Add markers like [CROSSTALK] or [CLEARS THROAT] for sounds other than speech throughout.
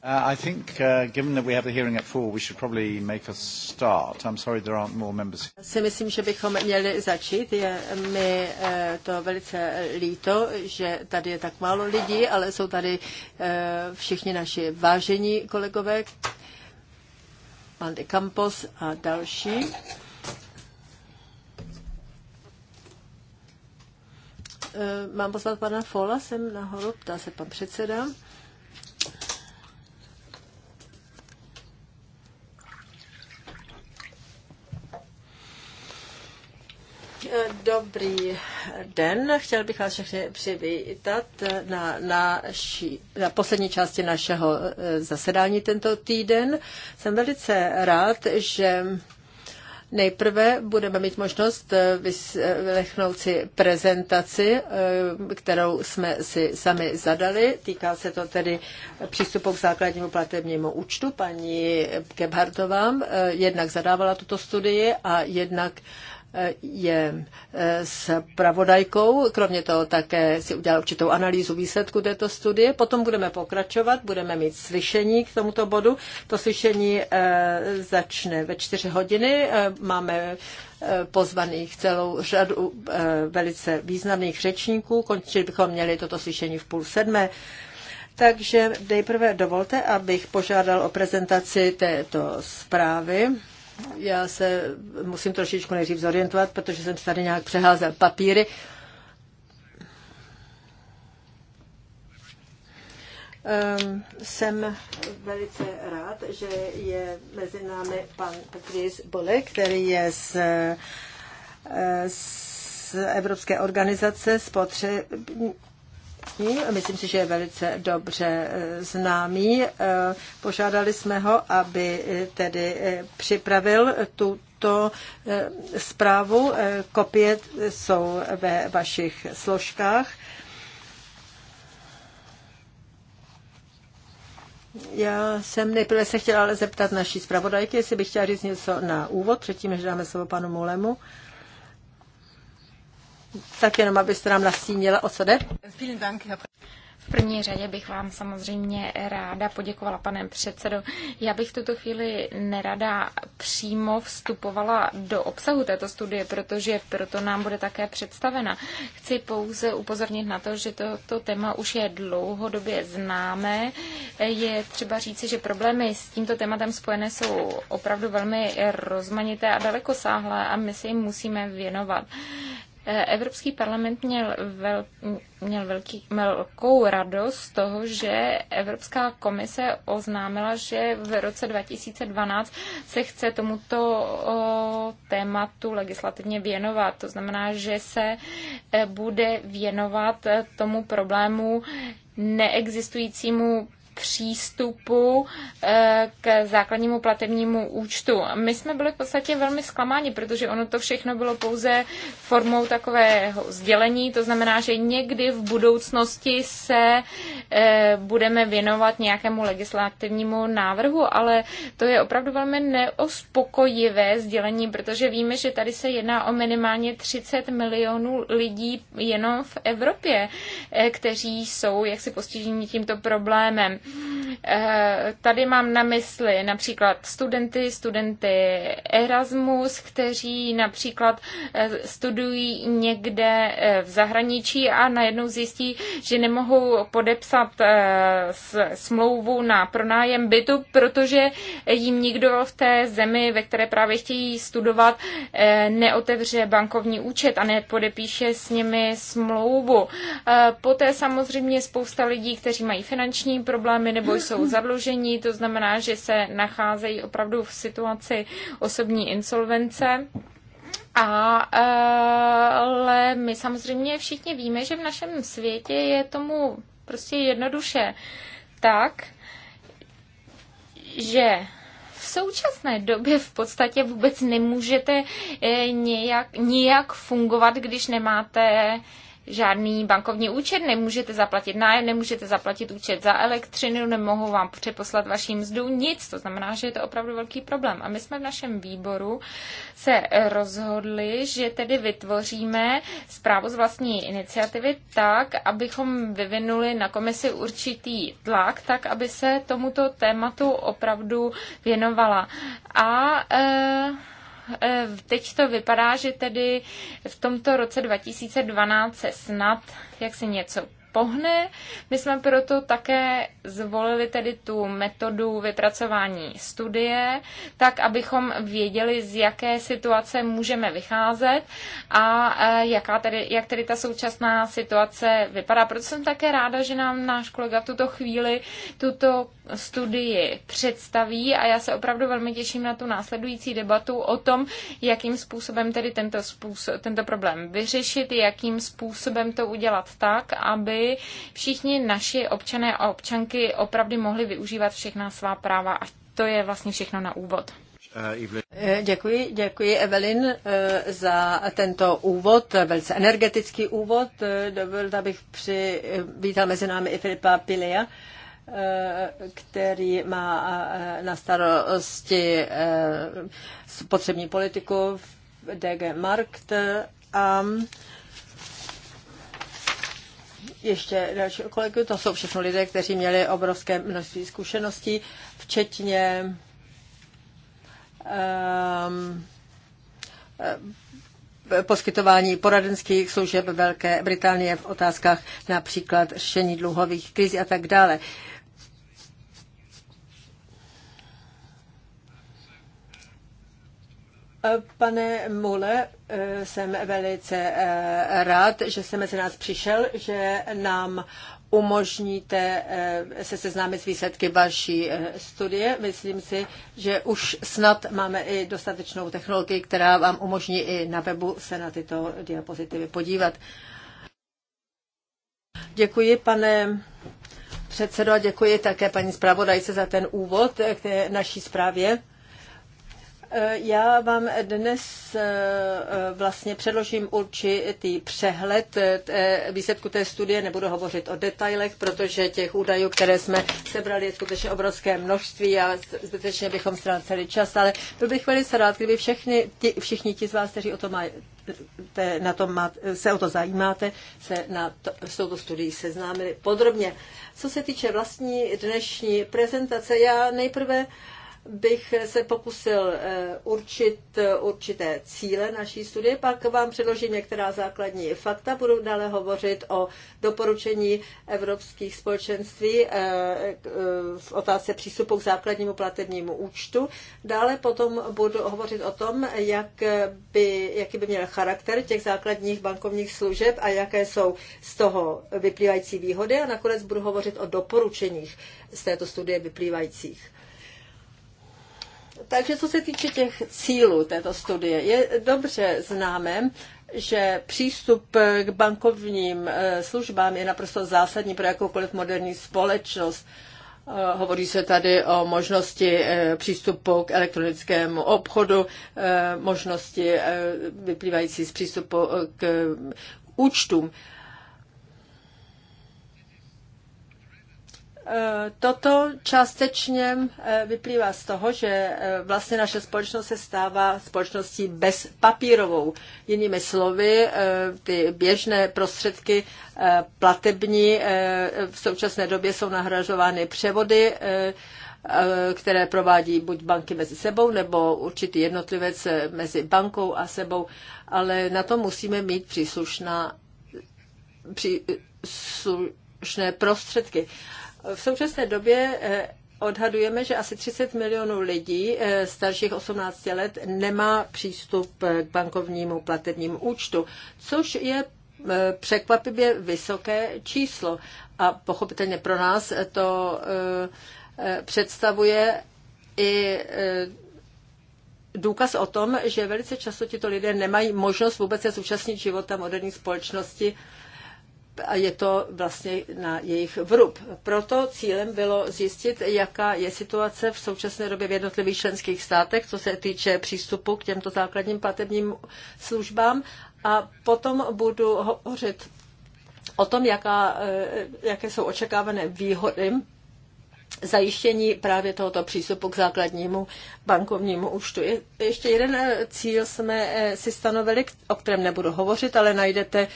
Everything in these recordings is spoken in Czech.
Uh, I think, uh, given that we have a hearing at four, we should probably make a start. I'm sorry there aren't more members. Si myslím, že bychom měli začít. Je mi uh, to velice líto, že tady je tak málo lidí, ale jsou tady uh, všichni naši vážení kolegové, pan de Campos a další. Uh, mám pozvat pana Fola sem nahoru, ptá se pan předseda. Dobrý den, chtěl bych vás všechny přivítat na, ší, na poslední části našeho eh, zasedání tento týden. Jsem velice rád, že Nejprve budeme mít možnost eh, vylechnout si prezentaci, eh, kterou jsme si sami zadali. Týká se to tedy přístupu k základnímu platebnímu účtu. Paní Gebhardová jednak zadávala tuto studii a jednak je eh, s pravodajkou, kromě toho také si udělal určitou analýzu výsledku této studie. Potom budeme pokračovat, budeme mít slyšení k tomuto bodu. To slyšení eh, začne ve čtyři hodiny. Eh, máme pozvaných celou řadu velice významných řečníků. Končit bychom měli toto slyšení v půl sedmé. Takže nejprve dovolte, abych požádal o prezentaci této zprávy. Já se musím trošičku nejdřív zorientovat, protože jsem tady nějak přeházel papíry. Ehm, jsem velice rád, že je mezi námi pan Chris Bole, který je z, eh, z Evropské organizace spotře, Novotný, myslím si, že je velice dobře eh, známý. Eh, požádali jsme ho, aby eh, tedy připravil tuto zprávu. Kopie jsou ve vašich složkách. Já jsem nejprve se chtěla ale zeptat naší zpravodajky, jestli bych chtěla říct něco na úvod, předtím, než dáme slovo panu Mulemu. Uh, tak jenom abyste nám nastínila, o co jde. V první řadě bych vám samozřejmě ráda poděkovala, pane předsedo. Já bych v tuto chvíli nerada přímo vstupovala do obsahu této studie, protože proto nám bude také představena. Chci pouze upozornit na to, že toto téma už je dlouhodobě známé. Je třeba říci, že problémy s tímto tématem spojené jsou opravdu velmi rozmanité a dalekosáhlé a my si jim musíme věnovat. Evropský parlament měl, vel, měl velký, velkou radost z toho, že Evropská komise oznámila, že v roce 2012 se chce tomuto tématu legislativně věnovat. To znamená, že se e, bude věnovat tomu problému neexistujícímu přístupu eh, k základnímu platebnímu účtu. My jsme byli v podstatě velmi zklamáni, protože ono to všechno bylo pouze formou takového sdělení, to znamená, že někdy v budoucnosti se eh, budeme věnovat nějakému legislativnímu návrhu, ale to je opravdu velmi neospokojivé sdělení, protože víme, že tady se jedná o minimálně 30 milionů lidí jenom v Evropě, eh, kteří jsou jaksi postiženi tímto problémem. Eh, tady mám na mysli například studenty, studenty Erasmus, kteří například eh, studují někde eh, v zahraničí a najednou zjistí, že nemohou podepsat smlouvu na pronájem bytu, protože jim nikdo v té zemi, ve které právě chtějí studovat, neotevře bankovní účet a nepodepíše s nimi smlouvu. Poté samozřejmě spousta lidí, kteří mají finanční problémy, problémy nebo jsou zadlužení, to znamená, že se nacházejí opravdu v situaci osobní insolvence. A, ale my samozřejmě všichni víme, že v našem světě je tomu prostě jednoduše tak, že v současné době v podstatě vůbec nemůžete eh, nějak, nějak fungovat, když nemáte žádný bankovní účet, nemůžete zaplatit nájem, nemůžete zaplatit účet za elektřinu, nemohou vám přeposlat vaši mzdu, nic. To znamená, že je to opravdu velký problém. A my jsme v našem výboru se rozhodli, že tedy vytvoříme zprávu z vlastní iniciativy tak, abychom vyvinuli na komisi určitý tlak, tak, aby se tomuto tématu opravdu věnovala. A e, Eh, teď to vypadá, že tedy v tomto roce 2012 se snad jak se něco pohne. My jsme proto také zvolili tedy tu metodu vypracování studie, tak abychom věděli, z jaké situace můžeme vycházet a eh, jaká tedy, jak tedy ta současná situace vypadá. Proto jsem také ráda, že nám náš kolega v tuto chvíli tuto studii představí a já se opravdu velmi těším na tu následující debatu o tom, jakým způsobem tedy tento, způsob, tento problém vyřešit, jakým způsobem to udělat tak, aby všichni naši občané a občanky opravdu mohli využívat všechna svá práva a to je vlastně všechno na úvod. Eh, eh, děkuji, děkuji Evelyn eh, za tento úvod, velice energetický úvod. Dovolte, abych přivítal mezi námi i Filipa Pilia Eh, který má eh, na starosti eh, spotřební politiku v DG Markt a ještě další kolegy, to jsou všechno lidé, kteří měli obrovské množství zkušeností, včetně um, poskytování poradenských služeb Velké Británie v otázkách například řešení dluhových krizí a tak dále. Uh, Pane Mule, eh, jsem velice eh, rád, že jste mezi nás přišel, že nám umožníte eh, se seznámit s výsledky vaší studie. Myslím si, že už snad máme i dostatečnou technologii, která vám umožní i na webu se na tyto diapozitivy podívat. Děkuji, pane předsedo, a děkuji také paní zpravodajce za ten úvod k té naší zprávě. Eh, já vám dnes eh, vlastně předložím určitý přehled eh, výsledku té studie. Nebudu hovořit o detailech, protože těch údajů, které jsme sebrali, je skutečně obrovské množství a zbytečně bychom ztráceli čas, ale byl bych velice rád, kdyby všechny, ti, všichni ti z vás, kteří o to mají, te, na tom má, se o to zajímáte, se na to, s touto studií seznámili podrobně. Co se týče vlastní dnešní prezentace, já nejprve uh, bych se pokusil eh, určit eh, určité cíle naší studie, pak vám předložím některá základní fakta, budu dále hovořit o doporučení evropských společenství eh, v otázce přístupu k základnímu platebnímu účtu. Dále potom budu hovořit o tom, jak by, jaký by měl charakter těch základních bankovních služeb a jaké jsou z toho vyplývající výhody a nakonec budu hovořit o doporučeních z této studie vyplývajících takže co se týče těch cílů této studie, je dobře známé, že přístup k bankovním eh, službám je naprosto zásadní pro jakoukoliv moderní společnost. Eh, hovoří se tady o možnosti eh, přístupu k elektronickému obchodu, možnosti vyplývající z přístupu k účtům. Toto částečně eh, vyplývá z toho, že eh, vlastně naše společnost se stává společností bezpapírovou. Jinými slovy, eh, ty běžné prostředky platební v současné době jsou nahražovány převody, které provádí buď banky mezi sebou nebo určitý jednotlivec mezi bankou a sebou, ale na to musíme mít příslušná, příslušné prostředky. V současné době eh, odhadujeme, že asi 30 milionů lidí eh, starších 18 let nemá přístup eh, k bankovnímu platebnímu účtu, což je překvapivě vysoké číslo. A pochopitelně pro nás to představuje i důkaz o tom, že velice často tito lidé nemají možnost vůbec se zúčastnit života moderní společnosti a je to vlastně na jejich vrub. Proto cílem bylo zjistit, jaká je situace v současné době v jednotlivých členských státech, co se týče přístupu k těmto základním platebním službám. A potom budu hovořit o tom, jaká, eh, jaké jsou očekávané výhody zajištění právě tohoto přístupu k základnímu bankovnímu účtu. Ještě jeden eh, cíl jsme eh, si stanovili, o kterém nebudu hovořit, ale najdete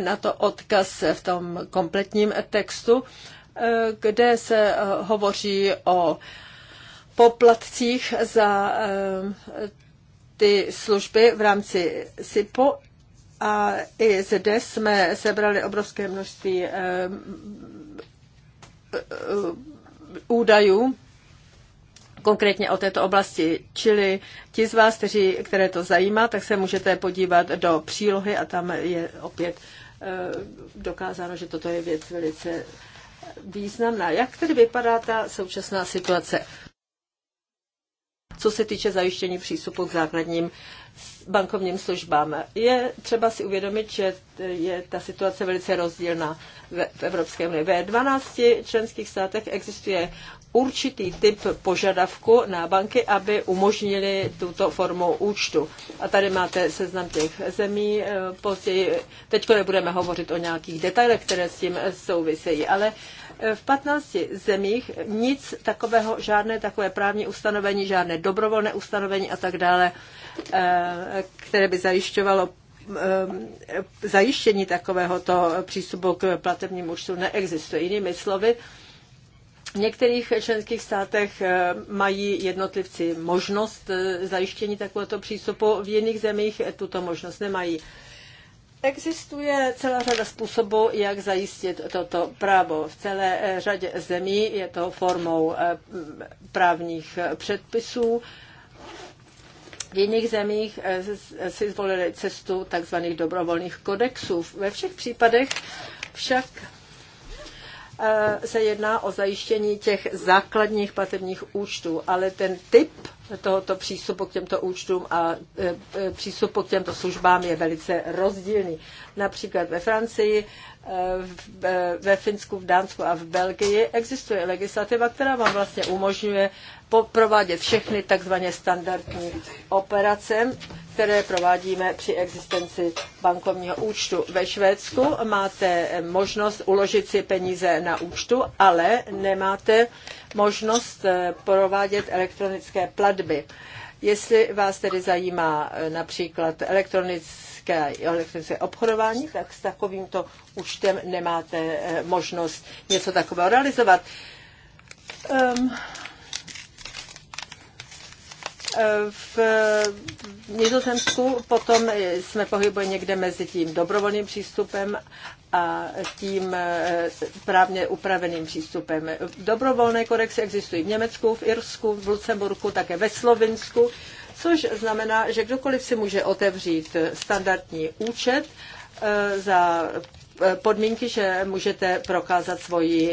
na to odkaz v tom kompletním textu, eh, kde se eh, hovoří o poplatcích za eh, ty služby v rámci SIPO a i zde jsme sebrali obrovské množství údajů konkrétně o této oblasti. Čili ti z vás, kteří, které to zajímá, tak se můžete podívat do přílohy a tam je opět eh, dokázáno, že toto je věc velice významná. Jak tedy vypadá ta současná situace? Co se týče zajištění přístupu k základním bankovním službám. Je třeba si uvědomit, že je ta situace velice rozdílná v Evropské unii. Ve 12 členských státech existuje určitý typ požadavku na banky, aby umožnili tuto formu účtu. A tady máte seznam těch zemí. Eh, později, teď nebudeme hovořit o nějakých detailech, které s tím souvisejí, ale eh, v 15 zemích nic takového, žádné takové právní ustanovení, žádné dobrovolné ustanovení a tak dále, eh, které by zajišťovalo zajištění takovéhoto přístupu k platebnímu účtu neexistuje. Jinými slovy, v některých členských státech eh, mají jednotlivci možnost eh, zajištění takovéto přístupu, v jiných zemích eh, tuto možnost nemají. Existuje celá řada způsobů, jak zajistit toto právo. V celé řadě zemí je to formou právních předpisů. V jiných zemích si zvolili cestu tzv. dobrovolných kodexů. Ve všech případech však Eh, se jedná o zajištění těch základních platebních účtů, ale ten typ tohoto přístupu k těmto účtům a eh, eh, přístupu k těmto službám je velice rozdílný. Například ve Francii, ve Finsku, v Dánsku a v Belgii existuje legislativa, která vám vlastně umožňuje provádět všechny takzvané standardní operace, které provádíme při existenci bankovního účtu. Ve Švédsku máte možnost uložit si peníze na účtu, ale nemáte možnost eh, provádět elektronické platby. Jestli vás tedy zajímá eh, například elektronické, elektronické obchodování, tak s takovýmto účtem nemáte eh, možnost něco takového realizovat. Um, v Nizozemsku potom jsme pohybovali někde mezi tím dobrovolným přístupem a tím eh, právně upraveným přístupem. Dobrovolné kodexy existují v Německu, v Irsku, v Lucemburku, také ve Slovinsku, což znamená, že kdokoliv si může otevřít standardní účet eh, za podmínky, že můžete prokázat svoji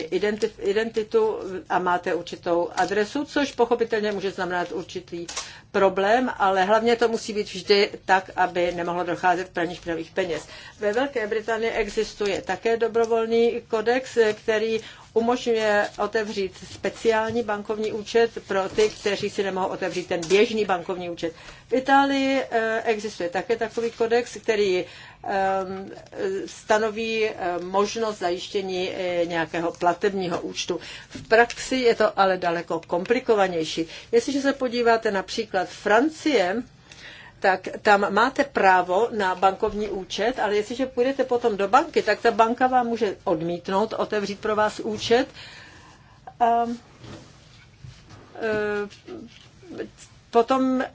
identitu a máte určitou adresu, což pochopitelně může znamenat určitý problém, ale hlavně to musí být vždy tak, aby nemohlo docházet k praní špinavých peněz. Ve Velké Británii existuje také dobrovolný kodex, který umožňuje otevřít speciální bankovní účet pro ty, kteří si nemohou otevřít ten běžný bankovní účet. V Itálii eh, existuje také takový kodex, který eh, stanoví eh, možnost zajištění nějakého platebního účtu. V praxi je to ale daleko komplikovanější. Jestliže se podíváte například Francie, tak tam máte právo na bankovní účet, ale jestliže půjdete potom do banky, tak ta banka vám může odmítnout otevřít pro vás účet. Ehm, ehm, potom ehm,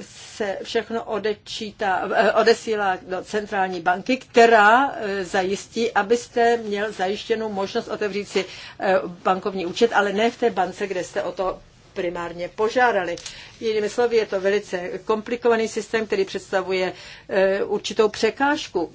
se všechno odečítá, eh, odesílá do centrální banky, která eh, zajistí, abyste měl zajištěnou možnost otevřít si eh, bankovní účet, ale ne v té bance, kde jste o to primárně požádali. Jinými slovy, je to velice komplikovaný systém, který představuje e, určitou překážku.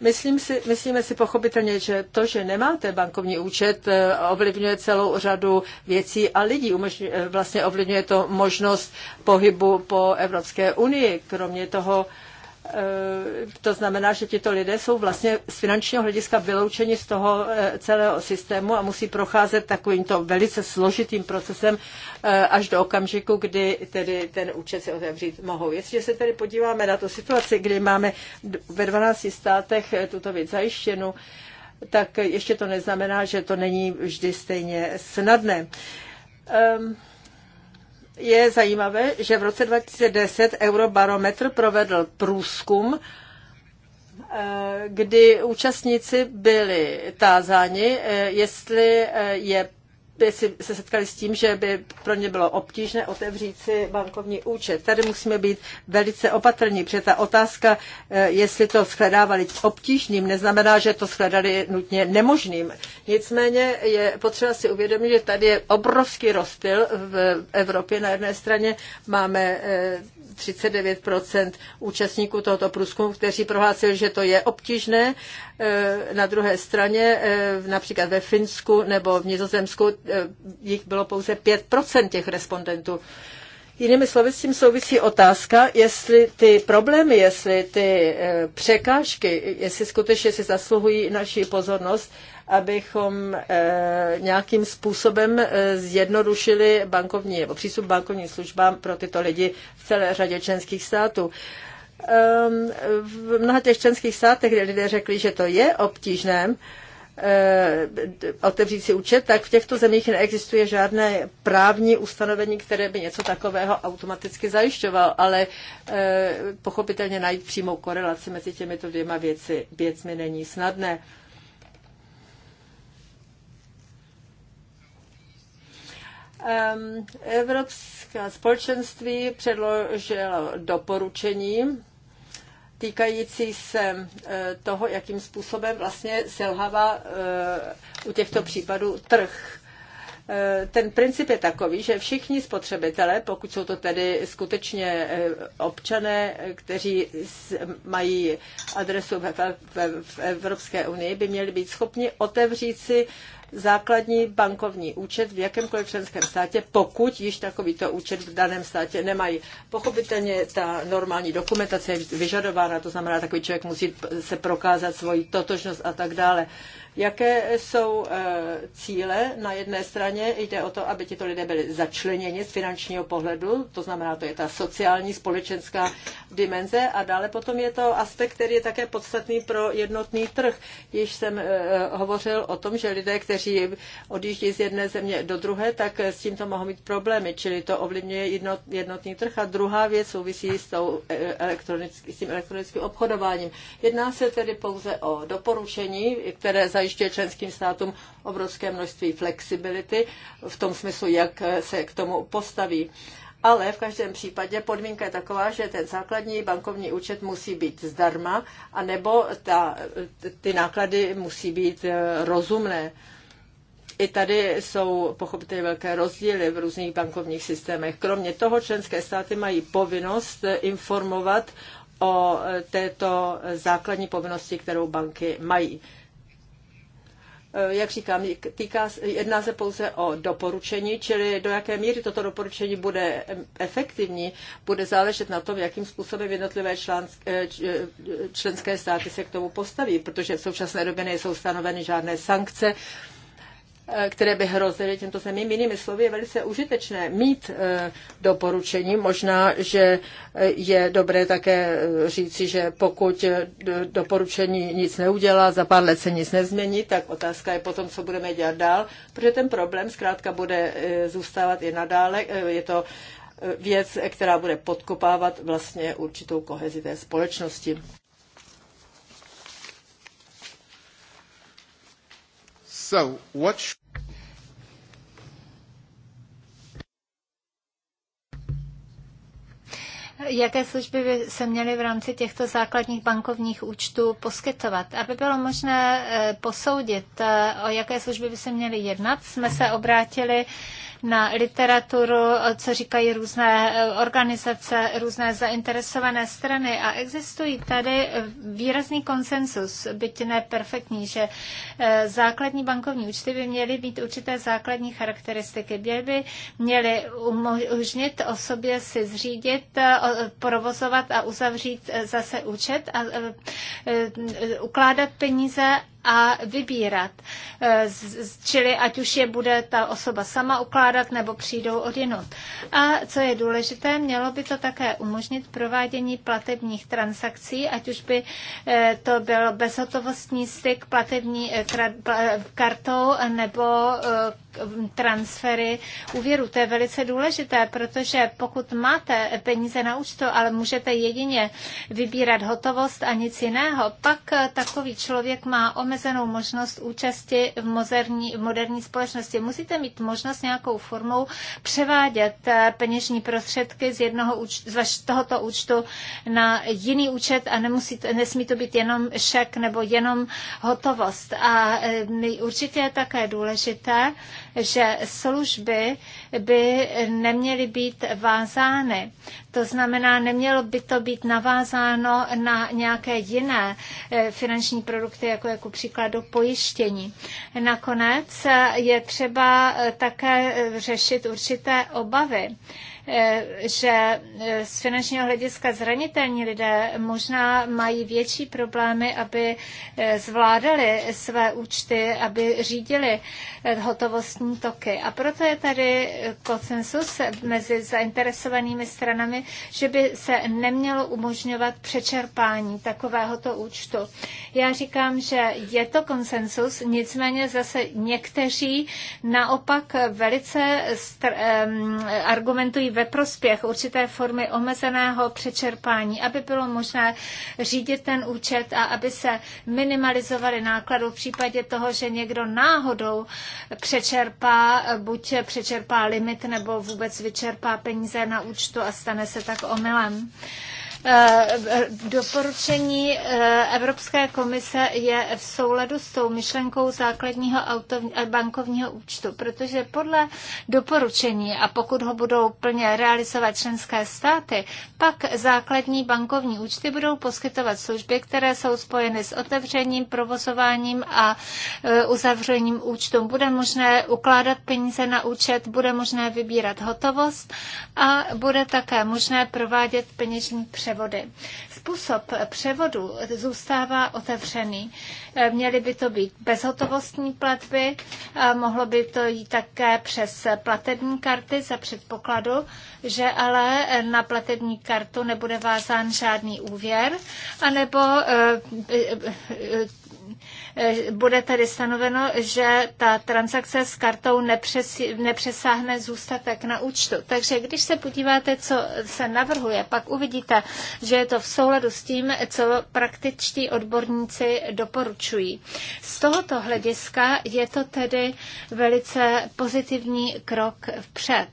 Myslím si, myslíme si pochopitelně, že to, že nemáte bankovní účet, e, ovlivňuje celou řadu věcí a lidí. E, vlastně ovlivňuje to možnost pohybu po Evropské unii. Kromě toho, Eh, to znamená, že tito lidé jsou vlastně z finančního hlediska vyloučeni z toho eh, celého systému a musí procházet takovýmto velice složitým procesem eh, až do okamžiku, kdy tedy ten účet si otevřít mohou. Jestliže se tedy podíváme na tu situaci, kdy máme ve 12 státech tuto věc zajištěnu, tak ještě to neznamená, že to není vždy stejně snadné. Um, je zajímavé, že v roce 2010 Eurobarometr provedl průzkum, eh, kdy účastníci byli tázáni, eh, jestli eh, je by si, se setkali s tím, že by pro ně bylo obtížné otevřít si bankovní účet. Tady musíme být velice opatrní, protože ta otázka, eh, jestli to shledávali obtížným, neznamená, že to shledali nutně nemožným. Nicméně je potřeba si uvědomit, že tady je obrovský rozpil v Evropě. Na jedné straně máme eh, 39 účastníků tohoto průzkumu, kteří prohlásili, že to je obtížné. E, na druhé straně, e, například ve Finsku nebo v Nizozemsku, e, jich bylo pouze 5 těch respondentů. Jinými slovy, s tím souvisí otázka, jestli ty problémy, jestli ty e, překážky, jestli skutečně si zasluhují naši pozornost, abychom e, nějakým způsobem e, zjednodušili bankovní nebo přístup bankovním službám pro tyto lidi v celé řadě členských států ehm, v mnoha těch členských státech, kde lidé řekli, že to je obtížné, Eh, otevřít si účet, tak v těchto zemích neexistuje žádné právní ustanovení, které by něco takového automaticky zajišťovalo, ale eh, pochopitelně najít přímou korelaci mezi těmito dvěma věci, věcmi není snadné. Evropská společenství předložilo doporučení týkající se e, toho, jakým způsobem vlastně selhává e, u těchto případů trh. E, ten princip je takový, že všichni spotřebitelé, pokud jsou to tedy skutečně občané, kteří mají adresu v Evropské unii, by měli být schopni otevřít si základní bankovní účet v jakémkoliv členském státě, pokud již takovýto účet v daném státě nemají. Pochopitelně ta normální dokumentace je vyžadována, to znamená, takový člověk musí se prokázat svoji totožnost a tak dále. Jaké jsou eh, cíle? Na jedné straně jde o to, aby tito lidé byli začleněni z finančního pohledu, to znamená, to je ta sociální, společenská dimenze a dále potom je to aspekt, který je také podstatný pro jednotný trh. Již jsem eh, hovořil o tom, že lidé, kteří odjíždí z jedné země do druhé, tak eh, s tímto mohou mít problémy, čili to ovlivňuje jednotný trh. A druhá věc souvisí s, tou elektronický, s tím elektronickým obchodováním. Jedná se tedy pouze o doporučení, které za zajišťuje členským státům obrovské množství flexibility v tom smyslu, jak se k tomu postaví. Ale v každém případě podmínka je taková, že ten základní bankovní účet musí být zdarma, anebo ta, ty náklady musí být eh, rozumné. I tady jsou pochopitelně velké rozdíly v různých bankovních systémech. Kromě toho členské státy mají povinnost eh, informovat o eh, této základní povinnosti, kterou banky mají. Eh, jak říkám, týká, jedná se pouze o doporučení, čili do jaké míry toto doporučení bude efektivní, bude záležet na tom, jakým způsobem jednotlivé eh, eh, členské státy se k tomu postaví, protože v současné době nejsou stanoveny žádné sankce, které by hrozily těmto zemím. Jinými slovy, je velice užitečné mít eh, doporučení. Možná, že eh, je dobré také eh, říci, že pokud doporučení nic neudělá, za pár let se nic nezmění, tak otázka je potom, co budeme dělat dál, protože ten problém zkrátka bude zůstávat i nadále. Je to věc, která bude podkopávat vlastně určitou kohezi té společnosti. So, what jaké služby by se měly v rámci těchto základních bankovních účtů poskytovat. Aby bylo možné eh, posoudit, eh, o jaké služby by se měly jednat, jsme se obrátili na literaturu, co říkají různé eh, organizace, různé zainteresované strany a existují tady eh, výrazný konsensus, byť ne perfektní, že eh, základní bankovní účty by měly být určité základní charakteristiky. Měly by měly umožnit osobě si zřídit, provozovat a uzavřít zase účet a ukládat peníze a vybírat. E, čili ať už je bude ta osoba sama ukládat nebo přijdou jinot. A co je důležité, mělo by to také umožnit provádění platebních transakcí, ať už by e, to byl bezhotovostní styk platební e, kartou nebo transfery úvěru. To je velice důležité, protože pokud máte peníze na účtu, ale můžete jedině vybírat hotovost a nic jiného, pak takový člověk má omezení omezenou možnost účasti v moderní, v moderní společnosti. Musíte mít možnost nějakou formou převádět eh, peněžní prostředky z, jednoho účtu, z tohoto účtu na jiný účet a nemusí, nesmí to být jenom šek nebo jenom hotovost. A eh, určitě je také důležité, že služby by neměly být vázány. To znamená, nemělo by to být navázáno na nějaké jiné eh, finanční produkty, jako jako příklad příkladu pojištění. Nakonec je třeba eh, také eh, řešit určité obavy Eh, že eh, z finančního hlediska zranitelní lidé možná mají větší problémy, aby eh, zvládali své účty, aby řídili hotovostní toky. A proto je tady konsensus mezi zainteresovanými stranami, že by se nemělo umožňovat přečerpání takovéhoto účtu. Já říkám, že je to konsensus, nicméně zase někteří naopak velice argumentují ve prospěch určité formy omezeného přečerpání, aby bylo možné řídit ten účet a aby se minimalizovaly náklady v případě toho, že někdo náhodou přečerpá, buď přečerpá limit nebo vůbec vyčerpá peníze na účtu a stane se tak omylem. Eh, doporučení eh, Evropské komise je v souladu s tou myšlenkou základního auto, eh, bankovního účtu, protože podle doporučení, a pokud ho budou plně realizovat členské státy, pak základní bankovní účty budou poskytovat služby, které jsou spojeny s otevřením, provozováním a uzavřením účtu. Bude možné ukládat peníze na účet, bude možné vybírat hotovost a bude také možné provádět peněžní přes převody. Způsob převodu zůstává otevřený. Eh, měly by to být bezhotovostní platby, mohlo by to jít také přes platební karty za předpokladu, že ale na platební kartu nebude vázán žádný úvěr, anebo eh, eh, Eh, bude tedy stanoveno, že ta transakce s kartou nepřesáhne zůstatek na účtu. Takže když se podíváte, co se navrhuje, pak uvidíte, že je to v souladu s tím, co praktičtí odborníci doporučují. Z tohoto hlediska je to tedy velice pozitivní krok vpřed.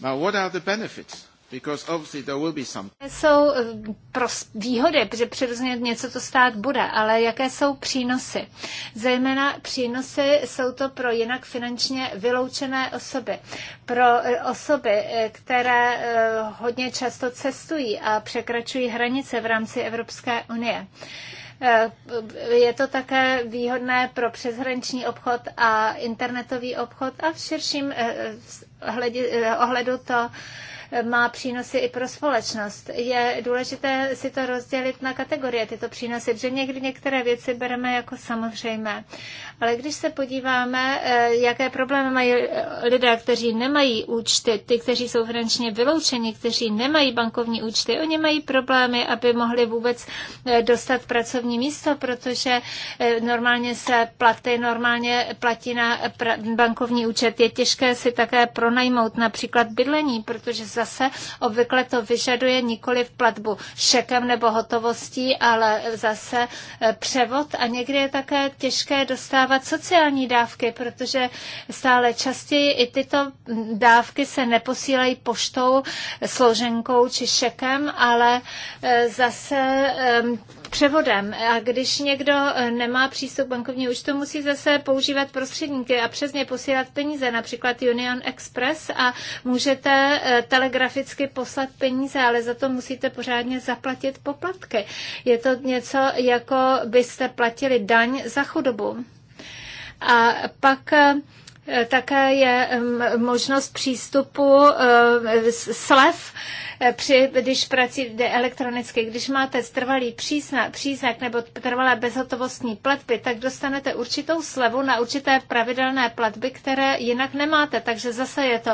Now, what are the benefits? Jsou eh, výhody, protože přirozeně něco to stát bude, ale jaké jsou přínosy? Zejména přínosy jsou to pro jinak finančně vyloučené osoby. Pro eh, osoby, eh, které hodně často cestují a překračují hranice v rámci Evropské unie. Je to také výhodné pro přeshraniční obchod a internetový obchod a v širším ohledu to má přínosy i pro společnost. Je důležité si to rozdělit na kategorie, tyto přínosy, protože někdy některé věci bereme jako samozřejmé. Ale když se podíváme, eh, jaké problémy mají lidé, kteří nemají účty, ty, kteří jsou finančně vyloučeni, kteří nemají bankovní účty, oni mají problémy, aby mohli vůbec eh, dostat pracovní místo, protože eh, normálně se platy, normálně platí na bankovní účet. Je těžké si také pronajmout například bydlení, protože zase obvykle to vyžaduje nikoli v platbu šekem nebo hotovostí, ale zase eh, převod a někdy je také těžké dostávat sociální dávky, protože stále častěji i tyto mm, dávky se neposílají poštou, eh, složenkou či šekem, ale eh, zase převodem. A když někdo eh, nemá přístup bankovní účtu, musí zase používat prostředníky a přesně posílat peníze, například Union Express a můžete eh, telegraficky poslat peníze, ale za to musíte pořádně zaplatit poplatky. Je to něco, jako byste platili daň za chudobu. A pak eh, také je mm, možnost přístupu slev Eh, při, když jde elektronicky. Když máte trvalý příznak, nebo trvalé bezhotovostní platby, tak dostanete určitou slevu na určité pravidelné platby, které jinak nemáte. Takže zase je to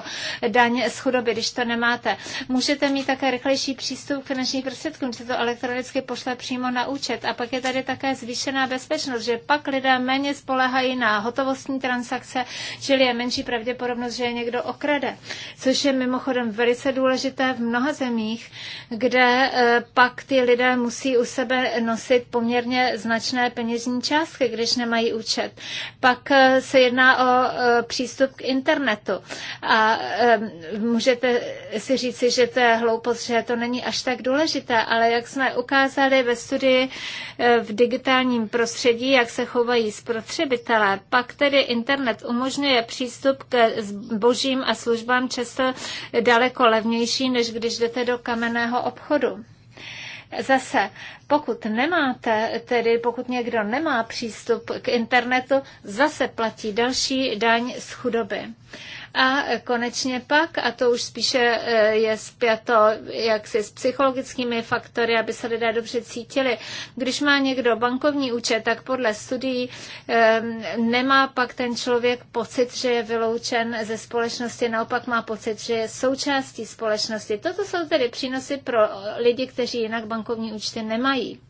daň z chudoby, když to nemáte. Můžete mít také rychlejší přístup k finančním prostředkům, když se to elektronicky pošle přímo na účet. A pak je tady také zvýšená bezpečnost, že pak lidé méně spolehají na hotovostní transakce, čili je menší pravděpodobnost, že je někdo okrade. Což je mimochodem velice důležité v mnoha zemích, kde eh, pak ty lidé musí u sebe nosit poměrně značné peněžní částky, když nemají účet. Pak eh, se jedná o eh, přístup k internetu. A můžete si říci, že to je hloupost, že to není až tak důležité, ale jak jsme ukázali ve studii v digitálním prostředí, jak se chovají spotřebitelé, pak tedy internet umožňuje přístup k božím a službám často daleko levnější, než když jdete do kamenného obchodu. Zase, pokud nemáte, tedy pokud někdo nemá přístup k internetu, zase platí další daň z chudoby. A konečně pak, a to už spíše e, je zpěto jaksi s psychologickými faktory, aby se lidé dobře cítili. Když má někdo bankovní účet, tak podle studií e, nemá pak ten člověk pocit, že je vyloučen ze společnosti, naopak má pocit, že je součástí společnosti. Toto jsou tedy přínosy pro lidi, kteří jinak bankovní účty nemají.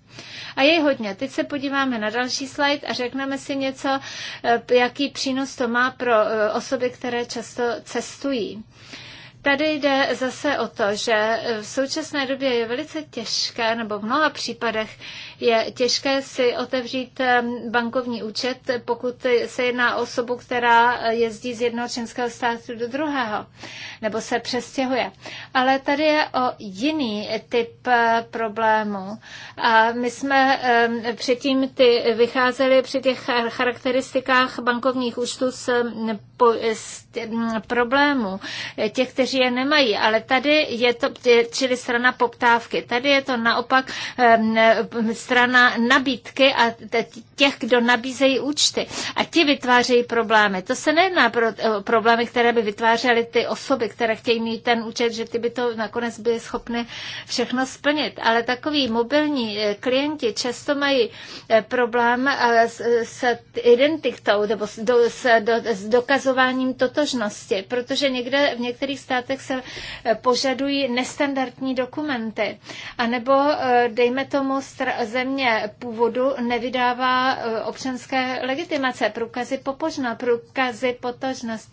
A je hodně. Teď se podíváme na další slide a řekneme si něco, eh, jaký přínos to má pro eh, osoby, které často cestují. Tady jde zase o to, že v současné době je velice těžké, nebo v mnoha případech je těžké si otevřít ehm, bankovní účet, pokud se jedná o osobu, která jezdí z jednoho členského státu do druhého, nebo se přestěhuje. Ale tady je o jiný typ eh, problému. A my jsme ehm, předtím ty vycházeli při těch charakteristikách bankovních účtů z, mm, mm, problému problémů těch, kteří kteří je nemají, ale tady je to, čili strana poptávky, tady je to naopak strana nabídky a těch, kdo nabízejí účty. A ti vytvářejí problémy. To se nejedná pro problémy, které by vytvářely ty osoby, které chtějí mít ten účet, že ty by to nakonec byly schopny všechno splnit. Ale takový mobilní e, klienti často mají e, problém e, s, identitou nebo s dokazováním totožnosti, protože někde v některých státech letech se eh, požadují nestandardní dokumenty. A nebo, eh, dejme tomu, země původu nevydává eh, občanské legitimace, průkazy popožná, průkazy potožnost.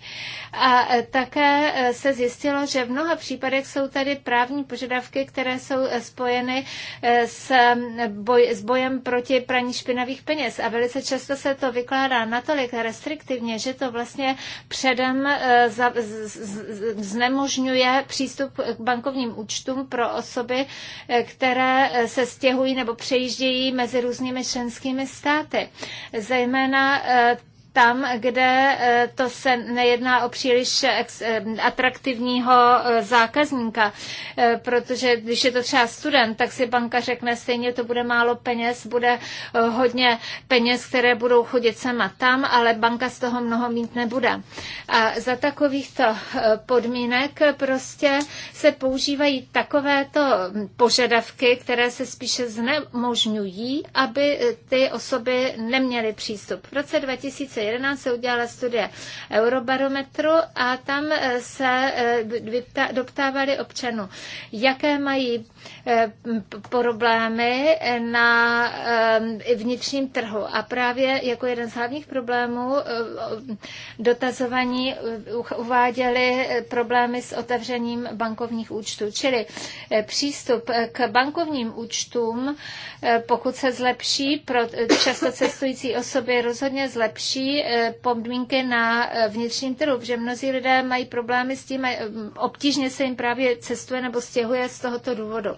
A také se zjistilo, že v mnoha případech jsou tady právní požadavky, které jsou spojeny s, boj, s bojem proti praní špinavých peněz. A velice často se to vykládá natolik restriktivně, že to vlastně předem znemu umožňuje přístup k bankovním účtům pro osoby, které se stěhují nebo přejíždějí mezi různými členskými státy. Zejména eh, tam, kde eh, to se nejedná o příliš eh, atraktivního eh, zákazníka, protože když je to třeba student, tak si banka řekne, stejně to bude málo peněz, bude hodně peněz, které budou chodit sem a tam, ale banka z toho mnoho mít nebude. A za takovýchto podmínek prostě se používají takovéto hm, požadavky, které se spíše znemožňují, aby ty osoby neměly přístup. V roce 2000 2011 se udělala studie Eurobarometru a tam eh, se eh, doptávali občanů, jaké mají eh, problémy na vnitřním trhu. A právě jako jeden z hlavních problémů dotazovaní uváděli problémy s otevřením bankovních účtů. Čili přístup k bankovním účtům, pokud se zlepší, pro často cestující osoby rozhodně zlepší Eh, podmínky na eh, vnitřním trhu, protože mnozí lidé mají problémy s tím, eh, mm, obtížně se jim právě cestuje nebo stěhuje z tohoto důvodu.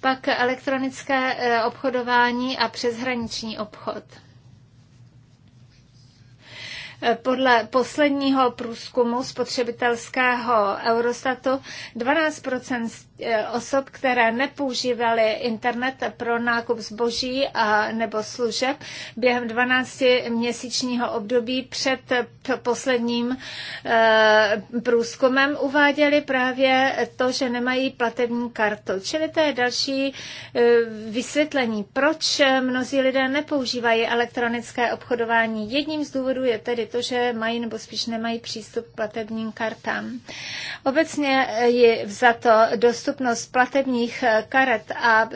Pak elektronické obchodování a přeshraniční obchod. Podle posledního průzkumu spotřebitelského Eurostatu 12 e, osob, které nepoužívaly internet pro nákup zboží a nebo služeb během 12 měsíčního období před posledním e, průzkumem uváděli právě to, že nemají platební kartu. Čili to je další e, vysvětlení, proč mnozí lidé nepoužívají elektronické obchodování. Jedním z důvodů je tedy to, že mají nebo spíš nemají přístup k platebním kartám. Obecně je za to dostupnost platebních karet a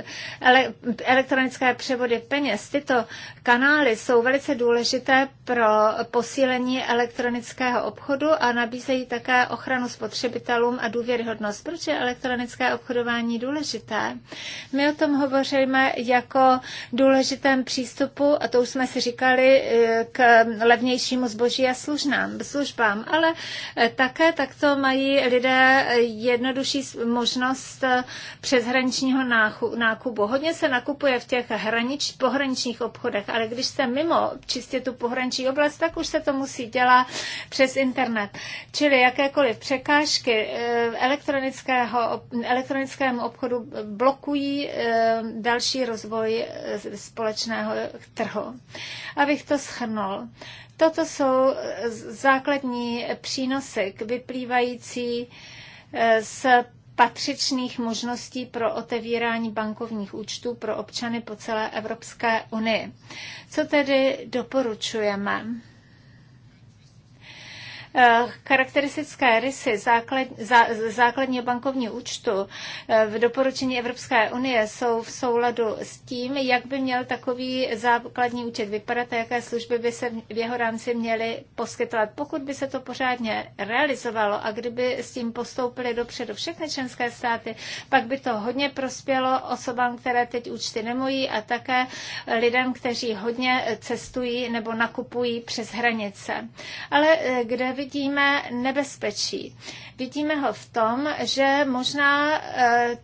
elektronické převody peněz. Tyto kanály jsou velice důležité pro posílení elektronického obchodu a nabízejí také ochranu spotřebitelům a důvěryhodnost. Proč je elektronické obchodování důležité? My o tom hovoříme jako důležitém přístupu, a to už jsme si říkali, eh, k levnějšímu zboží a služnám, službám, ale eh, také takto mají lidé jednodušší možnost eh, přeshraničního nákupu. Hodně se nakupuje v těch hranič, pohraničních obchodech, ale když jste mimo čistě tu pohraniční oblast, tak už se to musí dělat přes internet. Čili jakékoliv překážky eh, elektronického, elektronickému obchodu blokují eh, další rozvoj eh, společného trhu. Abych to schrnul. Toto jsou základní přínosy vyplývající z patřičných možností pro otevírání bankovních účtů pro občany po celé Evropské unii. Co tedy doporučujeme? Eh, charakteristické rysy základ, zá, základního bankovního účtu eh, v doporučení Evropské unie jsou v souladu s tím, jak by měl takový základní účet vypadat a jaké služby by se v jeho rámci měly poskytovat. Pokud by se to pořádně realizovalo a kdyby s tím postoupily dopředu všechny členské státy, pak by to hodně prospělo osobám, které teď účty nemají a také lidem, kteří hodně cestují nebo nakupují přes hranice. Ale eh, kde vidíme nebezpečí. Vidíme ho v tom, že možná eh,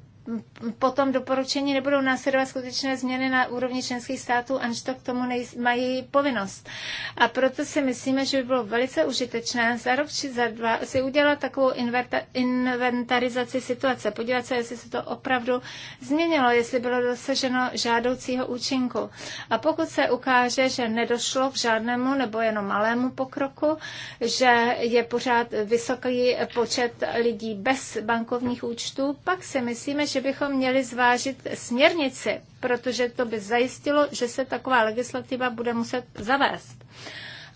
potom doporučení nebudou následovat skutečné změny na úrovni členských států, aniž to k tomu mají povinnost. A proto si myslíme, že by bylo velice užitečné za rok či za dva si udělat takovou inventarizaci situace, podívat se, jestli se to opravdu změnilo, jestli bylo dosaženo žádoucího účinku. A pokud se ukáže, že nedošlo k žádnému nebo jenom malému pokroku, že je pořád vysoký počet lidí bez bankovních účtů, pak si myslíme, že že bychom měli zvážit směrnici, protože to by zajistilo, že se taková legislativa bude muset zavést.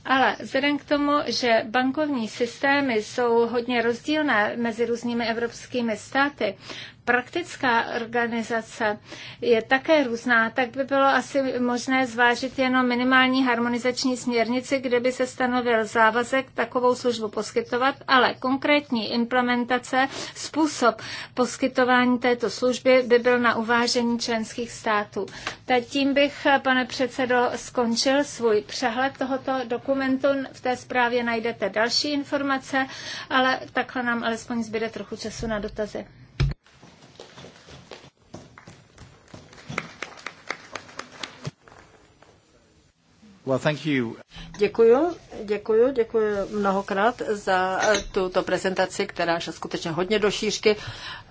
Ale vzhledem k tomu, že bankovní systémy jsou hodně rozdílné mezi různými evropskými státy, praktická organizace je také různá, tak by bylo asi možné zvážit jenom minimální harmonizační směrnici, kde by se stanovil závazek takovou službu poskytovat, ale konkrétní implementace, způsob poskytování této služby by byl na uvážení členských států. Tak tím bych, pane předsedo, skončil svůj přehled tohoto dokumentu. V té zprávě najdete další informace, ale takhle nám alespoň zbyde trochu času na dotazy. Well, thank you. Děkuju, děkuju, děkuju mnohokrát za eh, tuto prezentaci, která šla skutečně hodně do šířky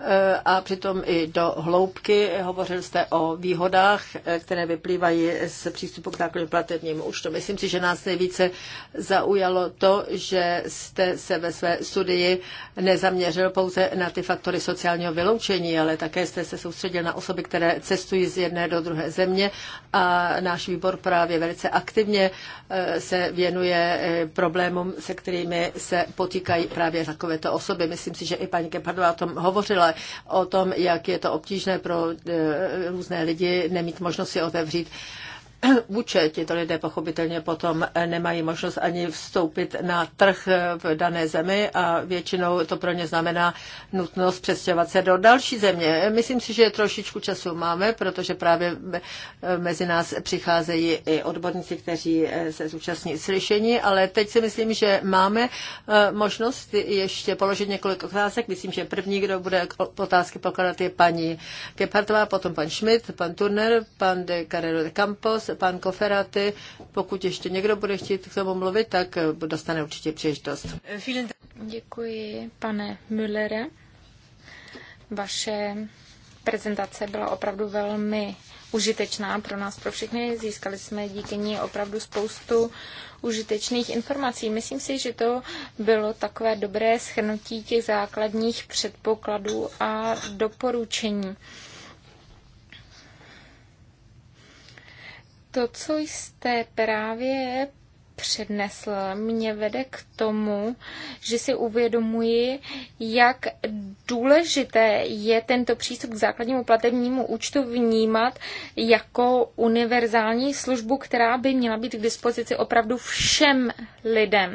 eh, a přitom i do hloubky. Hovořil jste o výhodách, eh, které vyplývají z přístupu k nákladním platebním účtu. Myslím si, že nás nejvíce zaujalo to, že jste se ve své studii nezaměřil pouze na ty faktory sociálního vyloučení, ale také jste se soustředil na osoby, které cestují z jedné do druhé země a náš výbor právě velice aktivně se věnuje eh, problémům, se kterými se potýkají právě takovéto osoby. Myslím si, že i paní Kepardová o tom hovořila, o tom, jak je to obtížné pro eh, různé lidi nemít možnost si otevřít účet. Tito lidé pochopitelně potom nemají možnost ani vstoupit na trh v dané zemi a většinou to pro ně znamená nutnost přestěhovat se do další země. Myslím si, že trošičku času máme, protože právě mezi nás přicházejí i odborníci, kteří eh, se zúčastní slyšení, ale teď si myslím, že máme eh, možnost ještě položit několik otázek. Myslím, že první, kdo bude otázky pokládat, je paní Kepartová, potom pan Schmidt, pan Turner, pan de Carrero de Campos, pan Koferaty. Pokud ještě někdo bude chtít k tomu mluvit, tak dostane určitě příležitost. Děkuji, pane Müllere. Vaše prezentace byla opravdu velmi užitečná pro nás, pro všechny. Získali jsme díky ní opravdu spoustu užitečných informací. Myslím si, že to bylo takové dobré schrnutí těch základních předpokladů a doporučení. To, co jste právě přednesl, mě vede k tomu, že si uvědomuji, jak důležité je tento přístup k základnímu platebnímu účtu vnímat jako univerzální službu, která by měla být k dispozici opravdu všem lidem.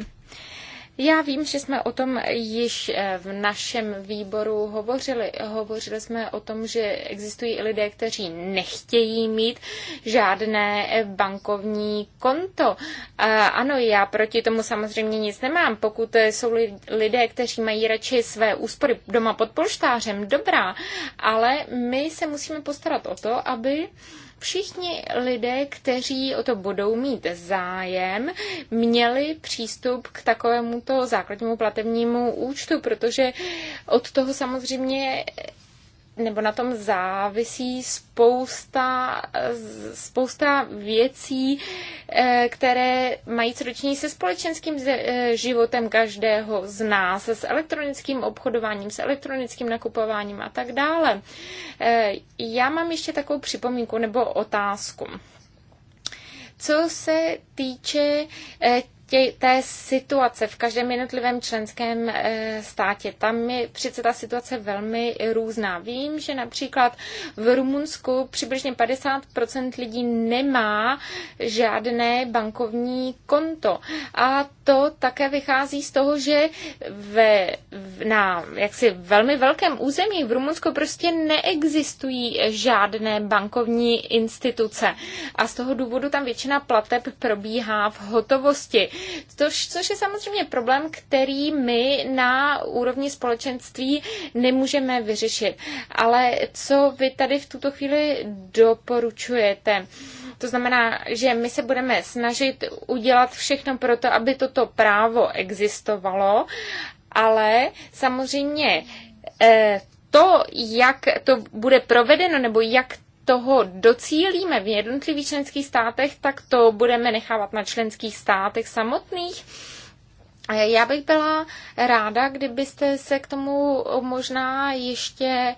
Já vím, že jsme o tom již eh, v našem výboru hovořili. Hovořili jsme o tom, že existují i lidé, kteří nechtějí mít žádné eh, bankovní konto. Ano, já proti tomu samozřejmě nic nemám. Pokud eh, jsou lidé, kteří mají radši své úspory doma pod polštářem, dobrá, ale my se musíme postarat o to, aby všichni lidé, kteří o to budou mít zájem, měli přístup k takovému to základnímu platebnímu účtu, protože od toho samozřejmě nebo na tom závisí spousta, spousta věcí, eh, které mají co se společenským eh, životem každého z nás, s elektronickým obchodováním, s elektronickým nakupováním a tak dále. Eh, já mám ještě takovou připomínku nebo otázku co se týče tě, té situace v každém jednotlivém členském eh, státě. Tam je přece ta situace velmi různá. Vím, že například v Rumunsku přibližně 50% lidí nemá žádné bankovní konto. A to také vychází z toho, že ve, na jaksi velmi velkém území v Rumunsku prostě neexistují žádné bankovní instituce. A z toho důvodu tam většina plateb probíhá v hotovosti. To což je samozřejmě problém, který my na úrovni společenství nemůžeme vyřešit. Ale co vy tady v tuto chvíli doporučujete? To znamená, že my se budeme snažit udělat všechno pro to, aby toto právo existovalo, ale samozřejmě eh, to, jak to bude provedeno nebo jak toho docílíme v jednotlivých členských státech, tak to budeme nechávat na členských státech samotných. Já bych byla ráda, kdybyste se k tomu možná ještě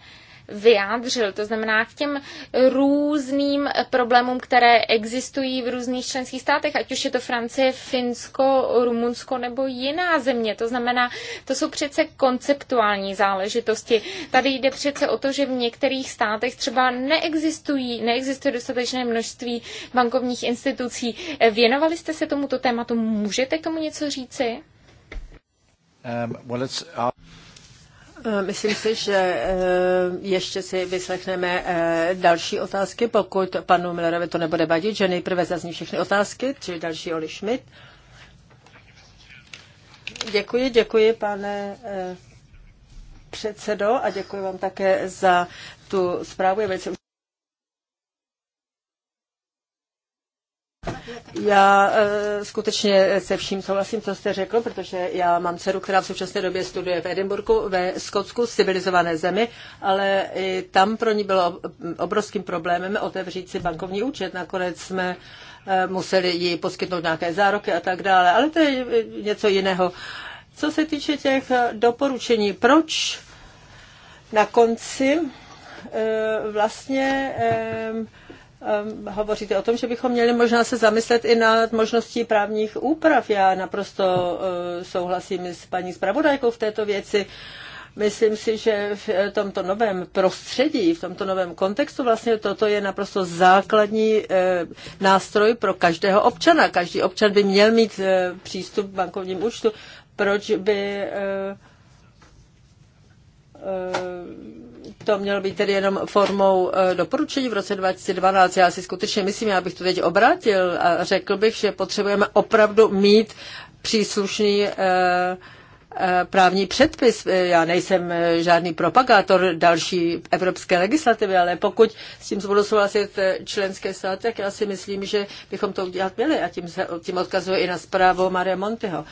vyjádřil. To znamená k těm různým problémům, které existují v různých členských státech, ať už je to Francie, Finsko, Rumunsko nebo jiná země. To znamená, to jsou přece konceptuální záležitosti. Tady jde přece o to, že v některých státech třeba neexistují, neexistuje dostatečné množství bankovních institucí. Věnovali jste se tomuto tématu? Můžete k tomu něco říci? Um, well, uh, Eh, myslím si, že eh, ještě si vyslechneme eh, další otázky, pokud panu Millerovi to nebude vadit, že nejprve zazní všechny otázky, čili další Oli Schmidt. Děkuji, děkuji, pane předsedo, a děkuji vám také za tu zprávu. Je velice Já eh, skutečně se vším souhlasím, co jste řekl, protože já mám dceru, která v současné době studuje v Edinburgu, ve Skotsku, civilizované zemi, ale i tam pro ní bylo obrovským problémem otevřít si bankovní účet. Nakonec jsme eh, museli jí poskytnout nějaké zároky a tak dále, ale to je něco jiného. Co se týče těch eh, doporučení, proč na konci vlastně Ehm, hovoříte o tom, že bychom měli možná se zamyslet i nad možností právních úprav. Já naprosto eh, souhlasím s paní zpravodajkou v této věci. Myslím si, že v eh, tomto novém prostředí, v tomto novém kontextu vlastně toto je naprosto základní eh, nástroj pro každého občana. Každý občan by měl mít přístup k bankovním účtu. Proč by to mělo být tedy jenom formou e, doporučení v roce 2012. Já si skutečně myslím, já bych to teď obrátil a řekl bych, že potřebujeme opravdu mít příslušný e, e, právní předpis. Já nejsem žádný propagátor další evropské legislativy, ale pokud s tím budou souhlasit členské státy, tak já si myslím, že bychom to udělat měli a tím, se, tím odkazuje i na zprávu Marie Monteho. Uh,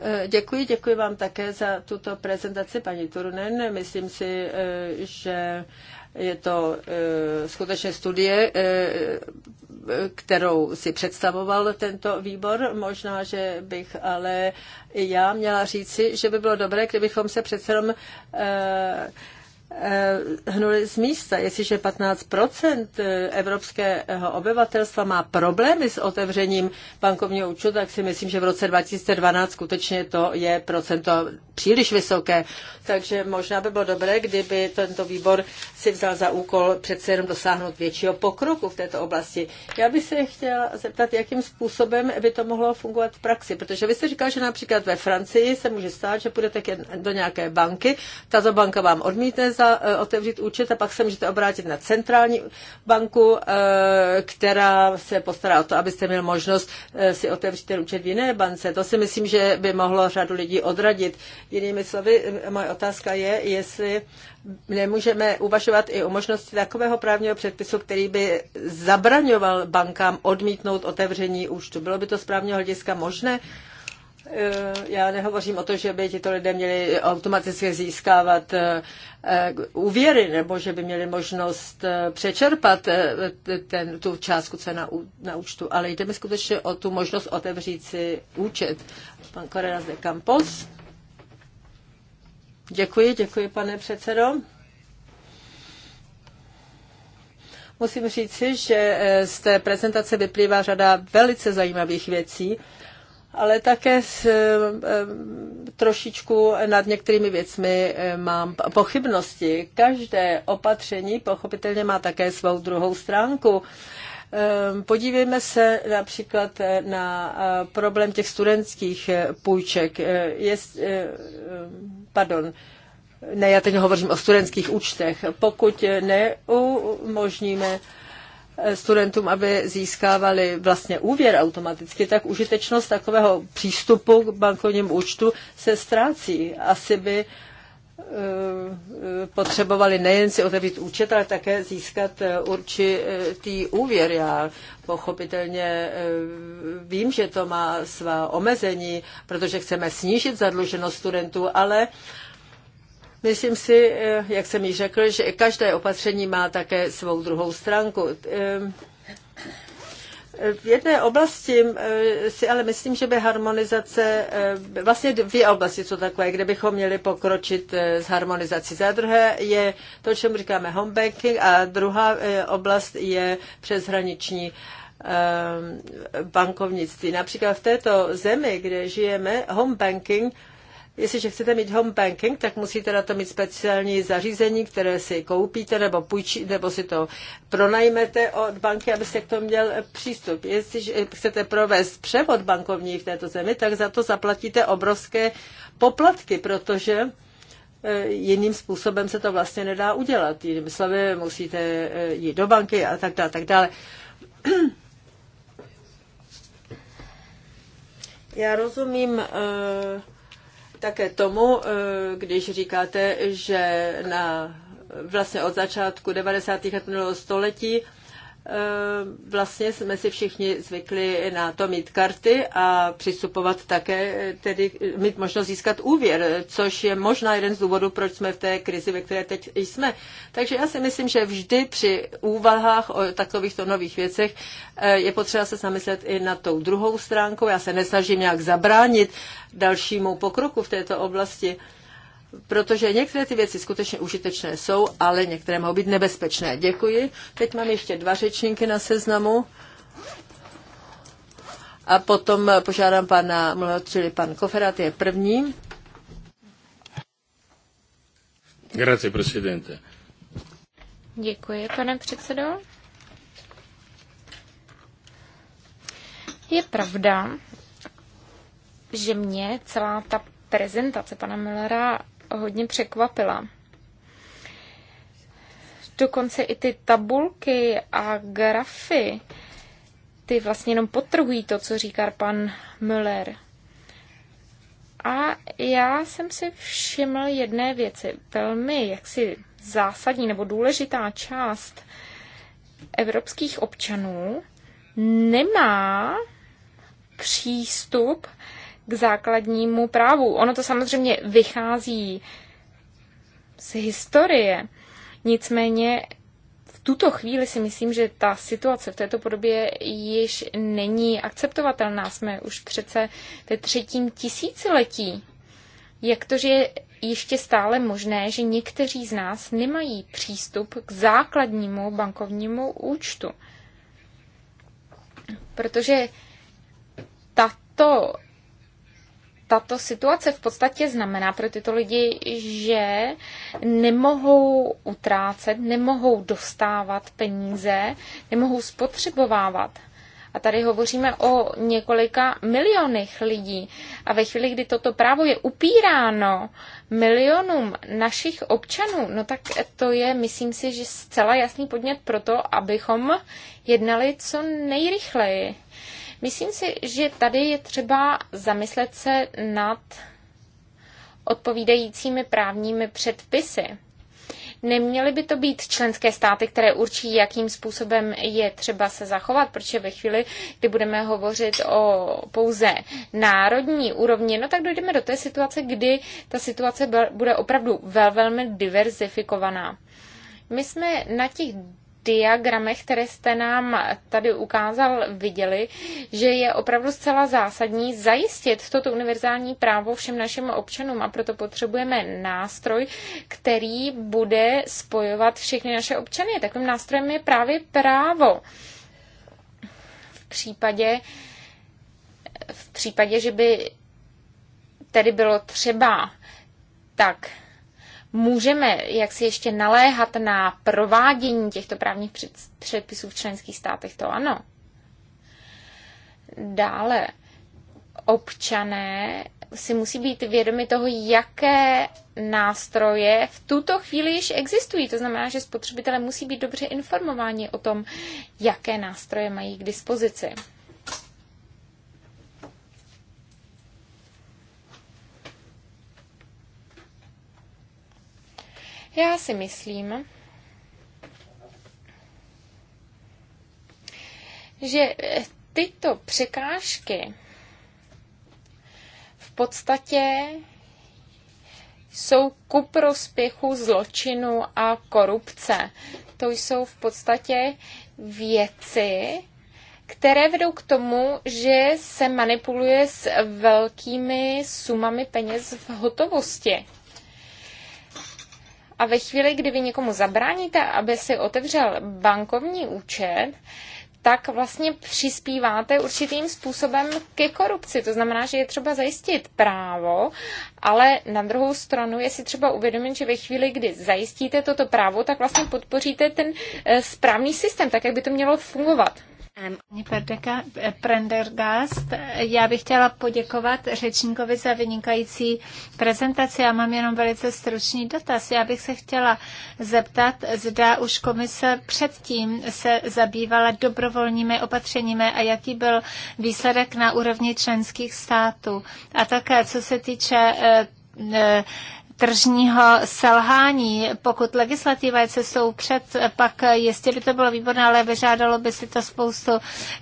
Eh, děkuji, děkuji vám také za tuto prezentaci, paní Turunen. Myslím si, eh, že je to eh, skutečně studie, kterou si představoval tento výbor. Možná, že bych ale já měla říci, že by bylo dobré, kdybychom se přece jenom Eh, hnuli z místa. Jestliže 15 eh, evropského obyvatelstva má problémy s otevřením bankovního účtu, tak si myslím, že v roce 2012 skutečně to je procento příliš vysoké. Takže možná by bylo dobré, kdyby tento výbor si vzal za úkol přece jenom dosáhnout většího pokroku v této oblasti. Já bych se chtěla zeptat, jakým způsobem by to mohlo fungovat v praxi, protože vy jste říkal, že například ve Francii se může stát, že půjdete do nějaké banky, tato banka vám odmítne za, eh, otevřít účet a pak se můžete obrátit na centrální banku, eh, která se postará o to, abyste měl možnost eh, si otevřít ten účet v jiné bance. To si myslím, že by mohlo řadu lidí odradit. Jinými slovy, moje otázka je, jestli nemůžeme uvažovat i o možnosti takového právního předpisu, který by zabraňoval bankám odmítnout otevření účtu. Bylo by to z právního hlediska možné? Uh, Eh, já nehovořím o to, že by tito lidé měli automaticky získávat eh, úvěry nebo že by měli možnost eh, přečerpat ten, tu částku, co je na, na účtu, ale jde mi skutečně o tu možnost otevřít si účet. Pan Correras de Campos. Děkuji, děkuji, pane předsedo. Musím říci, že z té prezentace vyplývá řada velice zajímavých věcí ale také s, eh, eh, trošičku nad některými věcmi eh, mám pochybnosti. Každé opatření pochopitelně má také svou druhou stránku. Ehm, podívejme se například na problém těch studentských půjček. Je, pardon, ne, já teď hovořím o studentských účtech. Pokud neumožníme Eh, studentům, aby získávali vlastně úvěr automaticky, tak užitečnost takového přístupu k bankovním účtu se ztrácí. Asi by eh, eh, potřebovali nejen si otevřít účet, ale také získat určitý úvěr. Já pochopitelně vím, že to má svá omezení, protože chceme snížit zadluženost studentů, ale Myslím si, eh, jak jsem ji řekl, že každé opatření má také svou druhou stránku. Eh, eh, v jedné oblasti si ale myslím, že by harmonizace, vlastně dvě oblasti jsou takové, kde bychom měli pokročit s harmonizací. Za druhé je to, čemu říkáme home banking a druhá oblast je přeshraniční bankovnictví. Například v této zemi, kde žijeme, home banking Jestliže chcete mít home banking, tak musíte na to mít speciální zařízení, které si koupíte nebo, půjčí, nebo si to pronajmete od banky, abyste k tomu měl přístup. Jestliže chcete provést převod bankovní v této zemi, tak za to zaplatíte obrovské poplatky, protože e, jiným způsobem se to vlastně nedá udělat. Jinými slovy, musíte e, jít do banky a tak dále. Tak dále. [CLEARS THROAT] Já rozumím uh, také tomu, eh, když říkáte, že na vlastně od začátku 90. let minulého století Eh, vlastně jsme si všichni zvykli na to mít karty a přistupovat také, eh, tedy eh, mít možnost získat úvěr, což je možná jeden z důvodů, proč jsme v té krizi, ve které teď jsme. Takže já si myslím, že vždy při úvahách o takovýchto nových věcech je potřeba se zamyslet i na tou druhou stránkou. Já se nesnažím nějak zabránit dalšímu pokroku v této oblasti protože některé ty věci skutečně užitečné jsou, ale některé mohou být nebezpečné. Děkuji. Teď mám ještě dva řečníky na seznamu. A potom požádám pana Mlho, čili pan Koferat je první. Grazie, presidente. Děkuji, pane předsedo. Je pravda, že mě celá ta prezentace pana Millera hodně překvapila. Dokonce i ty tabulky a grafy, ty vlastně jenom potrhují to, co říká pan Müller. A já jsem si všiml jedné věci. Velmi jaksi zásadní nebo důležitá část evropských občanů nemá přístup k základnímu právu. Ono to samozřejmě vychází z historie, nicméně v tuto chvíli si myslím, že ta situace v této podobě již není akceptovatelná. Jsme už přece ve třetím tisíciletí. Jak to, že je ještě stále možné, že někteří z nás nemají přístup k základnímu bankovnímu účtu? Protože tato tato situace v podstatě znamená pro tyto lidi, že nemohou utrácet, nemohou dostávat peníze, nemohou spotřebovávat. A tady hovoříme o několika milionech lidí. A ve chvíli, kdy toto právo je upíráno milionům našich občanů, no tak to je, myslím si, že zcela jasný podnět pro to, abychom jednali co nejrychleji. Myslím si, že tady je třeba zamyslet se nad odpovídajícími právními předpisy. Neměly by to být členské státy, které určí, jakým způsobem je třeba se zachovat, protože ve chvíli, kdy budeme hovořit o pouze národní úrovni, no tak dojdeme do té situace, kdy ta situace bude opravdu velmi diverzifikovaná. My jsme na těch diagramech, které jste nám tady ukázal, viděli, že je opravdu zcela zásadní zajistit toto univerzální právo všem našim občanům a proto potřebujeme nástroj, který bude spojovat všechny naše občany. Takovým nástrojem je právě právo. V případě, v případě, že by tedy bylo třeba tak můžeme jak si ještě naléhat na provádění těchto právních předpisů v členských státech, to ano. Dále, občané si musí být vědomi toho, jaké nástroje v tuto chvíli již existují. To znamená, že spotřebitelé musí být dobře informováni o tom, jaké nástroje mají k dispozici. Já si myslím, že eh, tyto překážky v podstatě jsou ku prospěchu zločinu a korupce. To jsou v podstatě věci, které vedou k tomu, že se manipuluje s velkými sumami peněz v hotovosti. A ve chvíli, kdy vy někomu zabráníte, aby si otevřel bankovní účet, tak vlastně přispíváte určitým způsobem ke korupci. To znamená, že je třeba zajistit právo, ale na druhou stranu je si třeba uvědomit, že ve chvíli, kdy zajistíte toto právo, tak vlastně podpoříte ten eh, správný systém, tak jak by to mělo fungovat. Um, eh, Prendergast, eh, já bych chtěla poděkovat řečníkovi za vynikající prezentaci. Já mám jenom velice stručný dotaz. Já bych se chtěla zeptat, zda už komise předtím se zabývala dobrovolními opatřeními a jaký byl výsledek na úrovni členských států. A také, co se týče eh, tržního selhání. Pokud legislativa je cestou před, pak jestli by to bylo výborné, ale vyžádalo by si to spoustu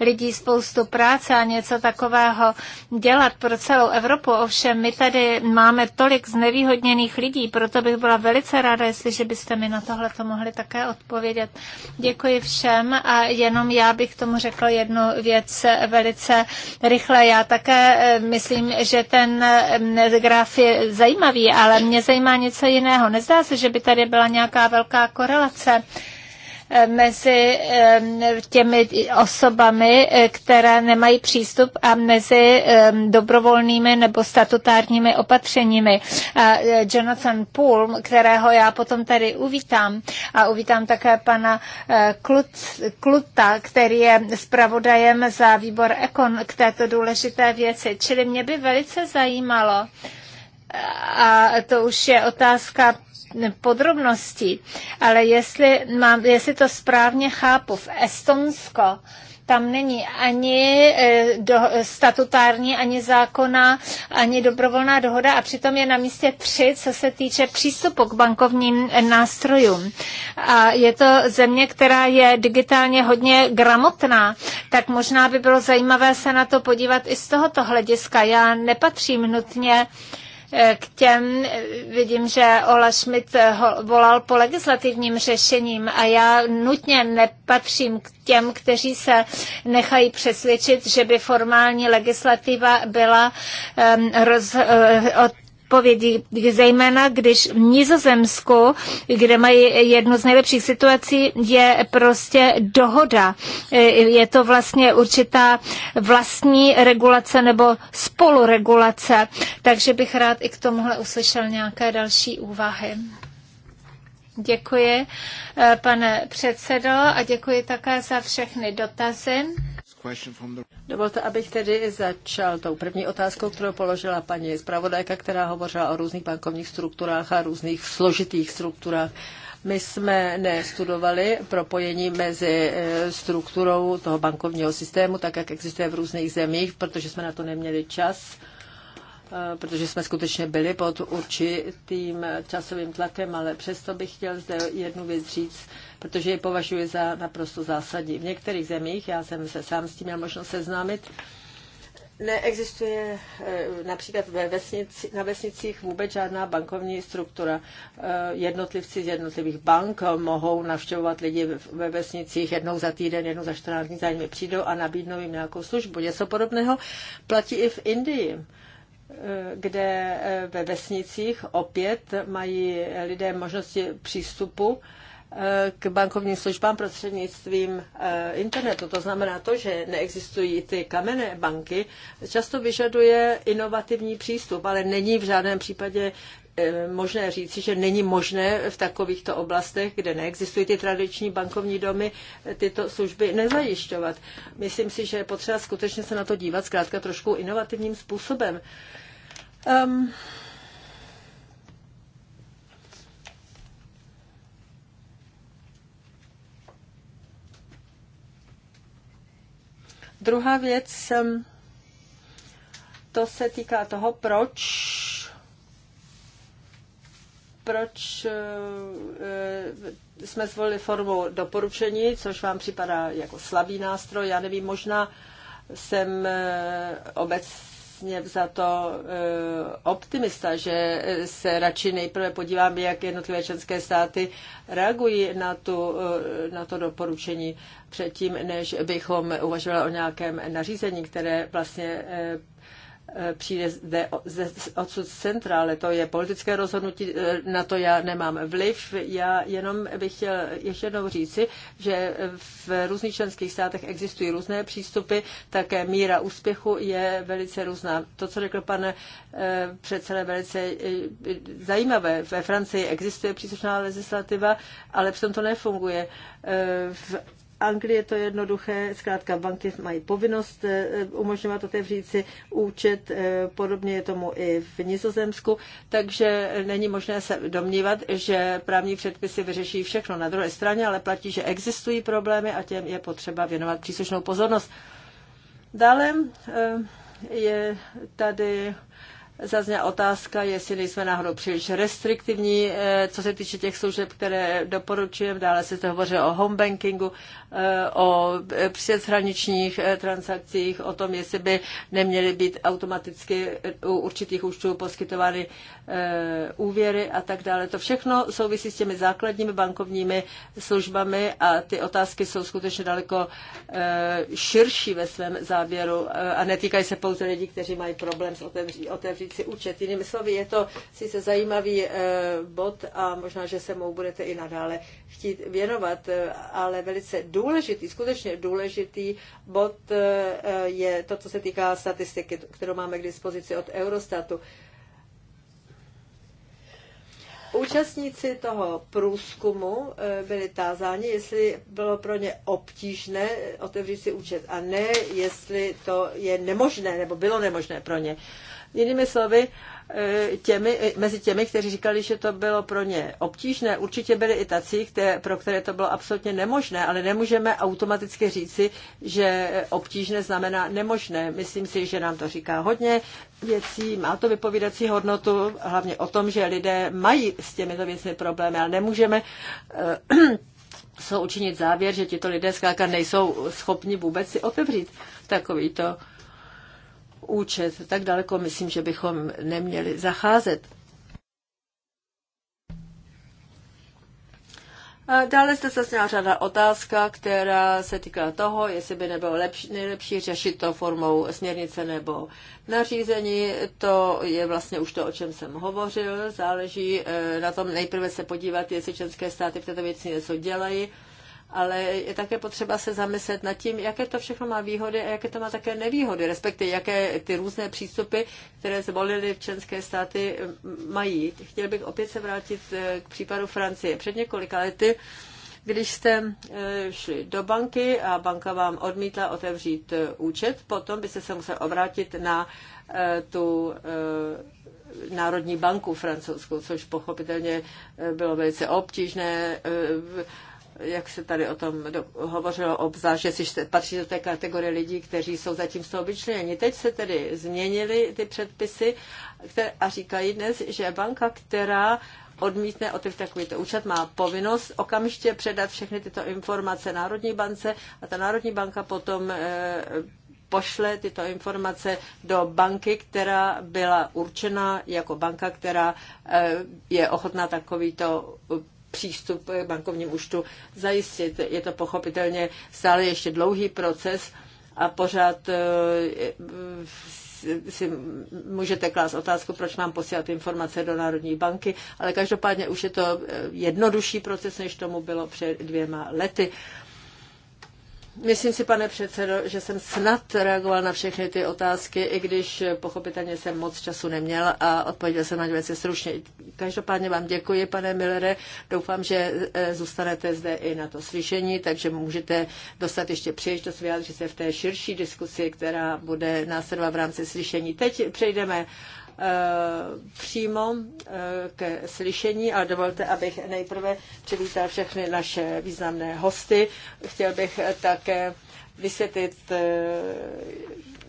lidí, spoustu práce a něco takového dělat pro celou Evropu. Ovšem, my tady máme tolik znevýhodněných lidí, proto bych byla velice ráda, jestliže byste mi na tohle to mohli také odpovědět. Děkuji všem a jenom já bych tomu řekla jednu věc velice rychle. Já také eh, myslím, že ten eh, graf je zajímavý, ale mě zajímá něco jiného. Nezdá se, že by tady byla nějaká velká korelace eh, mezi eh, těmi osobami, eh, které nemají přístup a mezi dobrovolnými nebo statutárními opatřeními. Jonathan Poole, kterého já potom tady uvítám a uvítám také pana Klut, Kluta, který je zpravodajem za výbor Ekon k této důležité věci. Čili mě by velice zajímalo, a to už je otázka podrobností, ale jestli, mám, jestli to správně chápu, v Estonsko tam není ani eh, do, statutární, ani zákona, ani dobrovolná dohoda a přitom je na místě tři, co se týče přístupu k bankovním nástrojům. A je to země, která je digitálně hodně gramotná, tak možná by bylo zajímavé se na to podívat i z tohoto hlediska. Já nepatřím nutně uh, Eh, k těm eh, vidím, že Ola Schmidt eh, volal po legislativním řešením a já nutně nepatřím k těm, kteří se nechají přesvědčit, že by formální legislativa byla ehm, roz, od odpovědi, zejména když v Nizozemsku, kde mají jednu z nejlepších situací, je prostě dohoda. E, je to vlastně určitá vlastní regulace nebo spoluregulace, takže bych rád i k tomuhle uslyšel nějaké další úvahy. Děkuji, e, pane předsedo, a děkuji také za všechny dotazy. Dovolte, abych tedy začal tou první otázkou, kterou položila paní zpravodajka, která hovořila o různých bankovních strukturách a různých složitých strukturách. My jsme nestudovali propojení mezi e, strukturou toho bankovního systému, tak jak existuje v různých zemích, protože jsme na to neměli čas e, protože jsme skutečně byli pod určitým časovým tlakem, ale přesto bych chtěl zde jednu věc říct protože je považuji za naprosto zásadní. V některých zemích, já jsem se sám s tím měl možnost seznámit, Neexistuje eh, například ve vesnici, na vesnicích vůbec žádná bankovní struktura. Eh, jednotlivci z jednotlivých bank mohou navštěvovat lidi ve vesnicích jednou za týden, jednou za 14 dní, za nimi přijdou a nabídnou jim nějakou službu. Něco podobného platí i v Indii eh, kde ve vesnicích opět mají lidé možnosti přístupu Eh, k bankovním službám prostřednictvím eh, internetu. To znamená to, že neexistují ty kamenné banky, často vyžaduje inovativní přístup, ale není v žádném případě eh, možné říci, že není možné v takovýchto oblastech, kde neexistují ty tradiční bankovní domy, tyto služby nezajišťovat. Myslím si, že je potřeba skutečně se na to dívat zkrátka trošku inovativním způsobem. Um, Druhá věc, ehm, to se týká toho, proč proč eh, jsme zvolili formu doporučení, což vám připadá jako slabý nástroj. Já nevím, možná jsem eh, obec, vlastně za to eh, optimista, že eh, se radši nejprve podíváme, jak jednotlivé členské státy reagují na, tu, eh, na to doporučení předtím, než bychom uvažovali o nějakém nařízení, které vlastně Eh, přijde zde, zde odsud z centra, ale to je politické rozhodnutí, eh, na to já nemám vliv. Já jenom bych chtěl ještě jednou říci, že v různých členských státech existují různé přístupy, také míra úspěchu je velice různá. To, co řekl pan eh, předseda, je velice zajímavé. Ve Francii existuje příslušná legislativa, ale přitom to nefunguje. V Anglii je to jednoduché, zkrátka banky mají povinnost eh, eh, umožňovat otevřít si účet, eh, podobně je tomu i v Nizozemsku, takže není možné se domnívat, že právní předpisy vyřeší všechno. Na druhé straně ale platí, že existují problémy a těm je potřeba věnovat příslušnou pozornost. Dále je tady Zazněla otázka, jestli nejsme náhodou příliš restriktivní, eh, co se týče těch služeb, které doporučujeme. Dále se to hovoří o home bankingu, eh, o eh, předhraničních transakcích, o tom, jestli by neměly být automaticky u určitých účtů poskytovány úvěry a tak dále. To všechno souvisí s těmi základními bankovními službami a ty otázky jsou skutečně daleko širší ve svém záběru a netýkají se pouze lidí, kteří mají problém s otevřít si účet. Jinými slovy, je to sice zajímavý eh, bod a možná, že se mu budete i nadále chtít věnovat, eh, ale velice důležitý, skutečně důležitý bod eh, je to, co se týká statistiky, kterou máme k dispozici od Eurostatu. Účastníci toho průzkumu byli tázáni, jestli bylo pro ně obtížné otevřít si účet a ne, jestli to je nemožné nebo bylo nemožné pro ně Jinými slovy, e, těmi, e, mezi těmi, kteří říkali, že to bylo pro ně obtížné, určitě byly i tací, které, pro které to bylo absolutně nemožné, ale nemůžeme automaticky říci, že obtížné znamená nemožné. Myslím si, že nám to říká hodně věcí, má to vypovídací hodnotu, hlavně o tom, že lidé mají s těmito věcmi problémy, ale nemůžeme jsou e, [CLEARS THROAT] učinit závěr, že tito lidé zkrátka nejsou schopni vůbec si otevřít takovýto účet. Tak daleko myslím, že bychom neměli zacházet. Dále jste zazněla řada otázka, která se týká toho, jestli by nebylo lepší, nejlepší řešit to formou směrnice nebo nařízení. To je vlastně už to, o čem jsem hovořil. Záleží eh, na tom nejprve se podívat, jestli české státy v této věci něco dělají ale je také potřeba se zamyslet nad tím, jaké to všechno má výhody a jaké to má také nevýhody, respektive jaké ty různé přístupy, které zvolily členské státy, mají. Chtěl bych opět se vrátit eh, k případu Francie. Před několika lety když jste eh, šli do banky a banka vám odmítla otevřít eh, účet, potom byste se musel obrátit na tu Národní banku francouzskou, což pochopitelně bylo velice obtížné jak se tady o tom do, hovořilo obzvlášť, že si patří do té kategorie lidí, kteří jsou zatím z toho vyčleněni. Teď se tedy změnily ty předpisy které, a říkají dnes, že banka, která odmítne otevřít takovýto účet, má povinnost okamžitě předat všechny tyto informace Národní bance a ta Národní banka potom e, pošle tyto informace do banky, která byla určena jako banka, která eh, je ochotná takovýto přístup k bankovním účtu zajistit. Je to pochopitelně stále ještě dlouhý proces a pořád eh, eh, si můžete klást otázku, proč mám posílat informace do Národní banky, ale každopádně už je to eh, jednodušší proces, než tomu bylo před dvěma lety. Myslím si, pane předsedo, že jsem snad reagoval na všechny ty otázky, i když pochopitelně jsem moc času neměl a odpověděl jsem na ně věci stručně. Každopádně vám děkuji, pane Millere. Doufám, že e, zůstanete zde i na to slyšení, takže můžete dostat ještě příležitost vyjádřit se v té širší diskusi, která bude následovat v rámci slyšení. Teď přejdeme Eh, přímo eh, ke slyšení, ale dovolte, abych nejprve přivítal všechny naše významné hosty. Chtěl bych také vysvětlit eh,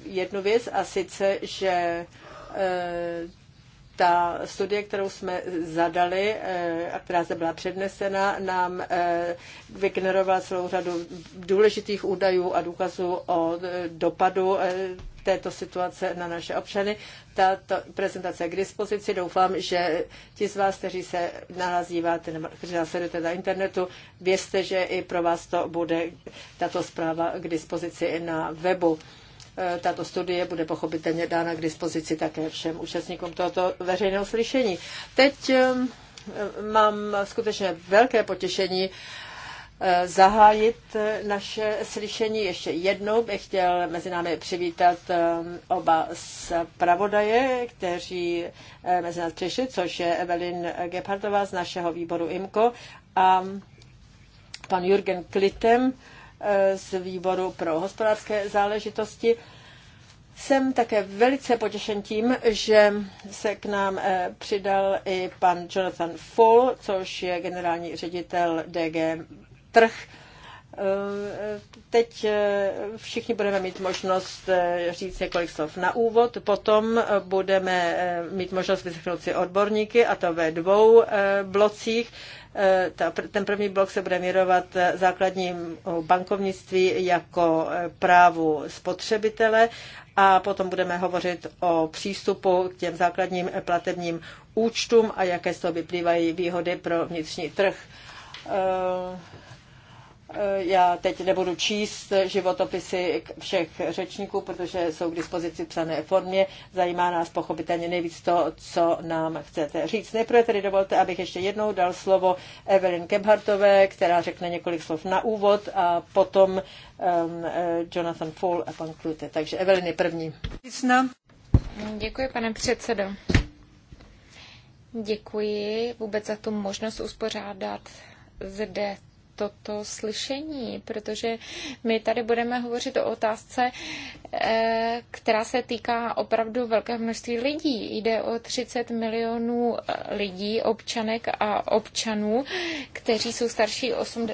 jednu věc a sice, že ta studie, kterou jsme zadali eh, a která se byla přednesena, nám eh, vygenerovala celou řadu důležitých údajů a důkazů o eh, dopadu této situace na naše občany. Tato prezentace je k dispozici. Doufám, že ti z vás, kteří se nalazíváte nebo kteří následujete na internetu, vězte, že i pro vás to bude tato zpráva k dispozici na webu. Eh, tato studie bude pochopitelně dána k dispozici také všem účastníkům tohoto veřejného slyšení. Teď eh, mám skutečně velké potěšení eh, zahájit naše slyšení ještě jednou. Bych chtěl mezi námi přivítat oba zpravodaje, kteří mezi nás přišli, což je Evelyn Gepardová z našeho výboru IMCO a pan Jürgen Klitem z výboru pro hospodářské záležitosti. Jsem také velice potěšen tím, že se k nám eh, přidal i pan Jonathan Full, což je generální ředitel DG Trh. Eh, teď eh, všichni budeme mít možnost říct několik slov na úvod, potom budeme mít možnost vyslechnout si odborníky, a to ve dvou blocích. Eh, ta, ten první blok se bude věnovat eh, základním bankovnictví jako eh, právu spotřebitele a potom budeme hovořit o přístupu k těm základním platebním účtům a jaké z toho vyplývají výhody pro vnitřní trh. Eh, já teď nebudu číst životopisy všech řečníků, protože jsou k dispozici v psané formě. Zajímá nás pochopitelně nejvíc to, co nám chcete říct. Nejprve tedy dovolte, abych ještě jednou dal slovo Evelyn Kebhartové, která řekne několik slov na úvod a potom um, Jonathan Fall a pan Klute. Takže Evelyn je první. Děkuji, pane předsedo. Děkuji vůbec za tu možnost uspořádat zde toto slyšení, protože my tady budeme hovořit o otázce, eh, která se týká opravdu velkého množství lidí. Jde o 30 milionů eh, lidí, občanek a občanů, kteří jsou starší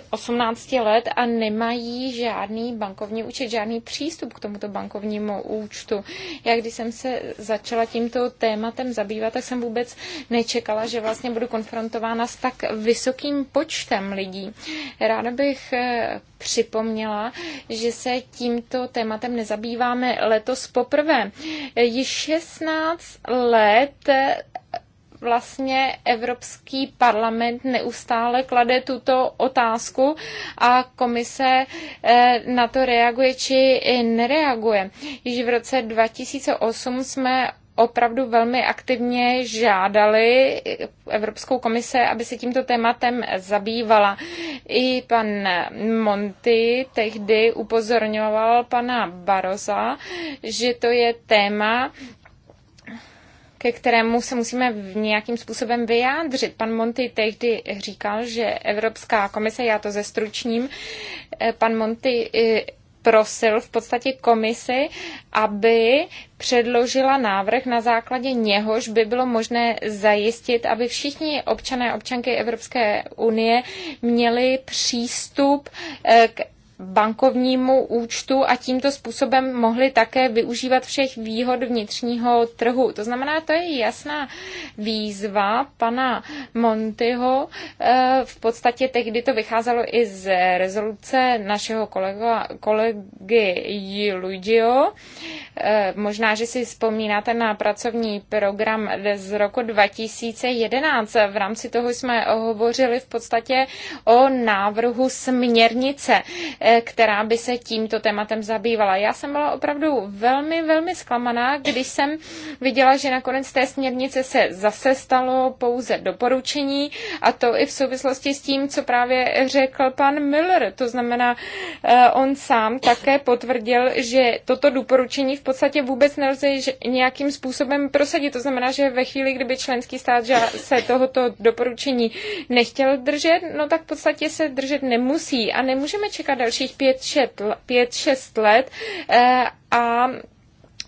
18 let a nemají žádný bankovní účet, žádný přístup k tomuto bankovnímu účtu. Já když jsem se začala tímto tématem zabývat, tak jsem vůbec nečekala, že vlastně budu konfrontována s tak vysokým počtem lidí. Ráda bych eh, připomněla, že se tímto tématem nezabýváme letos poprvé. Již 16 let eh, vlastně Evropský parlament neustále klade tuto otázku a komise eh, na to reaguje či nereaguje. Již v roce 2008 jsme opravdu velmi aktivně žádali Evropskou komise, aby se tímto tématem zabývala. I pan Monty tehdy upozorňoval pana Baroza, že to je téma, ke kterému se musíme v nějakým způsobem vyjádřit. Pan Monty tehdy říkal, že Evropská komise, já to zestručním, eh, pan Monty eh, prosil v podstatě komisi, aby předložila návrh, na základě něhož by bylo možné zajistit, aby všichni občané a občanky Evropské unie měli přístup eh, k bankovnímu účtu a tímto způsobem mohli také využívat všech výhod vnitřního trhu. To znamená, to je jasná výzva pana Montyho. Eh, v podstatě tehdy to vycházelo i z rezoluce našeho kolega, kolegy Luigio. Eh, možná, že si vzpomínáte na pracovní program z roku 2011. V rámci toho jsme hovořili v podstatě o návrhu směrnice E, která by se tímto tématem zabývala. Já jsem byla opravdu velmi, velmi zklamaná, když jsem viděla, že nakonec té směrnice se zase stalo pouze doporučení a to i v souvislosti s tím, co právě řekl pan Müller. To znamená, e, on sám také potvrdil, že toto doporučení v podstatě vůbec nelze nějakým způsobem prosadit. To znamená, že ve chvíli, kdyby členský stát se tohoto doporučení nechtěl držet, no tak v podstatě se držet nemusí a nemůžeme čekat další dalších 5-6 let eh, a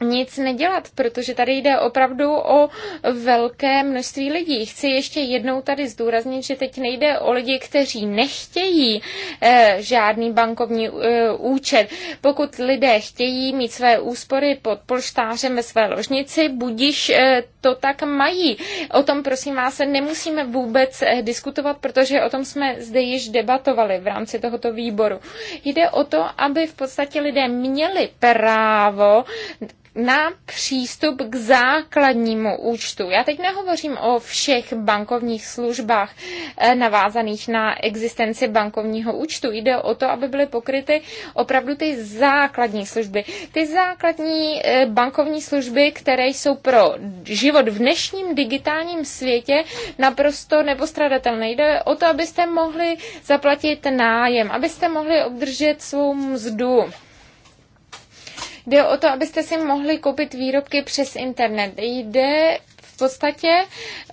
nic nedělat, protože tady jde opravdu o velké množství lidí. Chci ještě jednou tady zdůraznit, že teď nejde o lidi, kteří nechtějí eh, žádný bankovní eh, účet. Pokud lidé chtějí mít své úspory pod polštářem ve své ložnici, budíš eh, to tak mají. O tom, prosím vás, nemusíme vůbec eh, diskutovat, protože o tom jsme zde již debatovali v rámci tohoto výboru. Jde o to, aby v podstatě lidé měli právo na přístup k základnímu účtu. Já teď nehovořím o všech bankovních službách eh, navázaných na existenci bankovního účtu. Jde o to, aby byly pokryty opravdu ty základní služby. Ty základní eh, bankovní služby, které jsou pro život v dnešním digitálním světě naprosto nepostradatelné. Jde o to, abyste mohli zaplatit nájem, abyste mohli obdržet svou mzdu Jde o to, abyste si mohli koupit výrobky přes internet. Jde v podstatě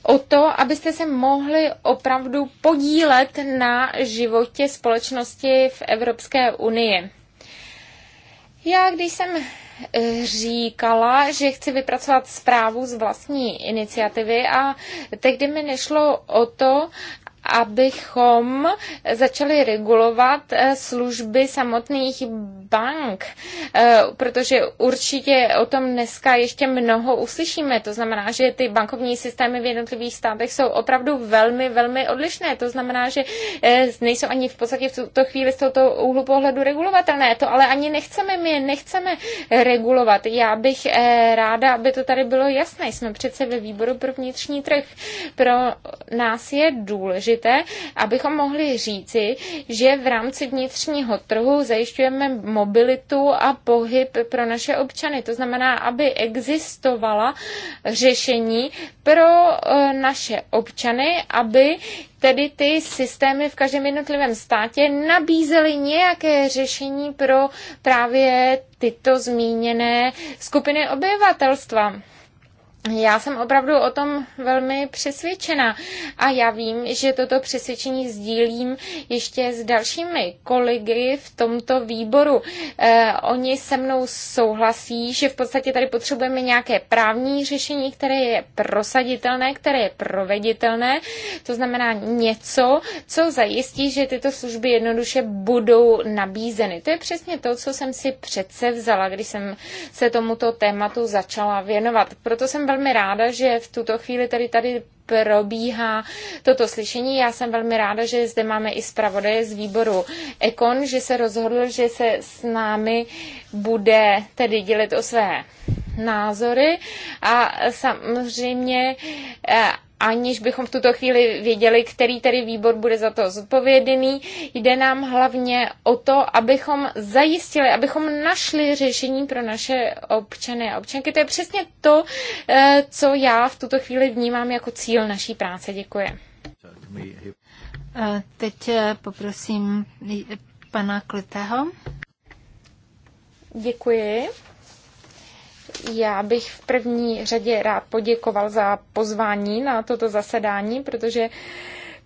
o to, abyste se mohli opravdu podílet na životě společnosti v Evropské unii. Já, když jsem eh, říkala, že chci vypracovat zprávu z vlastní iniciativy a tehdy mi nešlo o to, abychom začali regulovat eh, služby samotných bank, eh, protože určitě o tom dneska ještě mnoho uslyšíme. To znamená, že ty bankovní systémy v jednotlivých státech jsou opravdu velmi, velmi odlišné. To znamená, že eh, nejsou ani v podstatě v tuto chvíli z tohoto úhlu pohledu regulovatelné. To ale ani nechceme, my nechceme regulovat. Já bych ráda, aby to tady bylo jasné. Jsme přece ve výboru pro vnitřní trh. Pro nás je důležité, důležité, abychom mohli říci, že v rámci vnitřního trhu zajišťujeme mobilitu a pohyb pro naše občany. To znamená, aby existovala řešení pro eh, naše občany, aby tedy ty systémy v každém jednotlivém státě nabízely nějaké řešení pro právě tyto zmíněné skupiny obyvatelstva. Já jsem opravdu o tom velmi přesvědčena a já vím, že toto přesvědčení sdílím ještě s dalšími kolegy v tomto výboru. Eh, oni se mnou souhlasí, že v podstatě tady potřebujeme nějaké právní řešení, které je prosaditelné, které je proveditelné, to znamená něco, co zajistí, že tyto služby jednoduše budou nabízeny. To je přesně to, co jsem si přece vzala, když jsem se tomuto tématu začala věnovat. Proto jsem velmi ráda, že v tuto chvíli tady tady probíhá toto slyšení. Já jsem velmi ráda, že zde máme i zpravodaje z výboru Ekon, že se rozhodl, že se s námi bude tedy dělit o své názory a samozřejmě eh, aniž bychom v tuto chvíli věděli, který tedy výbor bude za to zodpovědný. Jde nám hlavně o to, abychom zajistili, abychom našli řešení pro naše občany a občanky. To je přesně to, eh, co já v tuto chvíli vnímám jako cíl naší práce. Děkuji. Teď eh, poprosím pana Klitého. Děkuji. Já bych v první řadě rád poděkoval za pozvání na toto zasedání, protože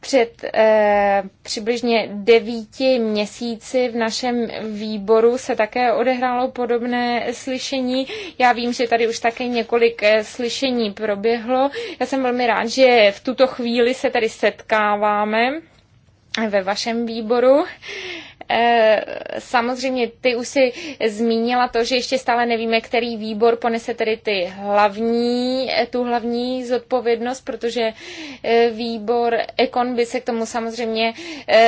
před eh, přibližně devíti měsíci v našem výboru se také odehrálo podobné slyšení. Já vím, že tady už také několik eh, slyšení proběhlo. Já jsem velmi rád, že v tuto chvíli se tady setkáváme ve vašem výboru. Eh, E, samozřejmě ty už si zmínila to, že ještě stále nevíme, který výbor ponese tedy ty hlavní, e, tu hlavní zodpovědnost, protože e, výbor Ekon by se k tomu samozřejmě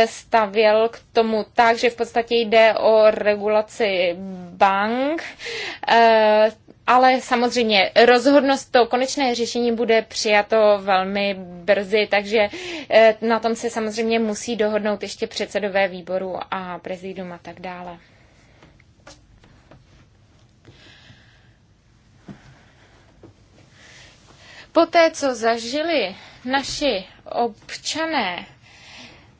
stavěl k tomu tak, že v podstatě jde o regulaci bank, ale samozřejmě rozhodnost to konečné řešení bude přijato velmi brzy, takže eh, na tom se samozřejmě musí dohodnout ještě předsedové výboru a prezidium a tak dále. Poté, co zažili naši občané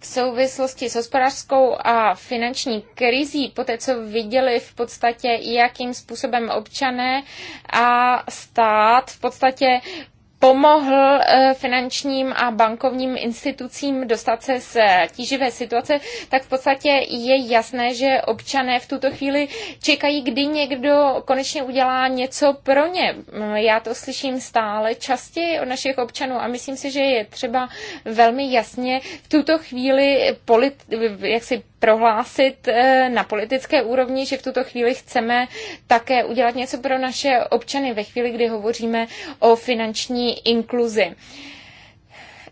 souvislosti s hospodářskou a finanční krizí, poté co viděli v podstatě, jakým způsobem občané a stát v podstatě pomohl eh, finančním a bankovním institucím dostat se z tíživé situace, tak v podstatě je jasné, že občané v tuto chvíli čekají, kdy někdo konečně udělá něco pro ně. Mm, já to slyším stále častěji od našich občanů a myslím si, že je třeba velmi jasně v tuto chvíli polit, jak si prohlásit eh, na politické úrovni, že v tuto chvíli chceme také udělat něco pro naše občany ve chvíli, kdy hovoříme o finanční inkluzi.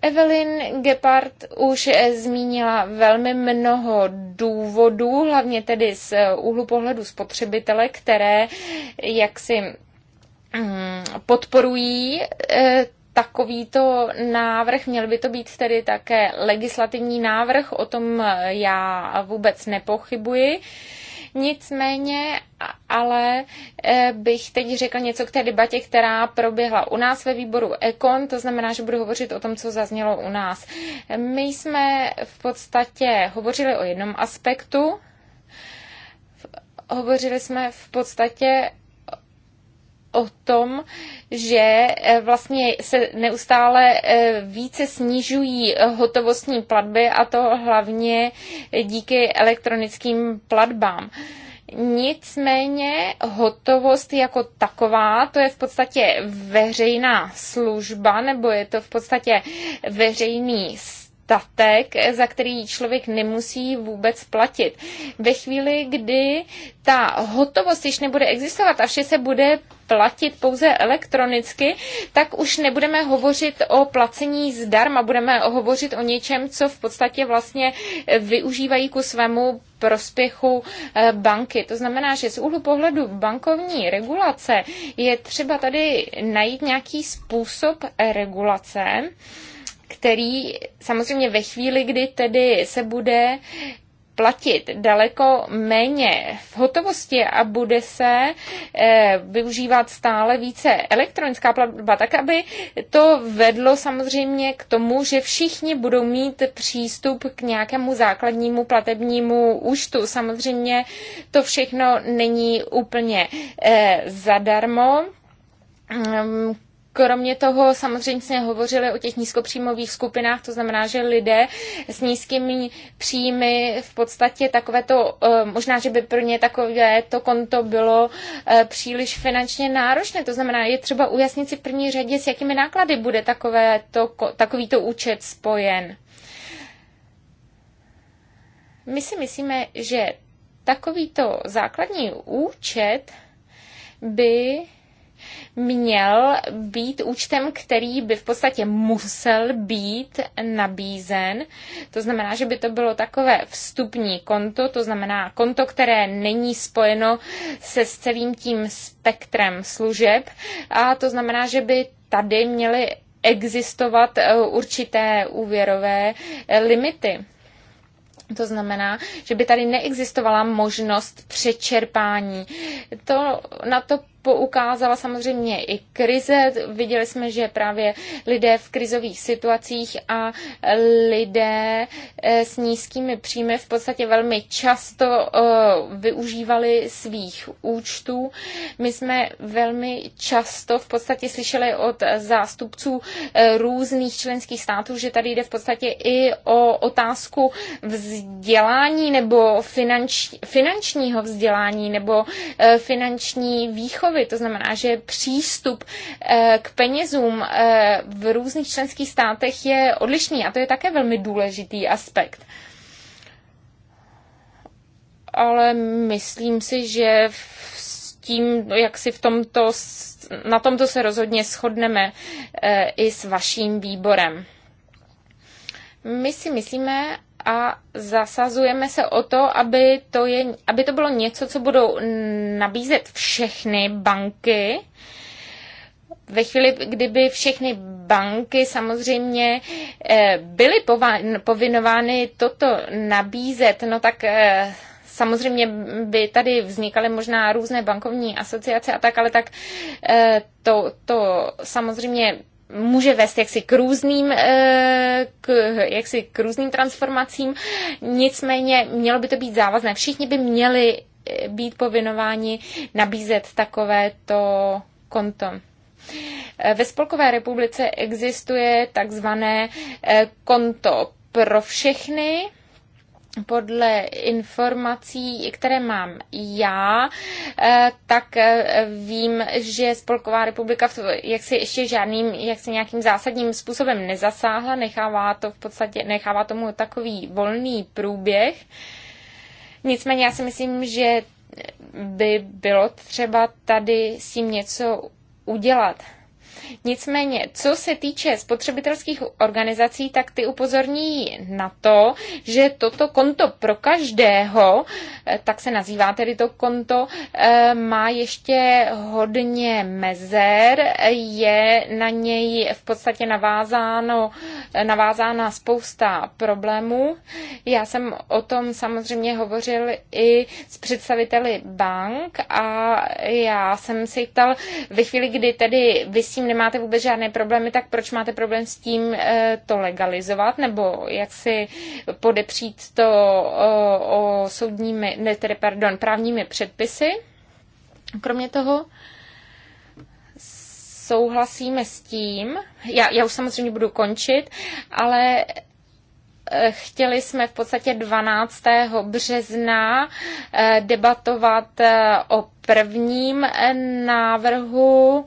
Evelyn Gepard už eh, zmínila velmi mnoho důvodů, hlavně tedy z eh, úhlu pohledu spotřebitele, které jaksi mm, podporují takovýto návrh, měl by to být tedy také legislativní návrh, o tom já vůbec nepochybuji. Nicméně, ale eh, bych teď řekla něco k té debatě, která proběhla u nás ve výboru Ekon, to znamená, že budu hovořit o tom, co zaznělo u nás. My jsme v podstatě hovořili o jednom aspektu, hovořili jsme v podstatě o tom, že eh, vlastně se neustále eh, více snižují hotovostní platby a to hlavně díky elektronickým platbám. Nicméně hotovost jako taková, to je v podstatě veřejná služba, nebo je to v podstatě veřejný statek, za který člověk nemusí vůbec platit. Ve chvíli, kdy ta hotovost již nebude existovat a vše se bude platit pouze elektronicky, tak už nebudeme hovořit o placení zdarma, budeme hovořit o něčem, co v podstatě vlastně využívají ku svému prospěchu eh, banky. To znamená, že z úhlu pohledu bankovní regulace je třeba tady najít nějaký způsob regulace, který samozřejmě ve chvíli, kdy tedy se bude platit daleko méně v hotovosti a bude se e, využívat stále více elektronická platba, tak aby to vedlo samozřejmě k tomu, že všichni budou mít přístup k nějakému základnímu platebnímu účtu. Samozřejmě to všechno není úplně e, zadarmo ehm, Kromě toho samozřejmě jsme hovořili o těch nízkopříjmových skupinách, to znamená, že lidé s nízkými příjmy v podstatě takové to, eh, možná, že by pro ně takové to konto bylo eh, příliš finančně náročné, to znamená, je třeba ujasnit si v první řadě, s jakými náklady bude takové to, takovýto účet spojen. My si myslíme, že takovýto základní účet by měl být účtem, který by v podstatě musel být nabízen. To znamená, že by to bylo takové vstupní konto, to znamená konto, které není spojeno se s celým tím spektrem služeb. A to znamená, že by tady měly existovat eh, určité úvěrové eh, limity. To znamená, že by tady neexistovala možnost přečerpání. To na to poukázala samozřejmě i krize. Viděli jsme, že právě lidé v krizových situacích a lidé eh, s nízkými příjmy v podstatě velmi často eh, využívali svých účtů. My jsme velmi často v podstatě slyšeli od zástupců eh, různých členských států, že tady jde v podstatě i o otázku vzdělání nebo finanč, finančního vzdělání nebo finanční výchovy smlouvy. To znamená, že přístup eh, k penězům eh, v různých členských státech je odlišný a to je také velmi důležitý aspekt ale myslím si, že s tím, jak si v tomto, na tomto se rozhodně shodneme eh, i s vaším výborem. My si myslíme a zasazujeme se o to, aby to, je, aby to bylo něco, co budou nabízet všechny banky. Ve chvíli, kdyby všechny banky samozřejmě eh, byly povinovány toto nabízet, no tak eh, samozřejmě by tady vznikaly možná různé bankovní asociace a tak, ale tak eh, to, to samozřejmě může vést jaksi k různým, eh, k, jaksi k různým transformacím, nicméně mělo by to být závazné. Všichni by měli eh, být povinováni nabízet takovéto konto. Eh, ve Spolkové republice existuje takzvané konto pro všechny, podle informací, které mám já, eh, tak eh, vím, že Spolková republika jak si ještě žádným, jak si nějakým zásadním způsobem nezasáhla, nechává to v podstatě, nechává tomu takový volný průběh. Nicméně já si myslím, že by bylo třeba tady s tím něco udělat. Nicméně, co se týče spotřebitelských organizací, tak ty upozorní na to, že toto konto pro každého, eh, tak se nazývá tedy to konto, eh, má ještě hodně mezer, je na něj v podstatě navázáno, eh, navázána spousta problémů. Já jsem o tom samozřejmě hovořil i s představiteli bank a já jsem se ptal, ve chvíli, kdy tedy vysím tím nemáte vůbec žádné problémy, tak proč máte problém s tím eh, to legalizovat nebo jak si podepřít to o, eh, o soudními, ne, tedy, pardon, právními předpisy? Kromě toho, souhlasíme s tím, já, já už samozřejmě budu končit, ale eh, chtěli jsme v podstatě 12. března debatovat o prvním návrhu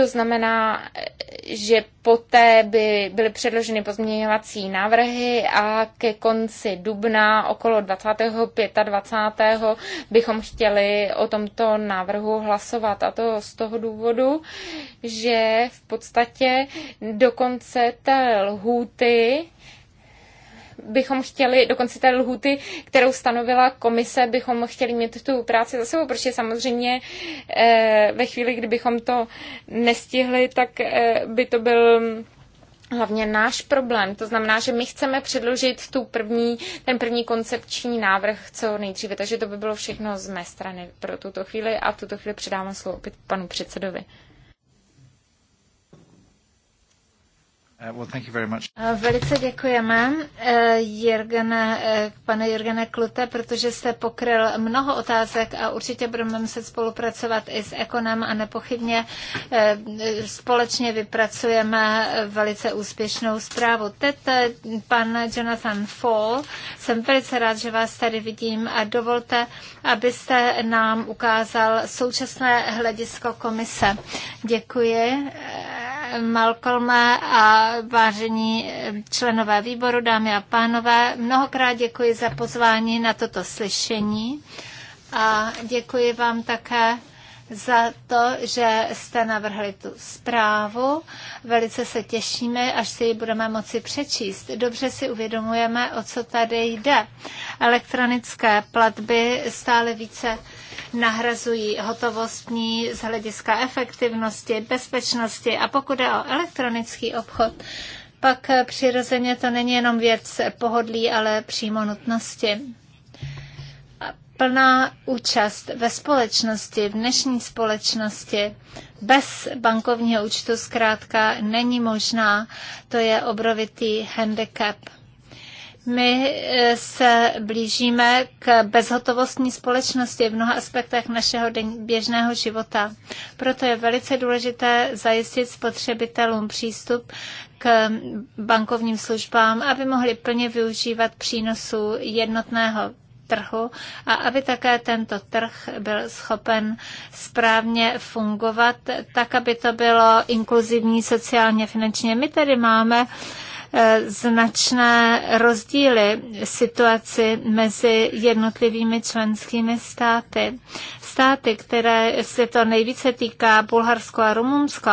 to znamená, že poté by byly předloženy pozměňovací návrhy a ke konci dubna okolo 25. 20. bychom chtěli o tomto návrhu hlasovat. A to z toho důvodu, že v podstatě do konce té lhůty bychom chtěli, dokonce té lhuty, kterou stanovila komise, bychom chtěli mít tu práci za sebou, protože samozřejmě eh, ve chvíli, kdybychom to nestihli, tak eh, by to byl hlavně náš problém. To znamená, že my chceme předložit tu první, ten první koncepční návrh co nejdříve. Takže to by bylo všechno z mé strany pro tuto chvíli a v tuto chvíli předávám slovo opět panu předsedovi. Uh, velice děkujeme, eh, Jirgene, eh, pane Jirgene Klute, protože jste pokryl mnoho otázek a určitě budeme muset spolupracovat i s Ekonem a nepochybně eh, společně vypracujeme velice úspěšnou zprávu. Teď pan Jonathan Fall, jsem velice rád, že vás tady vidím a dovolte, abyste nám ukázal současné hledisko komise. Děkuji Malcolme a vážení členové výboru, dámy a pánové, mnohokrát děkuji za pozvání na toto slyšení a děkuji vám také za to, že jste navrhli tu zprávu. Velice se těšíme, až si ji budeme moci přečíst. Dobře si uvědomujeme, o co tady jde. Elektronické platby stále více nahrazují hotovostní z hlediska efektivnosti, bezpečnosti a pokud je o elektronický obchod, pak přirozeně to není jenom věc pohodlí, ale přímo nutnosti. Plná účast ve společnosti, v dnešní společnosti, bez bankovního účtu zkrátka není možná. To je obrovitý handicap. My eh, se blížíme k bezhotovostní společnosti v mnoha aspektech našeho běžného života. Proto je velice důležité zajistit spotřebitelům přístup k bankovním službám, aby mohli plně využívat přínosů jednotného trhu a aby také tento trh byl schopen správně fungovat, tak aby to bylo inkluzivní sociálně finančně. My tedy máme uh, Eh, značné rozdíly situaci mezi jednotlivými členskými státy. Státy, které se to nejvíce týká, Bulharsko a Rumunsko,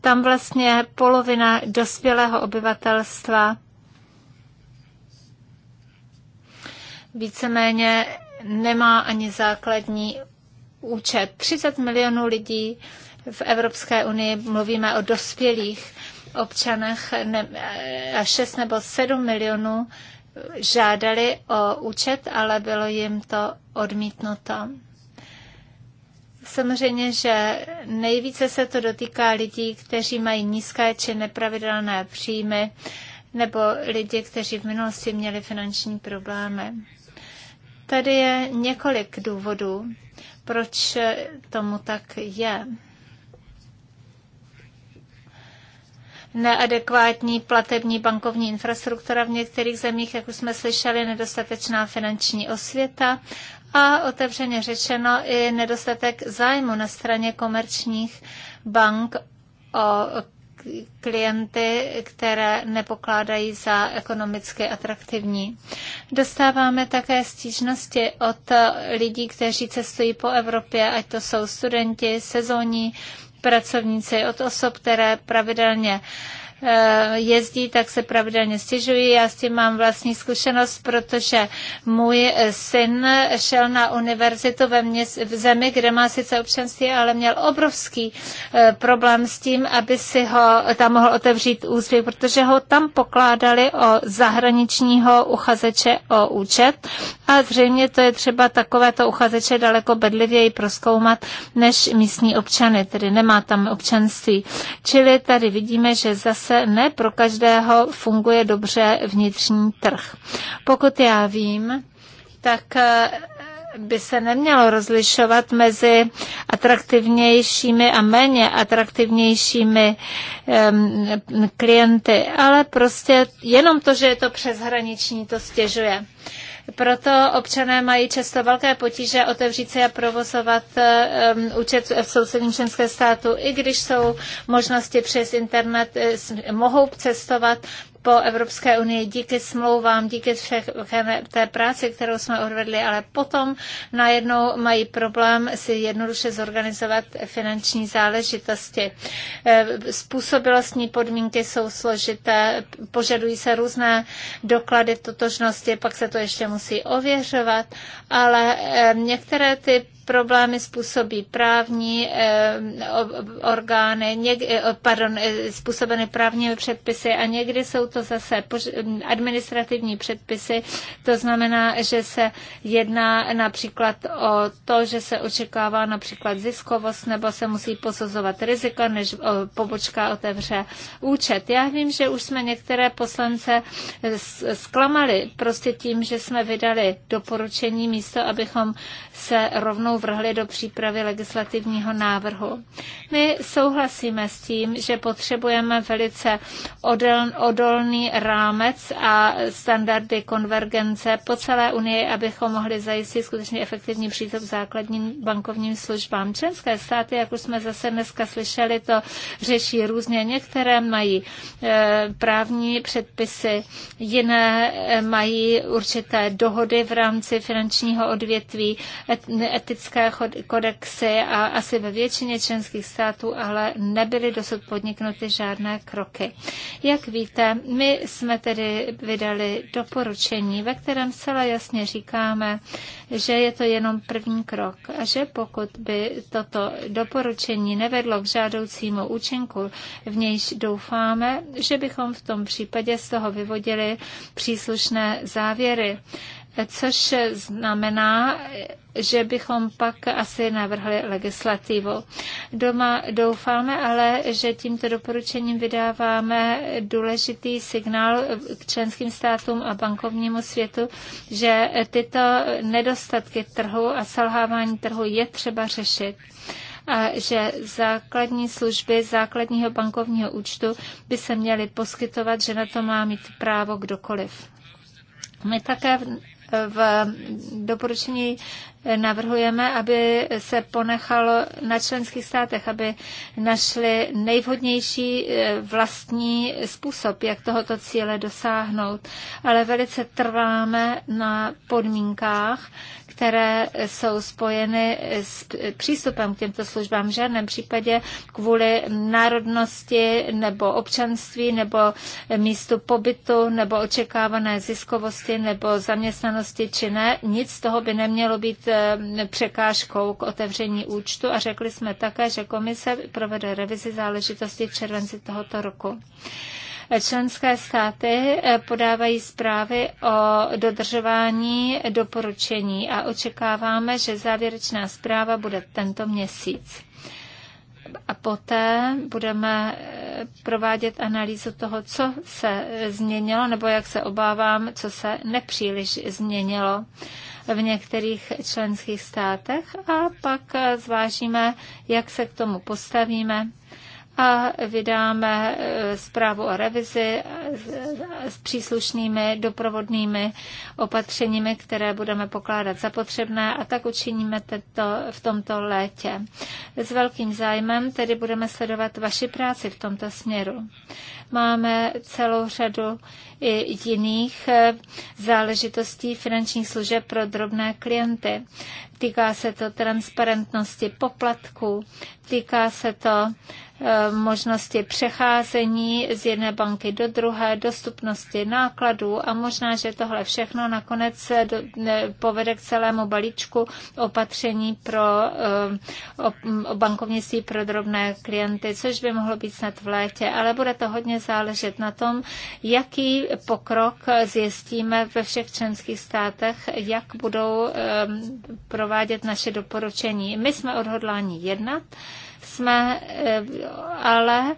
tam vlastně polovina dospělého obyvatelstva víceméně nemá ani základní účet. 30 milionů lidí v Evropské unii mluvíme o dospělých občanech a 6 nebo 7 milionů žádali o účet, ale bylo jim to odmítnuto. Samozřejmě, že nejvíce se to dotýká lidí, kteří mají nízké či nepravidelné příjmy, nebo lidi, kteří v minulosti měli finanční problémy. Tady je několik důvodů, proč tomu tak je. neadekvátní platební bankovní infrastruktura v některých zemích, jak už jsme slyšeli, nedostatečná finanční osvěta a otevřeně řečeno i nedostatek zájmu na straně komerčních bank o klienty, které nepokládají za ekonomicky atraktivní. Dostáváme také stížnosti od lidí, kteří cestují po Evropě, ať to jsou studenti, sezóní pracovníci, od osob, které pravidelně Eh, jezdí, tak se pravidelně stěžují. Já s tím mám vlastní zkušenost, protože můj eh, syn šel na univerzitu ve měs- v zemi, kde má sice občanství, ale měl obrovský eh, problém s tím, aby si ho tam mohl otevřít úspěch, protože ho tam pokládali o zahraničního uchazeče o účet a zřejmě to je třeba takovéto uchazeče daleko bedlivěji proskoumat než místní občany, tedy nemá tam občanství. Čili tady vidíme, že zase zase ne pro každého funguje dobře vnitřní trh. Pokud já vím, tak eh, by se nemělo rozlišovat mezi atraktivnějšími a méně atraktivnějšími um, klienty, ale prostě jenom to, že je to přeshraniční, to stěžuje. Proto občané mají často velké potíže otevřít si a provozovat um, účet v sousedním členském státu, i když jsou možnosti přes internet, eh, mohou cestovat, po Evropské unii díky smlouvám, díky všech té práci, kterou jsme odvedli, ale potom najednou mají problém si jednoduše zorganizovat finanční záležitosti. Eh, Způsobilostní podmínky jsou složité, požadují se různé doklady totožnosti, pak se to ještě musí ověřovat, ale eh, některé ty problémy způsobí právní eh, orgány, někdy, eh, pardon, eh, způsobeny právními předpisy a někdy jsou to zase hm, administrativní předpisy. To znamená, že se jedná například o to, že se očekává například ziskovost nebo se musí posuzovat riziko, než pobočka otevře účet. Já vím, že už jsme některé poslance zklamali prostě tím, že jsme vydali doporučení místo, abychom se rovnou vrhli do přípravy legislativního návrhu. My souhlasíme s tím, že potřebujeme velice odolný rámec a standardy konvergence po celé Unii, abychom mohli zajistit skutečně efektivní přístup k základním bankovním službám. Členské státy, jak už jsme zase dneska slyšeli, to řeší různě. Některé mají e, právní předpisy, jiné e, mají určité dohody v rámci finančního odvětví, etické etické kodexy a asi ve většině členských států, ale nebyly dosud podniknuty žádné kroky. Jak víte, my jsme tedy vydali doporučení, ve kterém zcela jasně říkáme, že je to jenom první krok a že pokud by toto doporučení nevedlo k žádoucímu účinku, v nějž doufáme, že bychom v tom případě z toho vyvodili příslušné závěry což znamená, že bychom pak asi navrhli legislativu. Doma doufáme ale, že tímto doporučením vydáváme důležitý signál k členským státům a bankovnímu světu, že tyto nedostatky trhu a selhávání trhu je třeba řešit a že základní služby základního bankovního účtu by se měly poskytovat, že na to má mít právo kdokoliv. My také v doporučení navrhujeme, aby se ponechalo na členských státech, aby našli nejvhodnější eh, vlastní způsob, jak tohoto cíle dosáhnout. Ale velice trváme na podmínkách, které jsou spojeny s přístupem k těmto službám. V žádném případě kvůli národnosti nebo občanství nebo místu pobytu nebo očekávané ziskovosti nebo zaměstnanosti či ne, nic z toho by nemělo být eh, překážkou k otevření účtu a řekli jsme také, že komise provede revizi záležitosti v červenci tohoto roku. Členské státy eh, podávají zprávy o dodržování doporučení a očekáváme, že závěrečná zpráva bude tento měsíc a poté budeme eh, provádět analýzu toho, co se eh, změnilo, nebo jak se obávám, co se nepříliš změnilo v některých členských státech a pak zvážíme, jak se k tomu postavíme a vydáme eh, zprávu o revizi eh, s příslušnými doprovodnými opatřeními, které budeme pokládat za potřebné a tak učiníme to v tomto létě. S velkým zájmem tedy budeme sledovat vaši práci v tomto směru. Máme celou řadu i jiných eh, záležitostí finančních služeb pro drobné klienty. Týká se to transparentnosti poplatků, týká se to Eh, možnosti přecházení z jedné banky do druhé, dostupnosti nákladů a možná, že tohle všechno nakonec eh, povede k celému balíčku opatření pro eh, bankovnictví pro drobné klienty, což by mohlo být snad v létě, ale bude to hodně záležet na tom, jaký pokrok zjistíme ve všech členských státech, jak budou provádět naše doporučení. My jsme odhodláni jednat, jsme eh, ale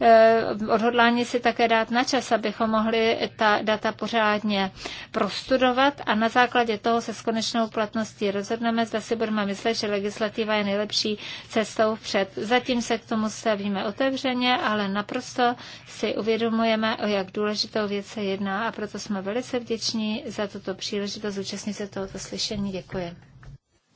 eh, odhodláni si také dát na čas, abychom mohli ta data pořádně prostudovat a na základě toho se s konečnou platností rozhodneme, zda si budeme myslet, že legislativa je nejlepší cestou vpřed. Zatím se k tomu stavíme otevřeně, ale naprosto si uvědomujeme, o jak důležitou věc se jedná a proto jsme velice vděční za tuto příležitost zúčastnit se tohoto slyšení. Děkuji.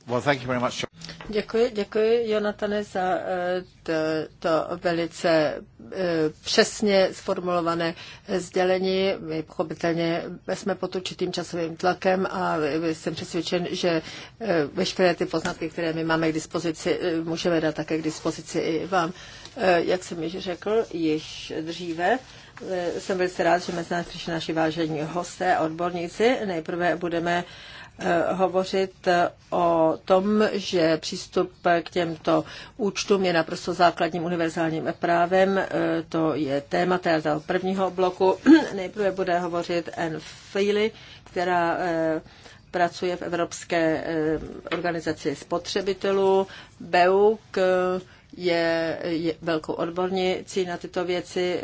Well, thank you very much. Děkuji, děkuji, Jonatane, za eh, to, to velice eh, přesně sformulované eh, sdělení. My pochopitelně jsme pod určitým časovým tlakem a jsem přesvědčen, že veškeré ty poznatky, které my máme k dispozici, můžeme dát také k dispozici i vám. Jak jsem již řekl, již dříve jsem velice rád, že mezi nás přišli naši vážení hosté a odborníci. Nejprve budeme Eh, hovořit eh, o tom, že přístup k těmto účtům je naprosto základním univerzálním právem. Eh, to je téma toho prvního bloku. [CLEARS THROAT] Nejprve bude hovořit Anne Feely, která pracuje v Evropské organizaci spotřebitelů, BEUK, je, je velkou odbornicí na tyto věci. E,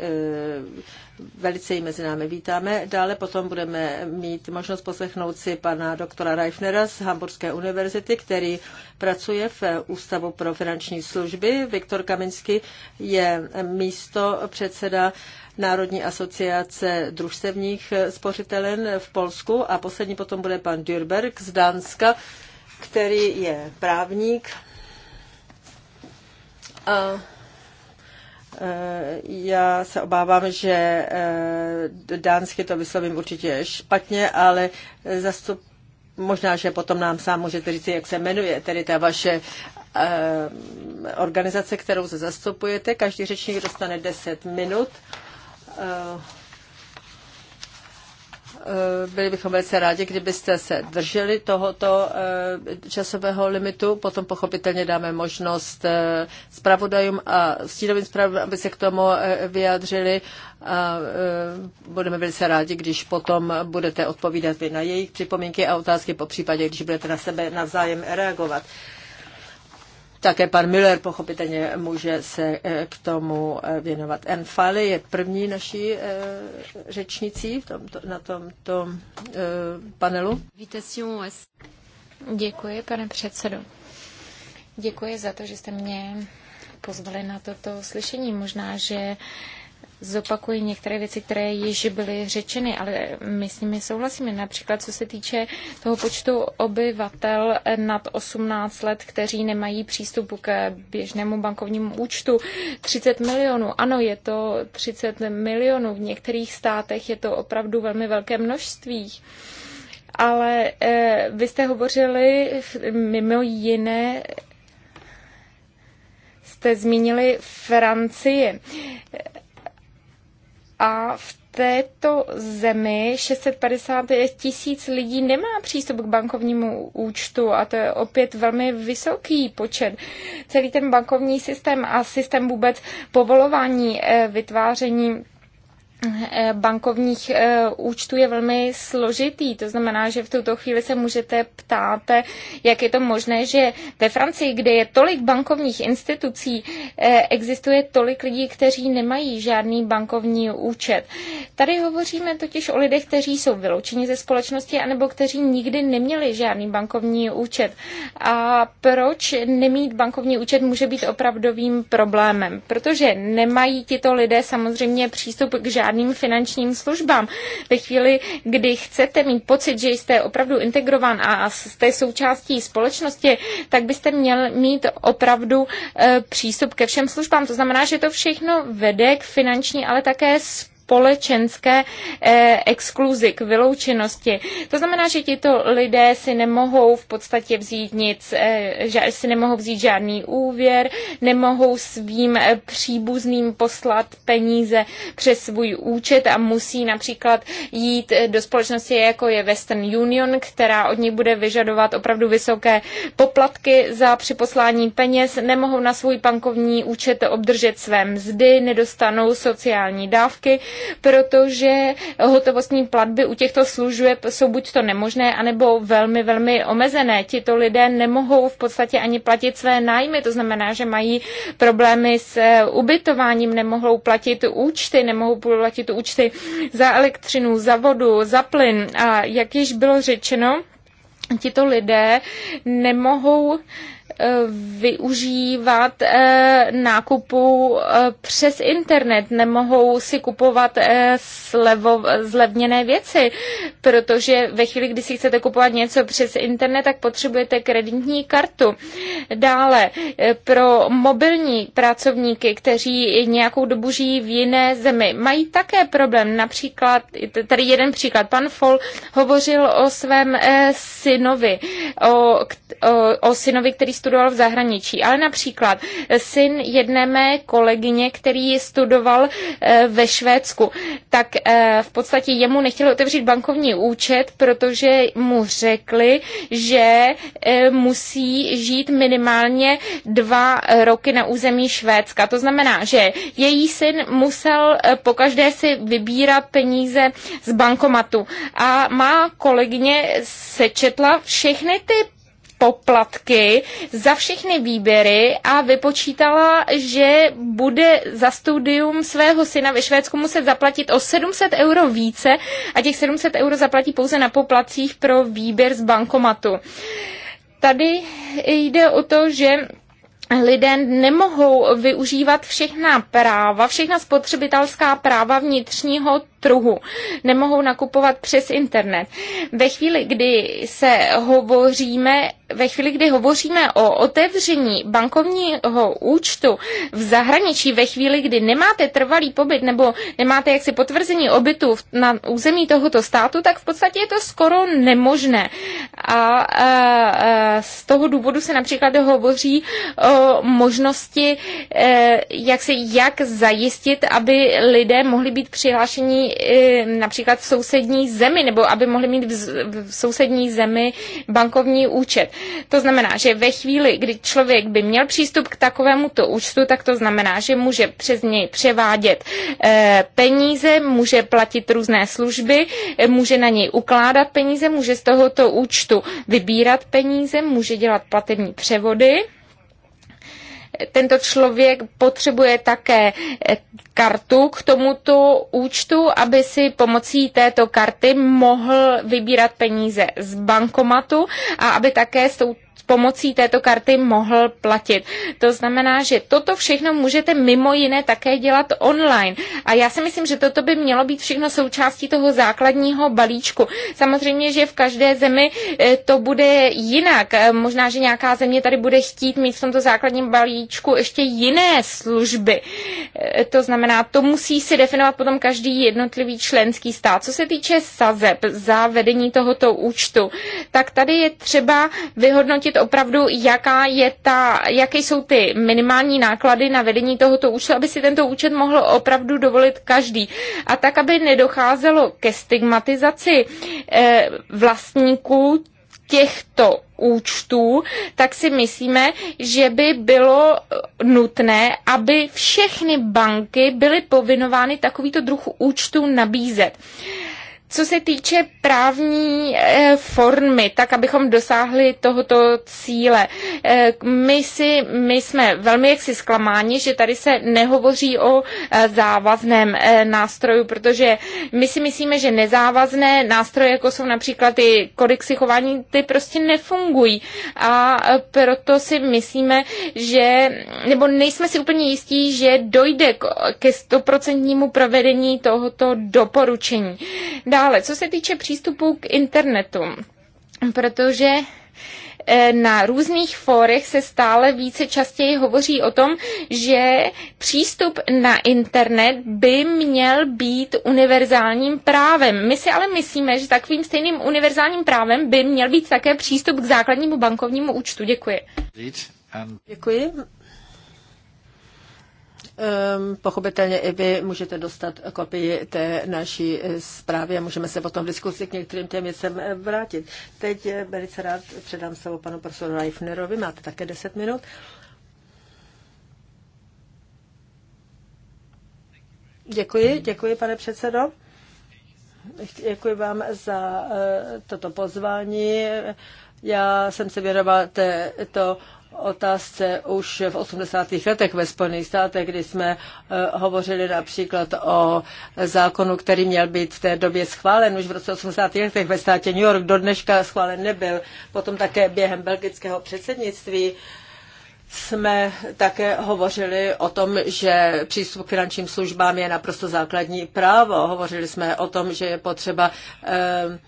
velice ji mezi námi vítáme. Dále potom budeme mít možnost poslechnout si pana doktora Reifnera z Hamburské univerzity, který pracuje v Ústavu pro finanční služby. Viktor Kaminsky je místo předseda Národní asociace družstevních spořitelen v Polsku a poslední potom bude pan Dürberg z Dánska, který je právník a eh, já se obávám, že eh, dánsky to vyslovím určitě špatně, ale zastup, možná, že potom nám sám můžete říct, jak se jmenuje, tedy ta vaše eh, organizace, kterou se zastupujete. Každý řečník dostane 10 minut. Eh, byli bychom velice rádi, kdybyste se drželi tohoto eh, časového limitu. Potom pochopitelně dáme možnost eh, zpravodajům a stínovým zpravodajům, aby se k tomu vyjádřili. A budeme velice rádi, když potom budete odpovídat vy na jejich připomínky a otázky, po případě, když budete na sebe navzájem reagovat. Také pan Miller pochopitelně může se eh, k tomu eh, věnovat. Anne Fale je první naší eh, řečnicí v tomto, na tomto panelu. Děkuji, pane předsedo. Děkuji za to, že jste mě pozvali na toto slyšení. Možná, že zopakuji některé věci, které již byly řečeny, ale my s nimi souhlasíme. Například co se týče toho počtu obyvatel nad 18 let, kteří nemají přístup k běžnému bankovnímu účtu. 30 milionů, ano, je to 30 milionů. V některých státech je to opravdu velmi velké množství ale eh, vy jste hovořili mimo jiné jste zmínili Francii a v této zemi 650 tisíc lidí nemá přístup k bankovnímu účtu a to je opět velmi vysoký počet. Celý ten bankovní systém a systém vůbec povolování eh, vytváření Eh, bankovních eh, účtů je velmi složitý. To znamená, že v tuto chvíli se můžete ptát, jak je to možné, že ve Francii, kde je tolik bankovních institucí, eh, existuje tolik lidí, kteří nemají žádný bankovní účet. Tady hovoříme totiž o lidech, kteří jsou vyloučeni ze společnosti anebo kteří nikdy neměli žádný bankovní účet. A proč nemít bankovní účet může být opravdovým problémem? Protože nemají tito lidé samozřejmě přístup k žádným žádným finančním službám. Ve chvíli, kdy chcete mít pocit, že jste opravdu integrován a jste součástí společnosti, tak byste měl mít opravdu eh, přístup ke všem službám. To znamená, že to všechno vede k finanční, ale také společnosti společenské eh, exkluzi, k vyloučenosti. To znamená, že tito lidé si nemohou v podstatě vzít nic, eh, že si nemohou vzít žádný úvěr, nemohou svým eh, příbuzným poslat peníze přes svůj účet a musí například jít do společnosti, jako je Western Union, která od nich bude vyžadovat opravdu vysoké poplatky za připoslání peněz, nemohou na svůj bankovní účet obdržet své mzdy, nedostanou sociální dávky, protože hotovostní platby u těchto služeb jsou buď to nemožné, anebo velmi, velmi omezené. Tito lidé nemohou v podstatě ani platit své nájmy, to znamená, že mají problémy s eh, ubytováním, nemohou platit účty, nemohou platit účty za elektřinu, za vodu, za plyn a jak již bylo řečeno, tito lidé nemohou využívat eh, nákupu eh, přes internet, nemohou si kupovat eh, slevo, zlevněné věci, protože ve chvíli, kdy si chcete kupovat něco přes internet, tak potřebujete kreditní kartu. Dále pro mobilní pracovníky, kteří nějakou dobu žijí v jiné zemi, mají také problém. Například, tady jeden příklad, pan Fol hovořil o svém synovi, o, o, o synovi, který studuje studoval v zahraničí, ale například syn jedné mé kolegyně, který studoval eh, ve Švédsku, tak eh, v podstatě jemu nechtěli otevřít bankovní účet, protože mu řekli, že eh, musí žít minimálně dva roky na území Švédska. To znamená, že její syn musel pokaždé si vybírat peníze z bankomatu. A má kolegyně sečetla všechny ty poplatky za všechny výběry a vypočítala, že bude za studium svého syna ve Švédsku muset zaplatit o 700 euro více a těch 700 euro zaplatí pouze na poplacích pro výběr z bankomatu. Tady jde o to, že lidé nemohou využívat všechna práva, všechna spotřebitelská práva vnitřního trhu, nemohou nakupovat přes internet. Ve chvíli, kdy se hovoříme, ve chvíli, kdy hovoříme o otevření bankovního účtu v zahraničí, ve chvíli, kdy nemáte trvalý pobyt nebo nemáte jaksi potvrzení obytu na území tohoto státu, tak v podstatě je to skoro nemožné. A, z toho důvodu se například hovoří o možnosti, eh, jak se jak zajistit, aby lidé mohli být přihlášeni E, například v sousední zemi, nebo aby mohli mít v sousední zemi bankovní účet. To znamená, že ve chvíli, kdy člověk by měl přístup k takovému to účtu, tak to znamená, že může přes něj převádět e, peníze, může platit různé služby, e, může na něj ukládat peníze, může z tohoto účtu vybírat peníze, může dělat platební převody tento člověk potřebuje také eh, kartu k tomuto účtu, aby si pomocí této karty mohl vybírat peníze z bankomatu a aby také s tou pomocí této karty mohl platit. To znamená, že toto všechno můžete mimo jiné také dělat online. A já si myslím, že toto by mělo být všechno součástí toho základního balíčku. Samozřejmě, že v každé zemi eh, to bude jinak. Eh, možná, že nějaká země tady bude chtít mít v tomto základním balíčku ještě jiné služby. Eh, to znamená, to musí si definovat potom každý jednotlivý členský stát. Co se týče sazeb za vedení tohoto účtu, tak tady je třeba vyhodnotit zjistit opravdu, jaká je ta, jaké jsou ty minimální náklady na vedení tohoto účtu, aby si tento účet mohl opravdu dovolit každý. A tak, aby nedocházelo ke stigmatizaci eh, vlastníků těchto účtů, tak si myslíme, že by bylo nutné, aby všechny banky byly povinovány takovýto druh účtů nabízet. Co se týče právní eh, formy, tak abychom dosáhli tohoto cíle, eh, my, si, my jsme velmi jaksi zklamáni, že tady se nehovoří o eh, závazném nástroju, protože my si myslíme, že nezávazné nástroje, jako jsou například ty kodexy chování, ty prostě nefungují. A proto si myslíme, že, nebo nejsme si úplně jistí, že dojde ke stoprocentnímu provedení tohoto doporučení. Dále, co se týče přístupu k internetu, protože eh, na různých fórech se stále více častěji hovoří o tom, že přístup na internet by měl být univerzálním právem. My si ale myslíme, že takovým stejným univerzálním právem by měl být také přístup k základnímu bankovnímu účtu. Děkuji. Děkuji. Ehm, pochopitelně i vy můžete dostat kopii té naší zprávy a můžeme se potom v diskusi k některým těm věcem eh, vrátit. Teď eh, velice rád předám slovo panu profesoru Reifnerovi. Máte také 10 minut. Děkuji, děkuji, pane předsedo. Děkuji vám za eh, toto pozvání. Já jsem se věnoval této otázce už v 80. letech ve Spojených státech, kdy jsme eh, hovořili například o zákonu, který měl být v té době schválen už v roce 80. letech ve státě New York, do dneška schválen nebyl. Potom také během belgického předsednictví jsme také hovořili o tom, že přístup k finančním službám je naprosto základní právo. Hovořili jsme o tom, že je potřeba eh,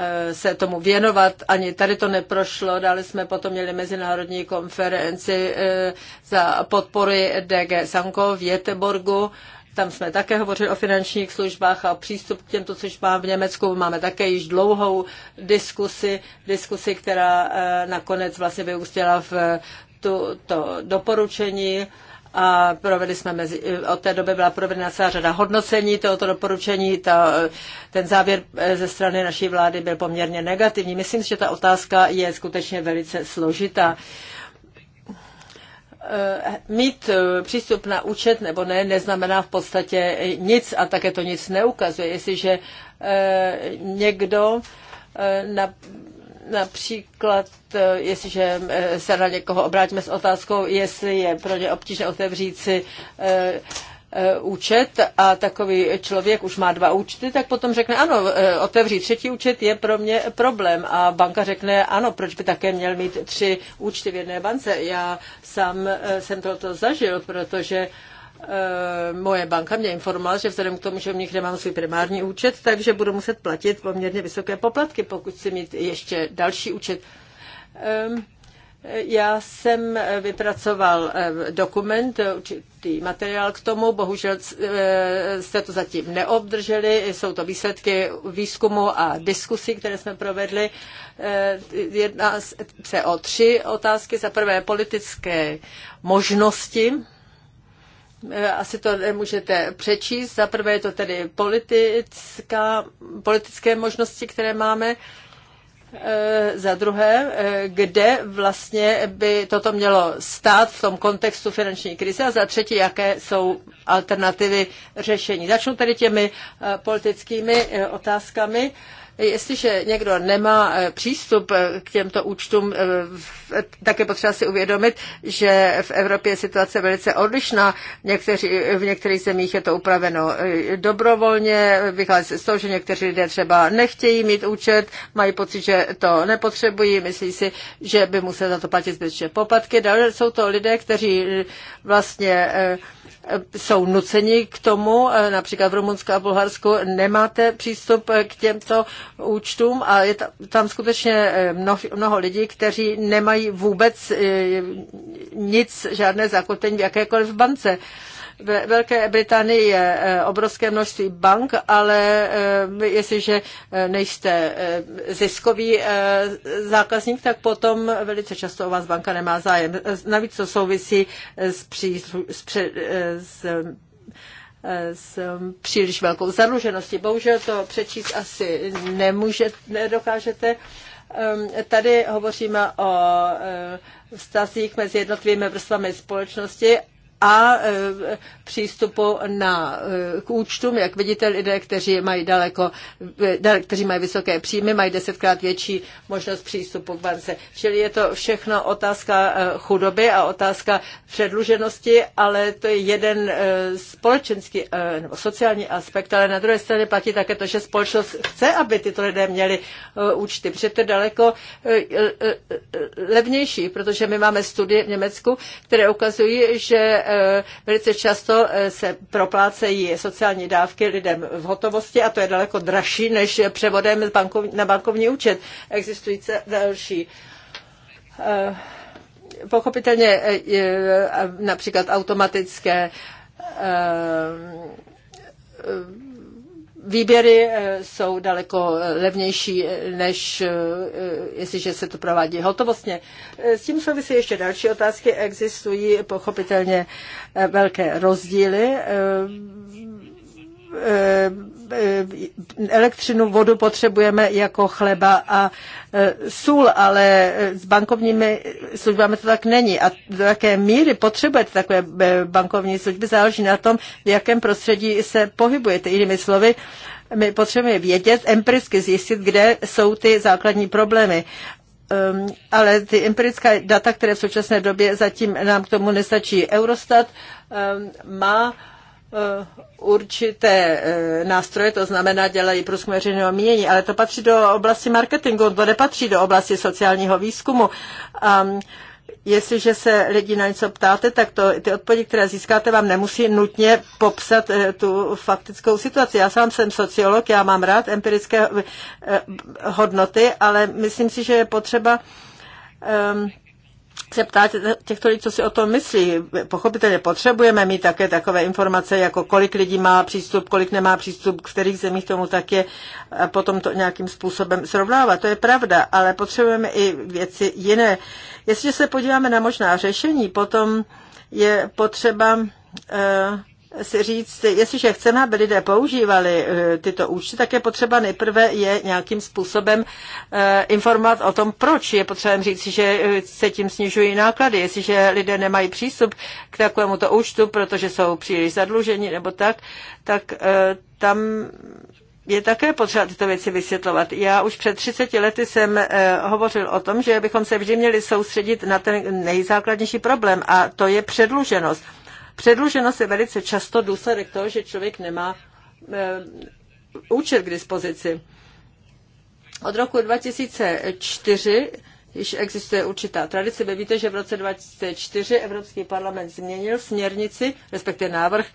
Eh, se tomu věnovat. Ani tady to neprošlo. Dále jsme potom měli mezinárodní konferenci eh, za podpory DG Sanko v Jeteborgu. Tam jsme také hovořili o finančních službách a přístup k těmto službám v Německu. Máme také již dlouhou diskusi, diskusi, která eh, nakonec vlastně vyústila v tu, to doporučení a provedli jsme mezi, od té doby byla provedena celá řada hodnocení tohoto doporučení. Ta, ten závěr eh, ze strany naší vlády byl poměrně negativní. Myslím, že ta otázka je skutečně velice složitá eh, mít eh, přístup na účet nebo ne, neznamená v podstatě nic a také to nic neukazuje. Jestliže někdo na, Například, eh, jestliže eh, se na někoho obrátíme s otázkou, jestli je pro ně obtížné otevřít si eh, účet a takový člověk už má dva účty, tak potom řekne, ano, otevřít třetí účet je pro mě problém. A banka řekne, ano, proč by také měl mít tři účty v jedné bance. Já sám jsem toto zažil, protože uh, Eh, moje banka mě informovala, že vzhledem k tomu, že u nich nemám svůj primární účet, takže budu muset platit poměrně vysoké poplatky, pokud si mít ještě další účet. Já jsem vypracoval eh, dokument, určitý materiál k tomu, bohužel eh, jste to zatím neobdrželi, jsou to výsledky výzkumu a diskusí, které jsme provedli. Jedná se o tři otázky. Za prvé politické možnosti Eh, asi to nemůžete přečíst. Za prvé je to tedy politická, politické možnosti, které máme. Eh, za druhé, eh, kde vlastně by toto mělo stát v tom kontextu finanční krize a za třetí, jaké jsou alternativy řešení. Začnu tedy těmi politickými otázkami. Jestliže někdo nemá eh, přístup eh, k těmto účtům, eh, tak je potřeba si uvědomit, že v Evropě je situace velice odlišná. Někteří, v některých zemích je to upraveno dobrovolně, vychází z toho, že někteří lidé třeba nechtějí mít účet, mají pocit, že to nepotřebují, myslí si, že by museli za to platit zbytečně poplatky. Dále jsou to lidé, kteří vlastně jsou nuceni k tomu, eh, například v Rumunsku a Bulharsku nemáte přístup eh, k těmto účtům a je tam skutečně eh, mnoho lidí, kteří nemají vůbec nic, žádné zakotvení v jakékoliv bance. Ve Velké Británii je e, obrovské množství bank, ale e, jestliže e, nejste ziskový zákazník, tak potom velice často o vás banka nemá zájem. Navíc to souvisí s, pří, s, pře, s s příliš velkou zadlužeností. Bohužel to přečíst asi nemůžete, nedokážete. Ehm, tady hovoříme o vztazích mezi jednotlivými vrstvami společnosti a e, přístupu na, e, k účtům. Jak vidíte, lidé, kteří mají daleko, e, kteří mají vysoké příjmy, mají desetkrát větší možnost přístupu k bance. Čili je to všechno otázka chudoby a otázka předluženosti, ale to je jeden společenský nebo sociální aspekt, ale na druhé straně platí také to, že společnost chce, aby tyto lidé měli účty, protože to je daleko levnější, protože my máme studie v Německu, které ukazují, že Eh, velice často eh, se proplácejí sociální dávky lidem v hotovosti a to je daleko dražší než převodem na bankovní účet. Existují další eh, pochopitelně například automatické výběry eh, jsou daleko eh, levnější, eh, než jestliže se to provádí hotovostně. S tím souvisí ještě další otázky. Existují pochopitelně velké rozdíly Eh, eh, elektřinu, vodu potřebujeme jako chleba a eh, sůl, ale s bankovními službami to tak není. A do jaké míry potřebujete takové bankovní služby, záleží na tom, v jakém prostředí se pohybujete. Jinými slovy, my potřebujeme vědět, empiricky zjistit, kde jsou ty základní problémy. Um, ale ty empirická data, které v současné době zatím nám k tomu nestačí. Eurostat um, má uh, Eh, určité eh, nástroje, to znamená dělají průzkum veřejného mínění, ale to patří do oblasti marketingu, to nepatří do oblasti sociálního výzkumu. A ehm, jestliže se lidi na něco ptáte, tak to, ty odpovědi, které získáte, vám nemusí nutně popsat eh, tu faktickou situaci. Já sám jsem sociolog, já mám rád empirické hodnoty, ale myslím si, že je potřeba ehm, se ptát těchto lidí, co si o tom myslí. Pochopitelně potřebujeme mít také takové informace, jako kolik lidí má přístup, kolik nemá přístup, v kterých zemích tomu tak je, a potom to nějakým způsobem srovnávat. To je pravda, ale potřebujeme i věci jiné. Jestliže se podíváme na možná řešení, potom je potřeba uh, si říct, jestliže chceme, aby lidé používali eh, tyto účty, tak je potřeba nejprve je nějakým způsobem eh, informovat o tom, proč je potřeba říct, že eh, se tím snižují náklady, jestliže lidé nemají přístup k takovémuto účtu, protože jsou příliš zadluženi nebo tak, tak tam je také potřeba tyto věci vysvětlovat. Já už před 30 lety jsem hovořil o tom, že bychom se vždy měli soustředit na ten nejzákladnější problém a to je předluženost. Předluženost je velice často důsledek toho, že člověk nemá eh, účet k dispozici. Od roku 2004 již existuje určitá tradice. Vy víte, že v roce 2004 Evropský parlament změnil směrnici, respektive návrh.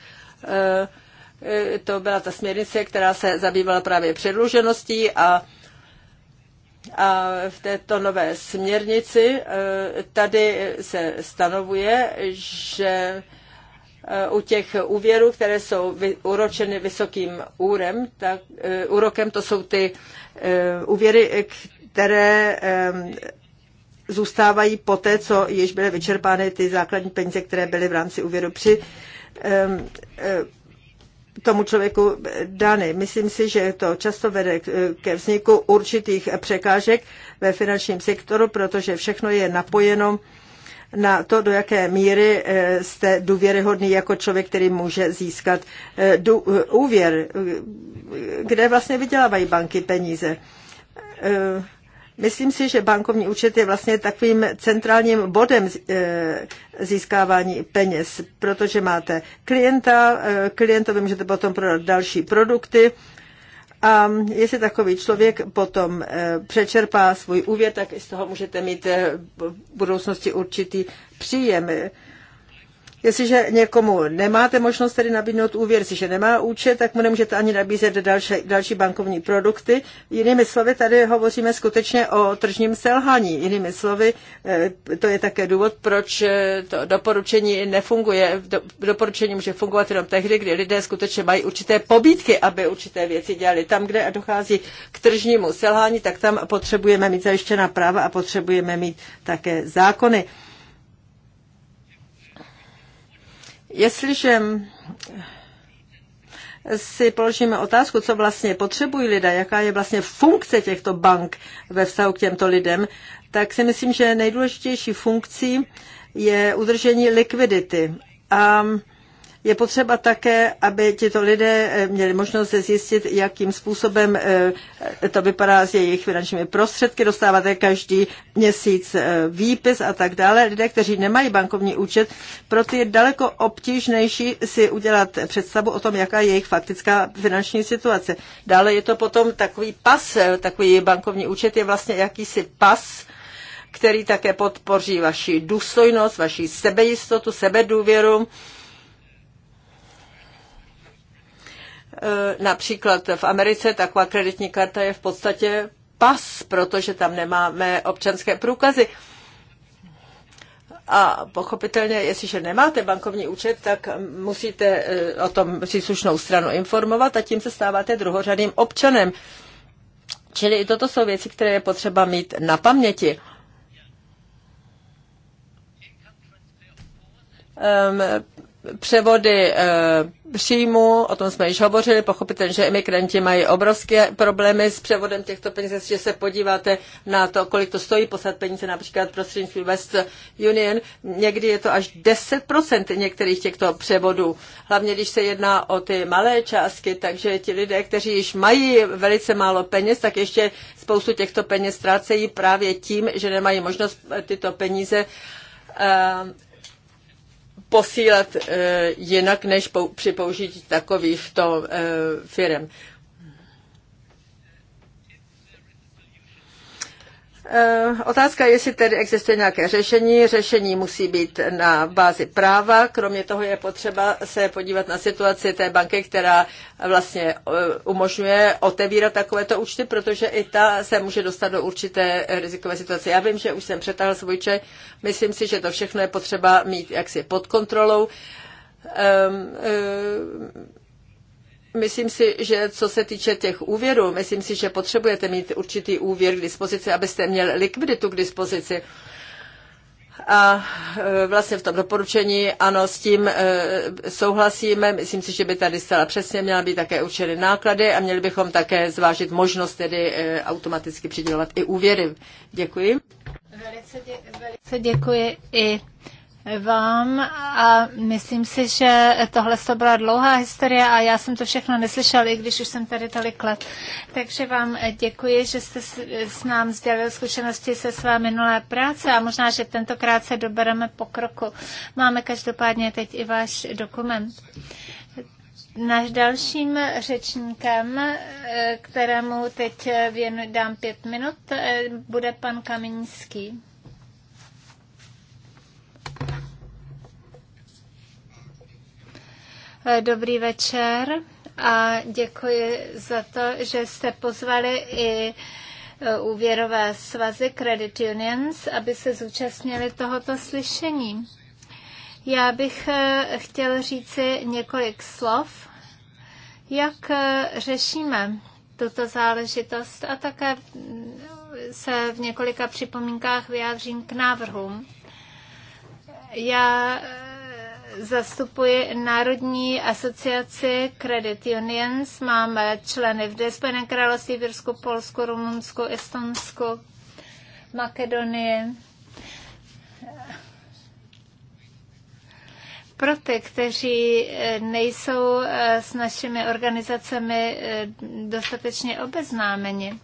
Eh, to byla ta směrnice, která se zabývala právě předlužeností a a v této nové směrnici eh, tady se stanovuje, že u těch úvěrů, které jsou uročeny vysokým úrem, tak, eh, úrokem, to jsou ty eh, úvěry, které eh, zůstávají po té, co již byly vyčerpány ty základní peníze, které byly v rámci úvěru při tomu člověku dany. Myslím si, že to často vede ke vzniku určitých překážek ve finančním sektoru, protože všechno je napojeno na to, do jaké míry eh, jste důvěryhodný jako člověk, který může získat eh, eh, úvěr, kde vlastně vydělávají banky peníze. Myslím si, že bankovní účet je vlastně takovým centrálním bodem získávání peněz, protože máte klienta, klientovi můžete potom prodat další produkty, a jestli takový člověk potom eh, přečerpá svůj úvěr, tak z toho můžete mít eh, v budoucnosti určitý příjem. Jestliže někomu nemáte možnost tedy nabídnout úvěr, jestliže nemá účet, tak mu nemůžete ani nabízet další, další bankovní produkty. Jinými slovy, tady hovoříme skutečně o tržním selhání. Jinými slovy, eh, to je také důvod, proč eh, to doporučení nefunguje. Doporučení může fungovat jenom tehdy, kdy lidé skutečně mají určité pobídky, aby určité věci dělali. Tam, kde dochází k tržnímu selhání, tak tam potřebujeme mít zajištěná práva a potřebujeme mít také zákony. Jestliže si položíme otázku, co vlastně potřebují lidé, jaká je vlastně funkce těchto bank ve vztahu k těmto lidem, tak si myslím, že nejdůležitější funkcí je udržení likvidity. A je potřeba také, aby tito lidé eh, měli možnost zjistit, jakým způsobem eh, to vypadá s jejich finančními prostředky, dostáváte každý měsíc eh, výpis a tak dále. Lidé, kteří nemají bankovní účet, pro ty je daleko obtížnější si udělat představu o tom, jaká je jejich faktická finanční situace. Dále je to potom takový pas, takový bankovní účet je vlastně jakýsi pas, který také podpoří vaši důstojnost, vaši sebejistotu, sebedůvěru E, například v Americe taková kreditní karta je v podstatě pas, protože tam nemáme občanské průkazy. A pochopitelně, jestliže nemáte bankovní účet, tak musíte e, o tom příslušnou stranu informovat a tím se stáváte druhořadým občanem. Čili i toto jsou věci, které je potřeba mít na paměti. Um, převody eh, příjmu, o tom jsme již hovořili, pochopitelně, že emigranti mají obrovské problémy s převodem těchto peněz, jestliže se podíváte na to, kolik to stojí poslat peníze například prostřednictvím West Union, někdy je to až 10% některých těchto převodů, hlavně když se jedná o ty malé částky, takže ti lidé, kteří již mají velice málo peněz, tak ještě spoustu těchto peněz ztrácejí právě tím, že nemají možnost tyto peníze eh, posílat eh, jinak než při použití takovýchto eh, firm. Eh, otázka je, jestli tedy existuje nějaké řešení. Řešení musí být na bázi práva. Kromě toho je potřeba se podívat na situaci té banky, která vlastně eh, umožňuje otevírat takovéto účty, protože i ta se může dostat do určité rizikové situace. Já vím, že už jsem přetáhl svůj čaj. Myslím si, že to všechno je potřeba mít jaksi pod kontrolou. Um, um, Myslím si, že co se týče těch úvěrů, myslím si, že potřebujete mít určitý úvěr k dispozici, abyste měl likviditu k dispozici. A e, vlastně v tom doporučení, ano, s tím e, souhlasíme. Myslím si, že by tady zcela přesně měla být také určeny náklady a měli bychom také zvážit možnost tedy e, automaticky přidělovat i úvěry. Děkuji. Velice, dě, velice děkuji i vám a myslím si, že tohle to byla dlouhá historie a já jsem to všechno neslyšel, i když už jsem tady tolik let. Takže vám děkuji, že jste s nám sdělil zkušenosti se své minulé práce a možná, že tentokrát se dobereme po kroku. Máme každopádně teď i váš dokument. Náš dalším řečníkem, eh, kterému teď eh, dám pět minut, eh, bude pan Kamínský. Dobrý večer a děkuji za to, že jste pozvali i e, úvěrové svazy Credit Unions, aby se zúčastnili tohoto slyšení. Já bych e, chtěl říci několik slov, jak e, řešíme tuto záležitost a také se v několika připomínkách vyjádřím k návrhům. Já zastupuji Národní asociaci Credit Unions. Máme členy v Spojeném království, v Polsku, Rumunsku, Estonsku, Makedonii. Pro ty, kteří eh, nejsou eh, s našimi organizacemi eh, dostatečně obeznámeni,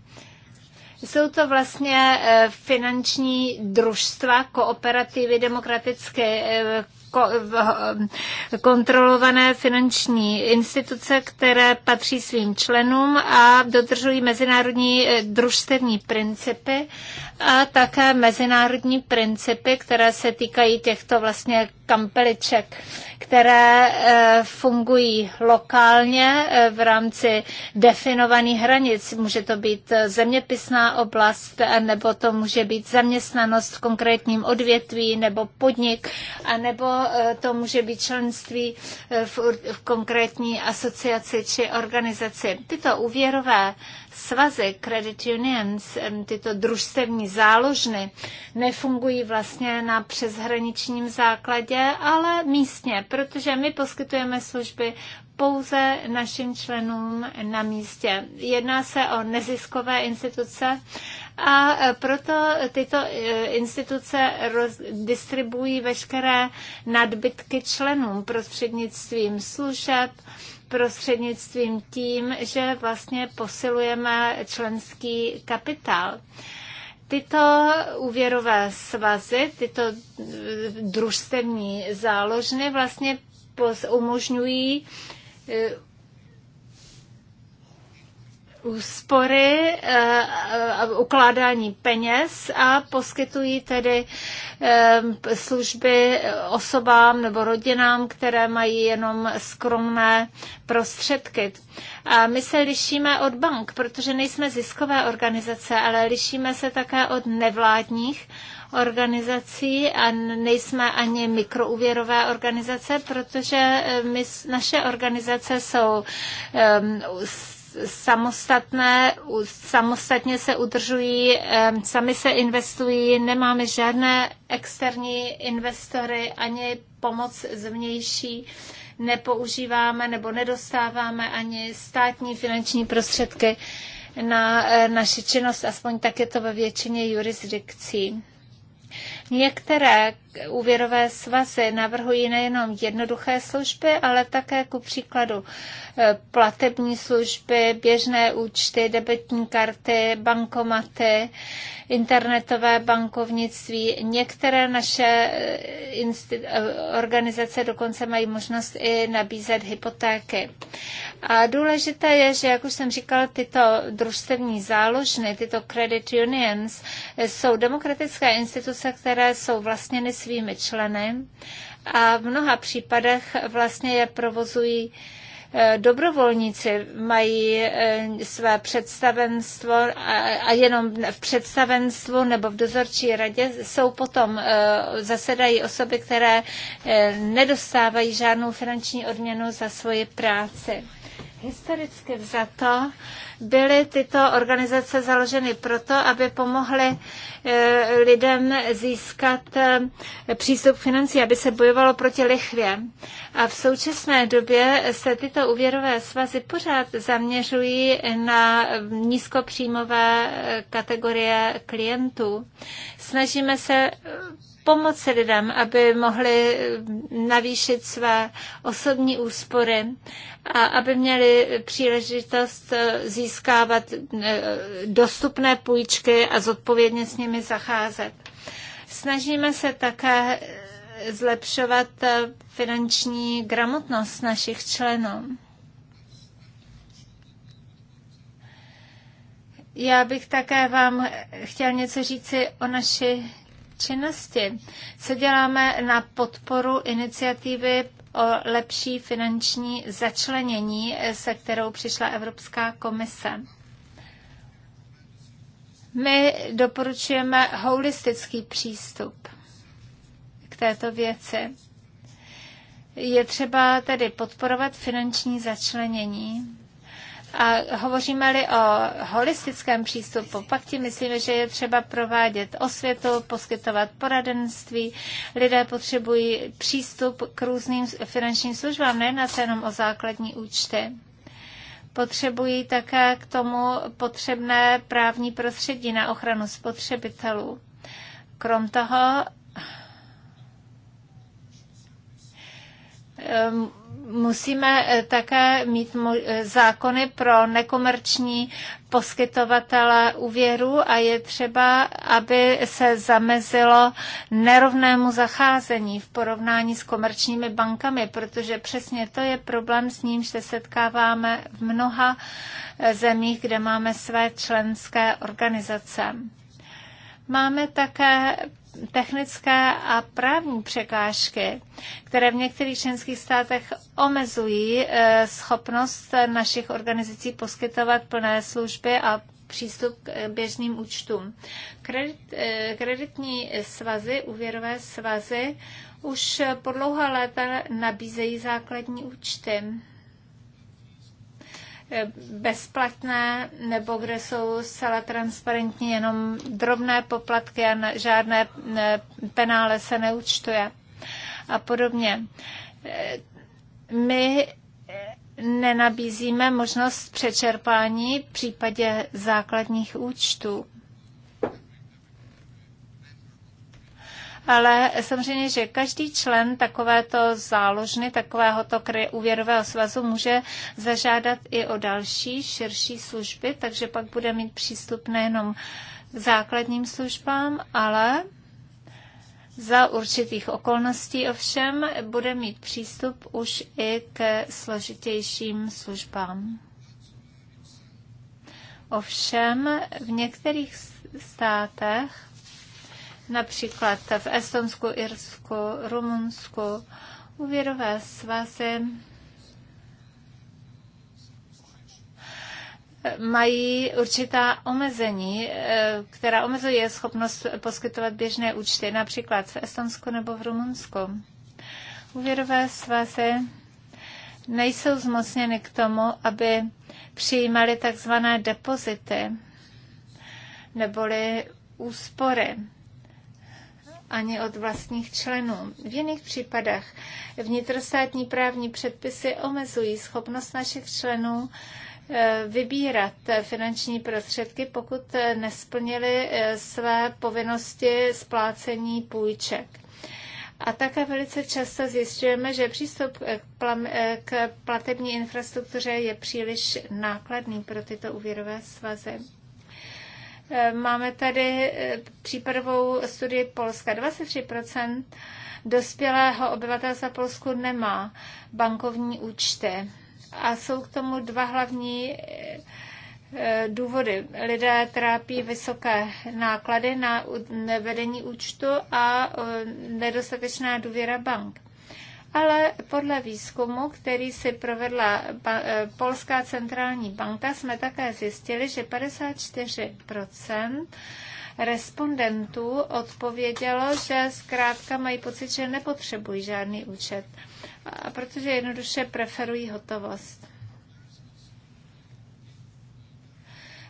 jsou to vlastně finanční družstva, kooperativy demokratické. Hm, kontrolované finanční instituce, které patří svým členům a dodržují mezinárodní eh, družstevní principy a také mezinárodní principy, které se týkají těchto vlastně kampeliček které eh, fungují lokálně eh, v rámci definovaných hranic. Může to být eh, zeměpisná oblast, nebo to může být zaměstnanost v konkrétním odvětví, nebo podnik, a nebo to může být členství v, v konkrétní asociaci či organizaci. Tyto úvěrové svazy, credit unions, tyto družstevní záložny nefungují vlastně na přeshraničním základě, ale místně, protože my poskytujeme služby pouze našim členům na místě. Jedná se o neziskové instituce a e, proto tyto e, instituce distribuují veškeré nadbytky členům prostřednictvím služeb, prostřednictvím tím, že vlastně posilujeme členský kapitál tyto úvěrové svazy, tyto eh, družstevní záložny vlastně umožňují eh, úspory, eh, ukládání peněz a poskytují tedy eh, služby osobám nebo rodinám, které mají jenom skromné prostředky. A my se lišíme od bank, protože nejsme ziskové organizace, ale lišíme se také od nevládních organizací a nejsme ani mikrouvěrové organizace, protože eh, my, naše organizace jsou um, samostatné, samostatně se udržují, sami se investují, nemáme žádné externí investory ani pomoc zvnější, nepoužíváme nebo nedostáváme ani státní finanční prostředky na e, naši činnost, aspoň tak je to ve většině jurisdikcí. Některé úvěrové svazy navrhují nejenom jednoduché služby, ale také ku příkladu e, platební služby, běžné účty, debetní karty, bankomaty, internetové bankovnictví. Některé naše e, e, organizace dokonce mají možnost i nabízet hypotéky. A důležité je, že, jak už jsem říkala, tyto družstevní záložny, tyto credit unions, jsou demokratické instituce, které jsou vlastněny svými členy a v mnoha případech vlastně je provozují eh, dobrovolníci mají eh, své představenstvo a jenom v představenstvu nebo v dozorčí radě jsou potom, eh, zasedají osoby, které nedostávají žádnou finanční odměnu za svoji práci. Historicky vzato byly tyto organizace založeny proto, aby pomohly eh, lidem získat eh, přístup k financí, aby se bojovalo proti lichvě. A v současné době se tyto úvěrové svazy pořád zaměřují na nízkopříjmové eh, kategorie klientů. Snažíme se pomoci lidem, aby mohli navýšit své osobní úspory a aby měli příležitost získávat eh, dostupné půjčky a zodpovědně s nimi zacházet. Snažíme se také zlepšovat eh, finanční gramotnost našich členů. Já bych také vám chtěl něco říci o naší činnosti. Co děláme na podporu iniciativy o lepší finanční začlenění, se kterou přišla Evropská komise? My doporučujeme holistický přístup k této věci. Je třeba tedy podporovat finanční začlenění a hovoříme-li o holistickém přístupu, pak ti myslíme, že je třeba provádět osvětu, poskytovat poradenství. Lidé potřebují přístup k různým finančním službám, ne na jenom o základní účty potřebují také k tomu potřebné právní prostředí na ochranu spotřebitelů. Krom toho Ehm, musíme eh, také mít eh, zákony pro nekomerční poskytovatele úvěru a je třeba, aby se zamezilo nerovnému zacházení v porovnání s komerčními bankami, protože přesně to je problém, s ním se setkáváme v mnoha eh, zemích, kde máme své členské organizace. Máme také technické a právní překážky, které v některých členských státech omezují eh, schopnost našich organizací poskytovat plné služby a přístup k eh, běžným účtům. Kredit, eh, kreditní svazy, úvěrové svazy už po dlouhá léta nabízejí základní účty bezplatné, nebo kde jsou zcela transparentní jenom drobné poplatky a žádné penále se neúčtuje a podobně. Eh, my eh, nenabízíme možnost přečerpání v případě základních účtů. ale samozřejmě, že každý člen takovéto záložny, takovéhoto úvěrového svazu může zažádat i o další, širší služby, takže pak bude mít přístup nejenom k základním službám, ale za určitých okolností ovšem bude mít přístup už i ke složitějším službám. Ovšem v některých státech například v Estonsku, Irsku, Rumunsku, úvěrové svazy mají určitá omezení, eh, která omezuje schopnost poskytovat běžné účty, například v Estonsku nebo v Rumunsku. Uvěrové svazy nejsou zmocněny k tomu, aby přijímali takzvané depozity neboli úspory ani od vlastních členů. V jiných případech vnitrostátní právní předpisy omezují schopnost našich členů eh, vybírat finanční prostředky, pokud eh, nesplnili eh, své povinnosti splácení půjček. A také velice často zjišťujeme, že přístup k platební infrastruktuře je příliš nákladný pro tyto úvěrové svazy. Máme tady eh, případovou studii Polska. 23% dospělého obyvatelstva Polsku nemá bankovní účty. A jsou k tomu dva hlavní eh, eh, důvody. Lidé trápí vysoké náklady na vedení účtu a nedostatečná důvěra bank ale podle výzkumu, který si provedla eh, Polská centrální banka, jsme také zjistili, že 54 respondentů odpovědělo, že zkrátka mají pocit, že nepotřebují žádný účet, protože jednoduše preferují hotovost.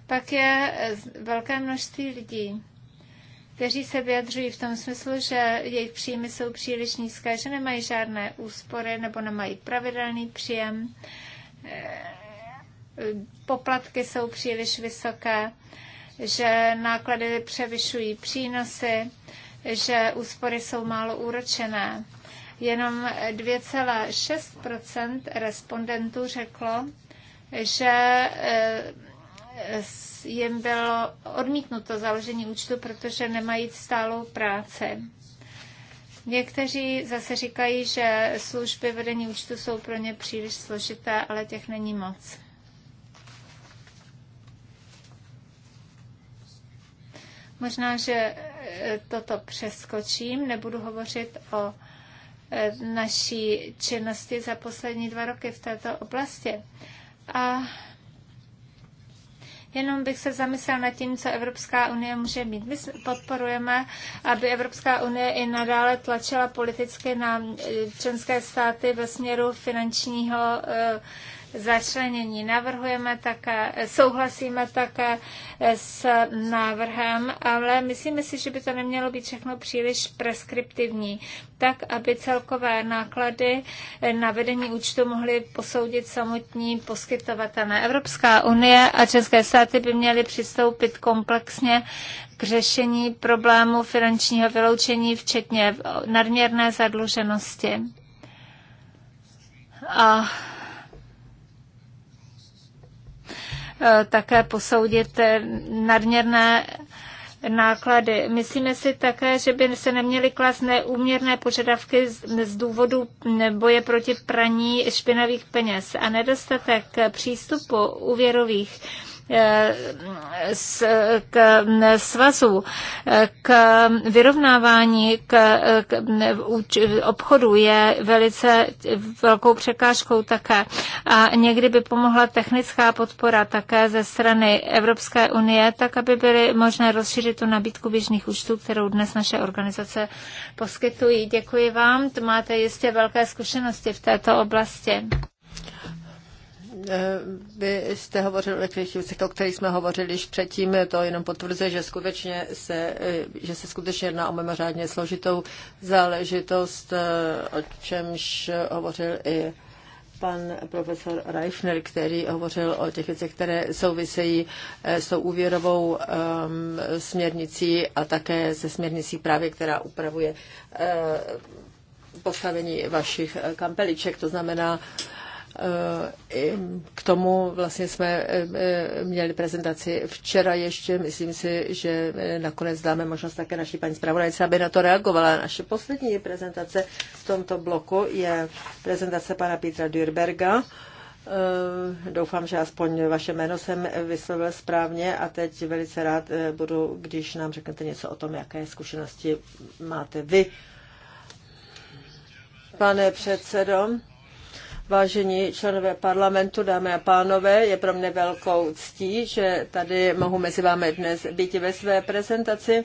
Pak je velké množství lidí, kteří se vyjadřují v tom smyslu, že jejich příjmy jsou příliš nízké, že nemají žádné úspory nebo nemají pravidelný příjem, eh, poplatky jsou příliš vysoké, že náklady převyšují přínosy, že úspory jsou málo úročené. Jenom 2,6 respondentů řeklo, že eh, Eh, jim bylo odmítnuto založení účtu, protože nemají stálou práce. Někteří zase říkají, že služby vedení účtu jsou pro ně příliš složité, ale těch není moc. Možná, že eh, toto přeskočím, nebudu hovořit o eh, naší činnosti za poslední dva roky v této oblasti. A Jenom bych se zamyslel nad tím, co Evropská unie může mít. My podporujeme, aby Evropská unie i nadále tlačila politicky na eh, členské státy ve směru finančního eh, začlenění. Navrhujeme také, souhlasíme také s návrhem, ale myslíme si, že by to nemělo být všechno příliš preskriptivní, tak, aby celkové náklady na vedení účtu mohly posoudit samotní poskytovatelé. Evropská unie a České státy by měly přistoupit komplexně k řešení problému finančního vyloučení, včetně nadměrné zadluženosti. A Eh, také posoudit eh, nadměrné náklady. Myslíme si také, že by se neměly klást neúměrné požadavky z, důvodu boje proti praní špinavých peněz a nedostatek přístupu úvěrových k svazu, k vyrovnávání k, k obchodu je velice velkou překážkou také. A někdy by pomohla technická podpora také ze strany Evropské unie, tak aby byly možné rozšířit tu nabídku běžných účtů, kterou dnes naše organizace poskytují. Děkuji vám, máte jistě velké zkušenosti v této oblasti. Eh, vy jste hovořil o těch věcech, o kterých jsme hovořili již předtím. To jenom potvrzuje, že, skutečně se, eh, že se skutečně jedná o mimořádně složitou záležitost, eh, o čemž hovořil i pan profesor Reifner, který hovořil o těch věcech, které souvisejí s tou úvěrovou um, směrnicí a také se směrnicí právě, která upravuje uh, postavení vašich kampeliček. To znamená, uh, Eh, k tomu vlastně jsme eh, eh, měli prezentaci včera ještě. Myslím si, že nakonec dáme možnost také naší paní zpravodajce, aby na to reagovala. Naše poslední prezentace v tomto bloku je prezentace pana Petra Dürberga. Doufám, že aspoň vaše jméno jsem vyslovil správně a teď velice rád budu, když nám řeknete něco o tom, jaké zkušenosti máte vy. Pane předsedo, Vážení členové parlamentu, dámy a pánové, je pro mě velkou ctí, že tady mohu mezi vámi dnes být ve své prezentaci.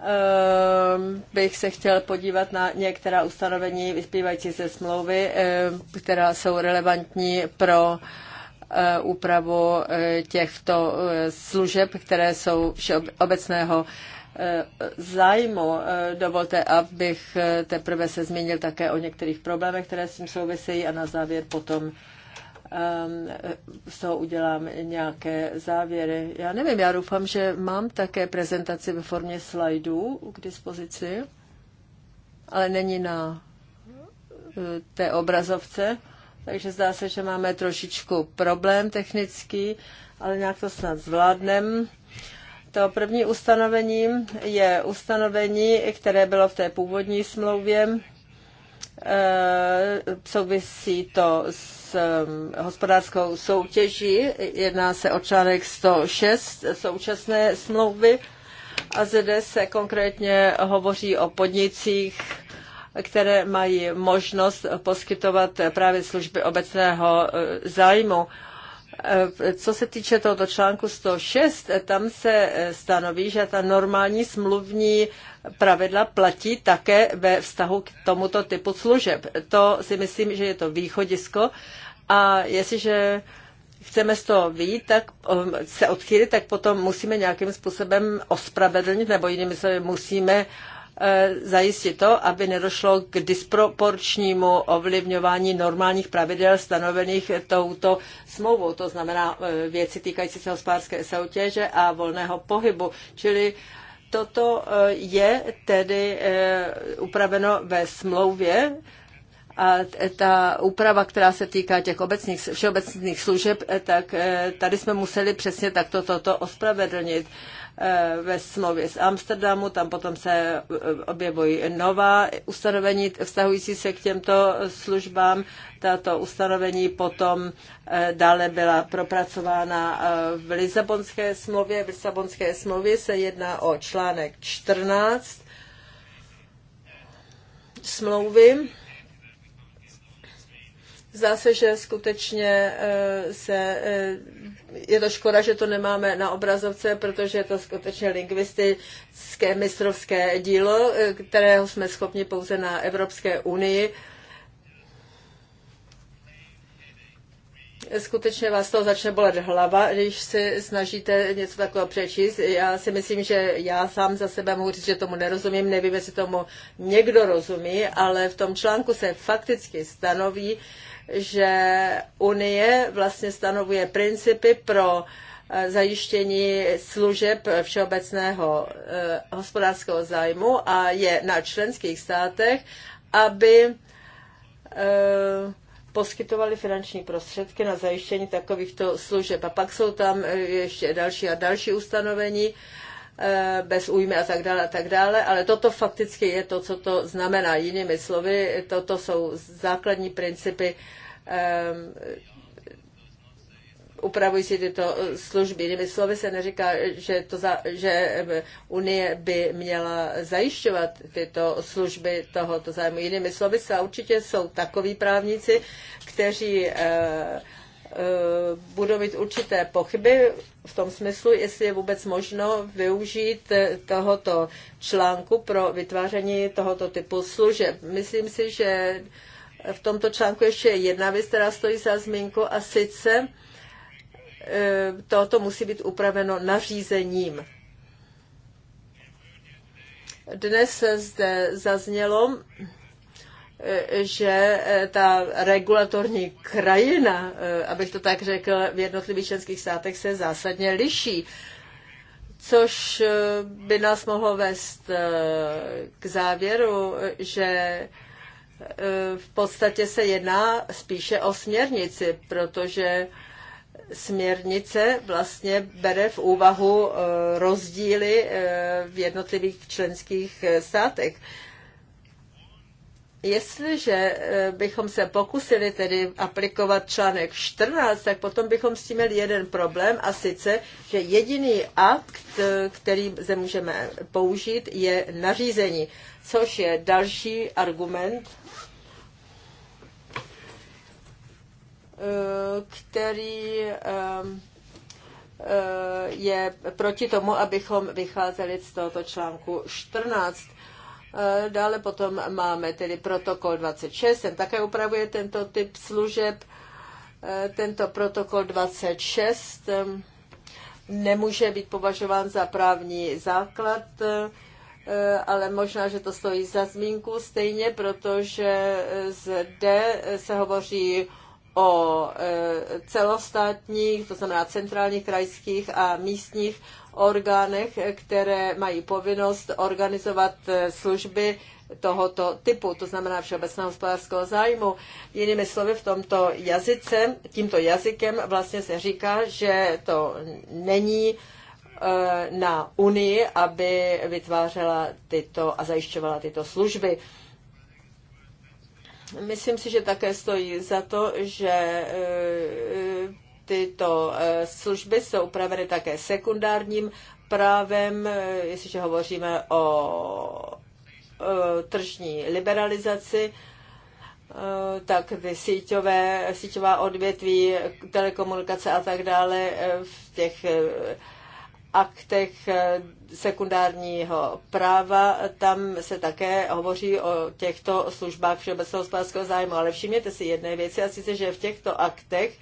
Ehm, bych se chtěl podívat na některá ustanovení vyspívající ze smlouvy, ehm, která jsou relevantní pro eh, úpravu eh, těchto eh, služeb, které jsou obecného zájmu. Dovolte, abych teprve se zmínil také o některých problémech, které s tím souvisejí a na závěr potom um, z toho udělám nějaké závěry. Já nevím, já doufám, že mám také prezentaci ve formě slajdů k dispozici, ale není na eh, té obrazovce, takže zdá se, že máme trošičku problém technický, ale nějak to snad zvládneme. To první ustanovení je ustanovení, které bylo v té původní smlouvě. Eh, souvisí to s eh, hospodářskou soutěží. Jedná se o článek 106 současné smlouvy. A zde se konkrétně hovoří o podnicích, které mají možnost poskytovat právě služby obecného eh, zájmu. Eh, co se týče tohoto článku 106, eh, tam se eh, stanoví, že ta normální smluvní pravidla platí také ve vztahu k tomuto typu služeb. To si myslím, že je to východisko a jestliže chceme z toho vyjít, tak um, se odchýlit, tak potom musíme nějakým způsobem ospravedlnit, nebo jinými slovy musíme Eh, zajistit to, aby nedošlo k disproporčnímu ovlivňování normálních pravidel stanovených touto smlouvou, to znamená eh, věci týkající se hospodářské soutěže a volného pohybu. Čili toto eh, je tedy upraveno ve smlouvě a ta úprava, která se týká těch obecných, všeobecných služeb, tak tady jsme museli přesně takto toto ospravedlnit. Eh, ve smlouvě z Amsterdamu, tam potom se eh, objevují nová ustanovení vztahující se k těmto službám. Tato ustanovení potom eh, dále byla propracována v Lisabonské smlouvě. V Lisabonské smlouvě se jedná o článek 14 smlouvy. Zdá se, že skutečně se je to škoda, že to nemáme na obrazovce, protože je to skutečně lingvistické mistrovské dílo, eh, kterého jsme schopni pouze na Evropské unii. skutečně vás to začne bolet hlava, když si snažíte něco takového přečíst. Já si myslím, že já sám za sebe mohu říct, že tomu nerozumím, nevím, jestli tomu někdo rozumí, ale v tom článku se fakticky stanoví, že Unie vlastně stanovuje principy pro eh, zajištění služeb všeobecného eh, hospodářského zájmu a je na členských státech, aby eh, poskytovali finanční prostředky na zajištění takovýchto služeb. A pak jsou tam ještě další a další ustanovení, Eh, bez újmy a tak dále a tak dále, ale toto fakticky je to, co to znamená. Jinými slovy, toto jsou základní principy eh, upravující tyto eh, služby. Jinými slovy se neříká, že, to za, že Unie by měla zajišťovat tyto služby tohoto zájmu. Jinými slovy se určitě jsou takoví právníci, kteří eh, Eh, budu mít určité pochyby v tom smyslu, jestli je vůbec možno využít eh, tohoto článku pro vytváření tohoto typu služeb. Myslím si, že v tomto článku ještě je jedna věc, která stojí za zmínku, a sice eh, toto musí být upraveno nařízením. Dnes se zde zaznělo, že eh, ta regulatorní krajina, eh, abych to tak řekl, v jednotlivých členských státech se zásadně liší, což eh, by nás mohlo vést k závěru, že v podstatě se jedná spíše o směrnici, protože směrnice vlastně bere v úvahu rozdíly v jednotlivých členských státech. Jestliže eh, bychom se pokusili tedy aplikovat článek 14, tak potom bychom s tím měli jeden problém a sice, že jediný akt, eh, který se můžeme použít, je nařízení, což je další argument, eh, který ehm, je proti tomu, abychom vycházeli z tohoto článku 14 Eh, dále potom máme tedy protokol 26, ten také upravuje tento typ služeb. Eh, tento protokol 26 eh, nemůže být považován za právní základ, ale možná, že to stojí za zmínku stejně, protože zde se hovoří o e, celostátních, to znamená centrálních, krajských a místních orgánech, které mají povinnost organizovat e, služby tohoto typu, to znamená všeobecného hospodářského zájmu. Jinými slovy, v tomto jazyce, tímto jazykem vlastně se říká, že to není e, na Unii, aby vytvářela tyto a zajišťovala tyto služby. Myslím si, že také stojí za to, že e, e, tyto e, služby jsou upraveny také sekundárním právem, jestliže hovoříme o tržní liberalizaci, tak ty síťové, síťová odvětví, telekomunikace a tak dále v těch aktech sekundárního práva, tam se také hovoří o těchto službách všeobecného hospodářského zájmu, ale všimněte si jedné věci a sice, že v těchto aktech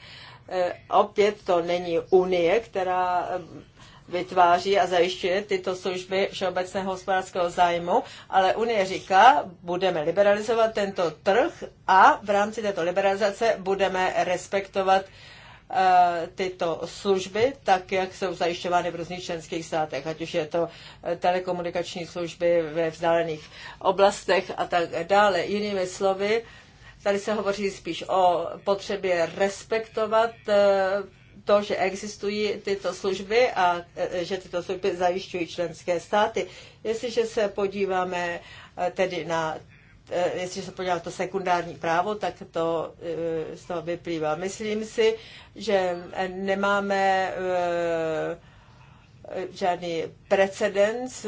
eh, opět to není Unie, která eh, vytváří a zajišťuje tyto služby všeobecného hospodářského zájmu, ale Unie říká, budeme liberalizovat tento trh a v rámci této liberalizace budeme respektovat Eh, tyto služby, tak jak jsou zajišťovány v různých členských státech, ať už je to eh, telekomunikační služby ve vzdálených oblastech a tak dále. Jinými slovy, tady se hovoří spíš o potřebě respektovat eh, to, že existují tyto služby a že tyto služby zajišťují členské státy. Jestliže se podíváme tedy na Eh, jestli se podívá to sekundární právo, tak to eh, z toho vyplývá. Myslím si, že eh, nemáme žádný precedens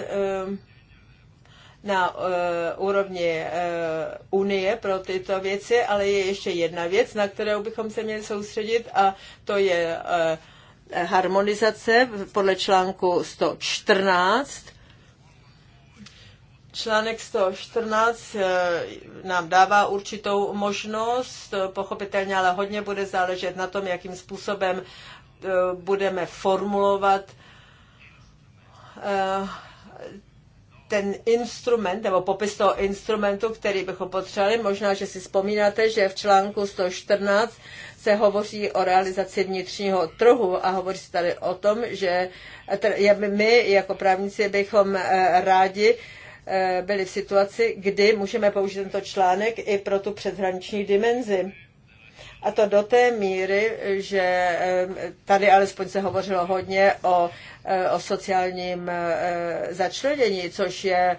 na úrovni Unie pro tyto věci, ale je ještě jedna věc, na kterou bychom se měli soustředit a to je harmonizace podle článku 114 Článek 114 eh, nám dává určitou možnost, eh, pochopitelně ale hodně bude záležet na tom, jakým způsobem eh, budeme formulovat ten instrument nebo popis toho instrumentu, který bychom potřebovali. Možná, že si vzpomínáte, že v článku 114 se hovoří o realizaci vnitřního trhu a hovoří se tady o tom, že my jako právníci bychom rádi Eh, byli v situaci, kdy můžeme použít tento článek i pro tu předhraniční dimenzi. A to do té míry, že eh, tady alespoň se hovořilo hodně o, eh, o sociálním začlenění, což je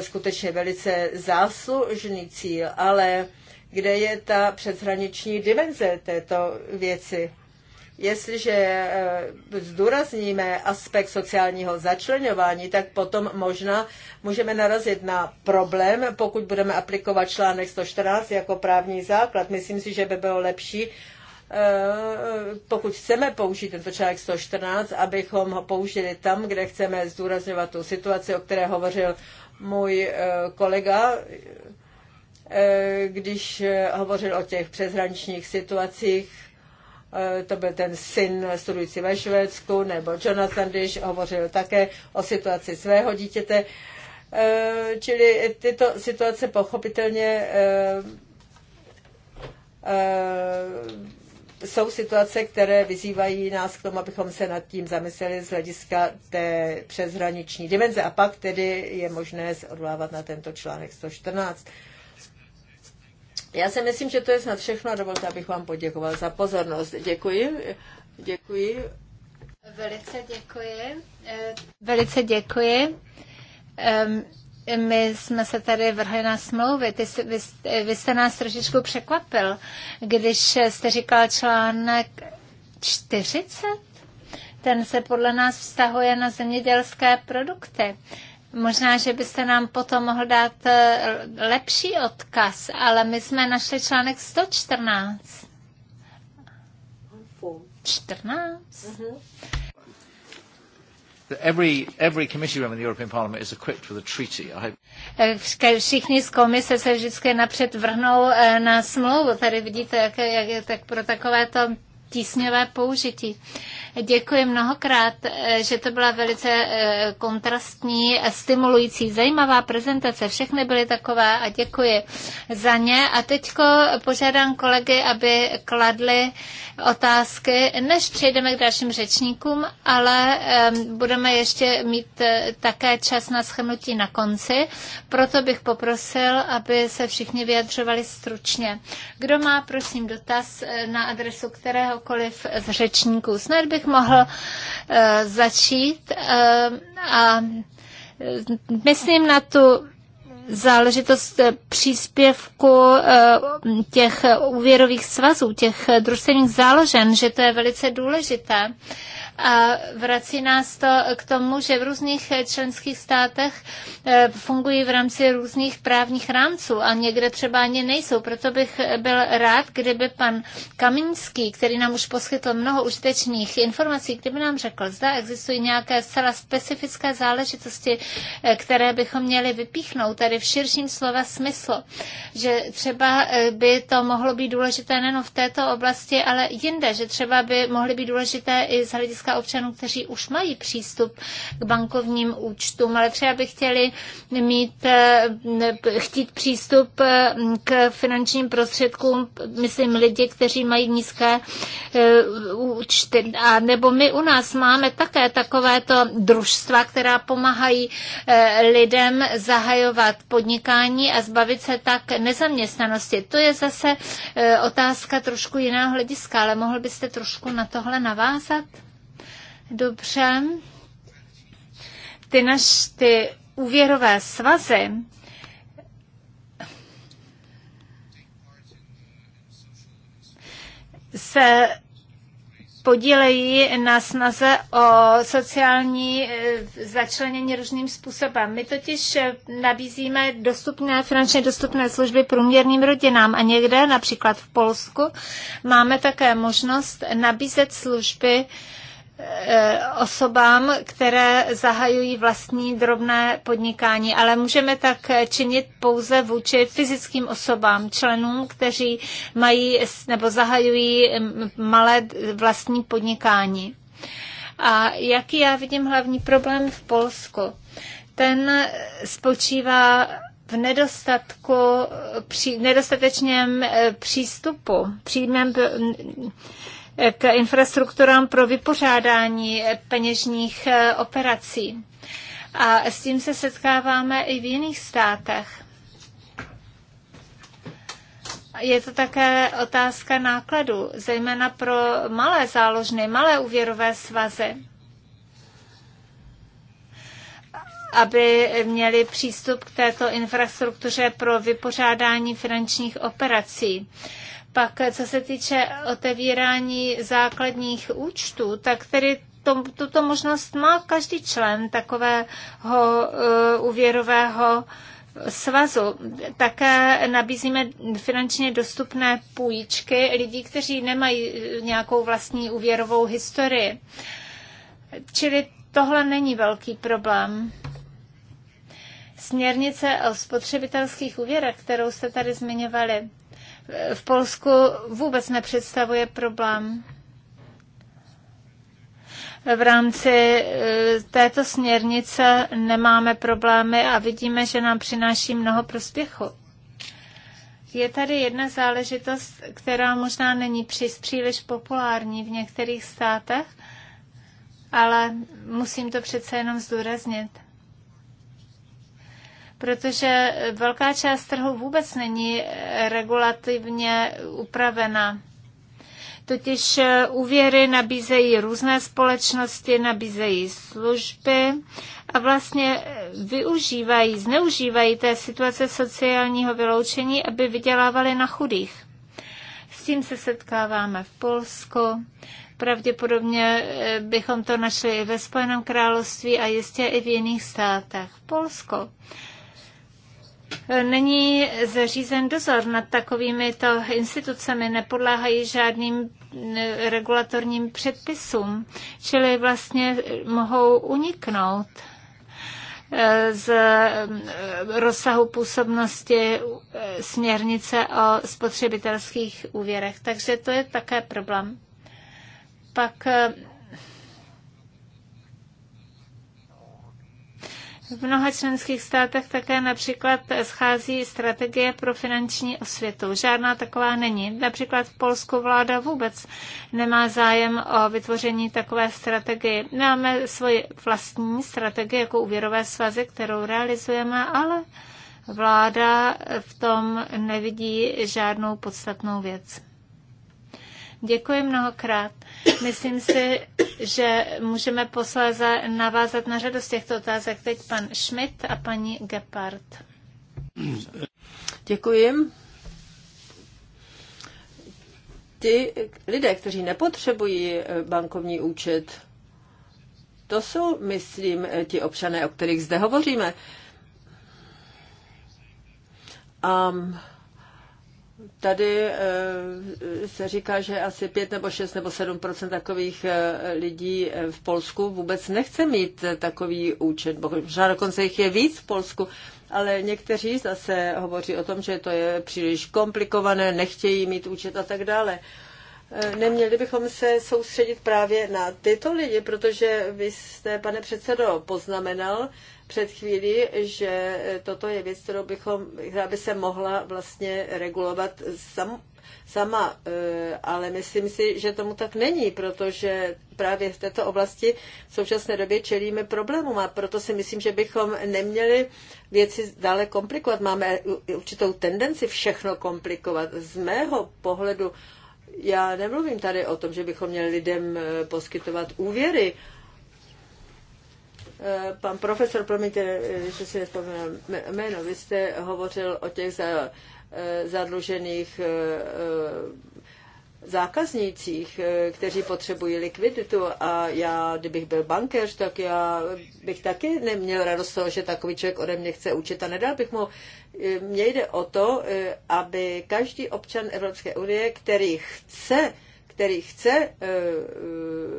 skutečně velice záslužný cíl, ale kde je ta předhraniční dimenze této věci? Jestliže eh, zdůrazníme aspekt sociálního začlenování, tak potom možná můžeme narazit na problém, pokud budeme aplikovat článek 114 jako právní základ. Myslím si, že by bylo lepší, eh, pokud chceme použít tento článek 114, abychom ho použili tam, kde chceme zdůrazňovat tu situaci, o které hovořil můj eh, kolega, když hovořil o těch přeshraničních situacích, Eh, to byl ten syn studující ve Švédsku, nebo Jonathan, když hovořil také o situaci svého dítěte. Eh, čili tyto situace pochopitelně eh, jsou situace, které vyzývají nás k tomu, abychom se nad tím zamysleli z hlediska té přeshraniční dimenze. A pak tedy je možné odvolávat na tento článek 114. Já si myslím, že to je snad všechno a dovolte, abych vám poděkoval za pozornost. Děkuji. Děkuji. Velice děkuji. Eh, velice děkuji. My jsme se tady vrhli na smlouvy. Ty, vy, vy jste nás trošičku překvapil, když jste říkal článek 40. Ten se podle nás vztahuje na zemědělské produkty. Možná, že byste nám potom mohl dát eh, lepší odkaz, ale my jsme našli článek 114. 14? Every, every committee room in the European Parliament is equipped with a treaty. I eh, Všichni z komise se vždycky napřed vrhnou eh, na smlouvu. Tady vidíte, jak, jak je tak pro takovéto tísňové použití. Uh, Děkuji mnohokrát, eh, že to byla velice eh, kontrastní, stimulující, zajímavá prezentace. Všechny byly takové a děkuji za ně. A teďko požádám kolegy, aby kladli otázky, než přejdeme k dalším řečníkům, ale budeme ještě mít eh, také čas na schrnutí na konci. Proto bych poprosil, aby se všichni vyjadřovali stručně. Kdo má, prosím, dotaz na adresu kteréhokoliv z řečníků? Snad bych bych mohl eh, začít eh, a myslím na tu záležitost eh, příspěvku těch úvěrových svazů, těch družstevních záložen, že to je velice důležité. A vrací nás to k tomu, že v různých eh, členských státech eh, fungují v rámci různých právních rámců a někde třeba ani nejsou. Proto bych eh, byl rád, kdyby pan Kaminský, který nám už poskytl mnoho užitečných informací, kdyby nám řekl, zda existují nějaké zcela specifické záležitosti, které bychom měli vypíchnout tady v širším slova smyslu. Že třeba by to mohlo být důležité nejen v této oblasti, ale jinde, že třeba by mohly být důležité i z hlediska otázka občanů, kteří už mají přístup k bankovním účtům, ale třeba by chtěli mít, eh, chtít přístup eh, k finančním prostředkům, myslím, lidi, kteří mají nízké eh, účty. A nebo my u nás máme také takovéto družstva, která pomáhají lidem zahajovat podnikání a zbavit se tak nezaměstnanosti. To je zase otázka trošku jiného hlediska, ale mohl byste trošku na tohle navázat? dobře. Ty, naš, ty úvěrové svazy se podílejí na snaze o sociální e, začlenění různým způsobem. My totiž nabízíme dostupné, finančně dostupné služby průměrným rodinám a někde, například v Polsku, máme také možnost nabízet služby E, osobám, které zahajují vlastní drobné podnikání, ale můžeme tak činit pouze vůči fyzickým osobám, členům, kteří mají nebo zahajují malé vlastní podnikání. A jaký já vidím hlavní problém v Polsku? Ten spočívá v nedostatku, při, nedostatečném e, přístupu, přímém k infrastrukturám pro vypořádání peněžních eh, operací. A s tím se setkáváme i v jiných státech. Je to také otázka nákladů, zejména pro malé záložny, malé úvěrové svazy, aby měli přístup k této infrastruktuře pro vypořádání finančních operací. Pak, co se týče otevírání základních účtů, tak tedy to, tuto možnost má každý člen takového uh, úvěrového svazu. Také nabízíme finančně dostupné půjčky lidí, kteří nemají nějakou vlastní úvěrovou historii. Čili tohle není velký problém. Směrnice o spotřebitelských úvěrech, kterou jste tady zmiňovali, v Polsku vůbec nepředstavuje problém v rámci eh, této směrnice nemáme problémy a vidíme, že nám přináší mnoho prospěchu. Je tady jedna záležitost, která možná není příliš populární v některých státech, ale musím to přece jenom zdůraznit protože velká část trhu vůbec není regulativně upravena. Totiž úvěry nabízejí různé společnosti, nabízejí služby a vlastně využívají, zneužívají té situace sociálního vyloučení, aby vydělávali na chudých. S tím se setkáváme v Polsku. Pravděpodobně eh, bychom to našli i ve Spojeném království a jistě i v jiných státech. Polsko není zřízen dozor nad takovými to institucemi, nepodléhají žádným regulatorním předpisům, čili vlastně mohou uniknout e, z e, rozsahu působnosti e, směrnice o spotřebitelských úvěrech. Takže to je také problém. Pak V mnoha členských státech také například schází strategie pro finanční osvětu. Žádná taková není. Například v Polsku vláda vůbec nemá zájem o vytvoření takové strategie. Máme svoji vlastní strategii jako úvěrové svazy, kterou realizujeme, ale vláda v tom nevidí žádnou podstatnou věc. Děkuji mnohokrát. Myslím si, že můžeme posléze navázat na řadu z těchto otázek. Teď pan Schmidt a paní Gepard. Děkuji. Ti lidé, kteří nepotřebují eh, bankovní účet, to jsou, myslím, eh, ti občané, o kterých zde hovoříme. Um, Tady eh, se říká, že asi 5 nebo 6 nebo 7 takových eh, lidí eh, v Polsku vůbec nechce mít takový účet. Možná dokonce jich je víc v Polsku, ale někteří zase hovoří o tom, že to je příliš komplikované, nechtějí mít účet a tak dále. Neměli bychom se soustředit právě na tyto lidi, protože vy jste, pane předsedo, poznamenal, před chvílí, že toto je věc, kterou bychom, která by se mohla vlastně regulovat sam, sama, eh, ale myslím si, že tomu tak není, protože právě v této oblasti v současné době čelíme problémům a proto si myslím, že bychom neměli věci dále komplikovat. Máme určitou tendenci všechno komplikovat. Z mého pohledu já nemluvím tady o tom, že bychom měli lidem eh, poskytovat úvěry, Eh, pan profesor, promiňte, eh, že si nespomněl jméno, vy jste hovořil o těch za, eh, zadlužených zákaznících, kteří potřebují likviditu a já, kdybych byl bankéř, tak já bych taky neměl radost toho, že takový člověk ode mě chce učit a nedal bych mu. Mně jde o to, aby každý občan Evropské unie, který chce který chce e,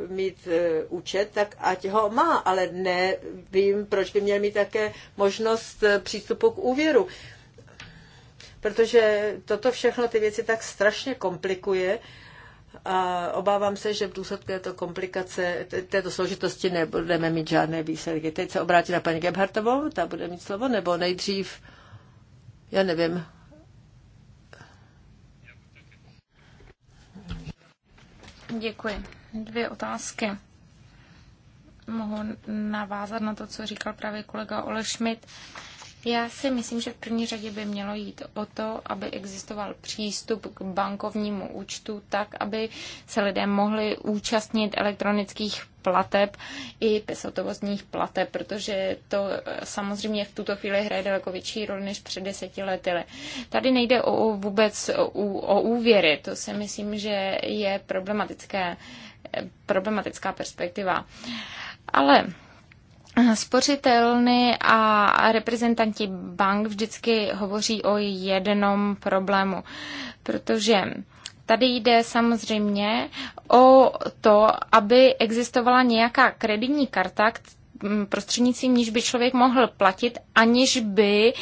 mít e, účet, tak ať ho má, ale nevím, proč by měl mít také možnost přístupu k úvěru. Protože toto všechno ty věci tak strašně komplikuje a obávám se, že v důsledku této komplikace, této složitosti nebudeme mít žádné výsledky. Teď se obrátí na paní Gebhartovou, ta bude mít slovo, nebo nejdřív, já nevím, Děkuji. Dvě otázky. Mohu navázat na to, co říkal právě kolega Ole Schmidt. Já si myslím, že v první řadě by mělo jít o to, aby existoval přístup k bankovnímu účtu tak, aby se lidé mohli účastnit elektronických plateb i bezhotovostních plateb, protože to eh, samozřejmě v tuto chvíli hraje daleko větší roli než před deseti lety. Tady nejde o vůbec o, o úvěry, to si myslím, že je problematické, eh, problematická perspektiva. Ale Spořitelny a reprezentanti bank vždycky hovoří o jednom problému, protože Tady jde samozřejmě o to, aby existovala nějaká kreditní karta, prostřednictvím níž by člověk mohl platit, aniž by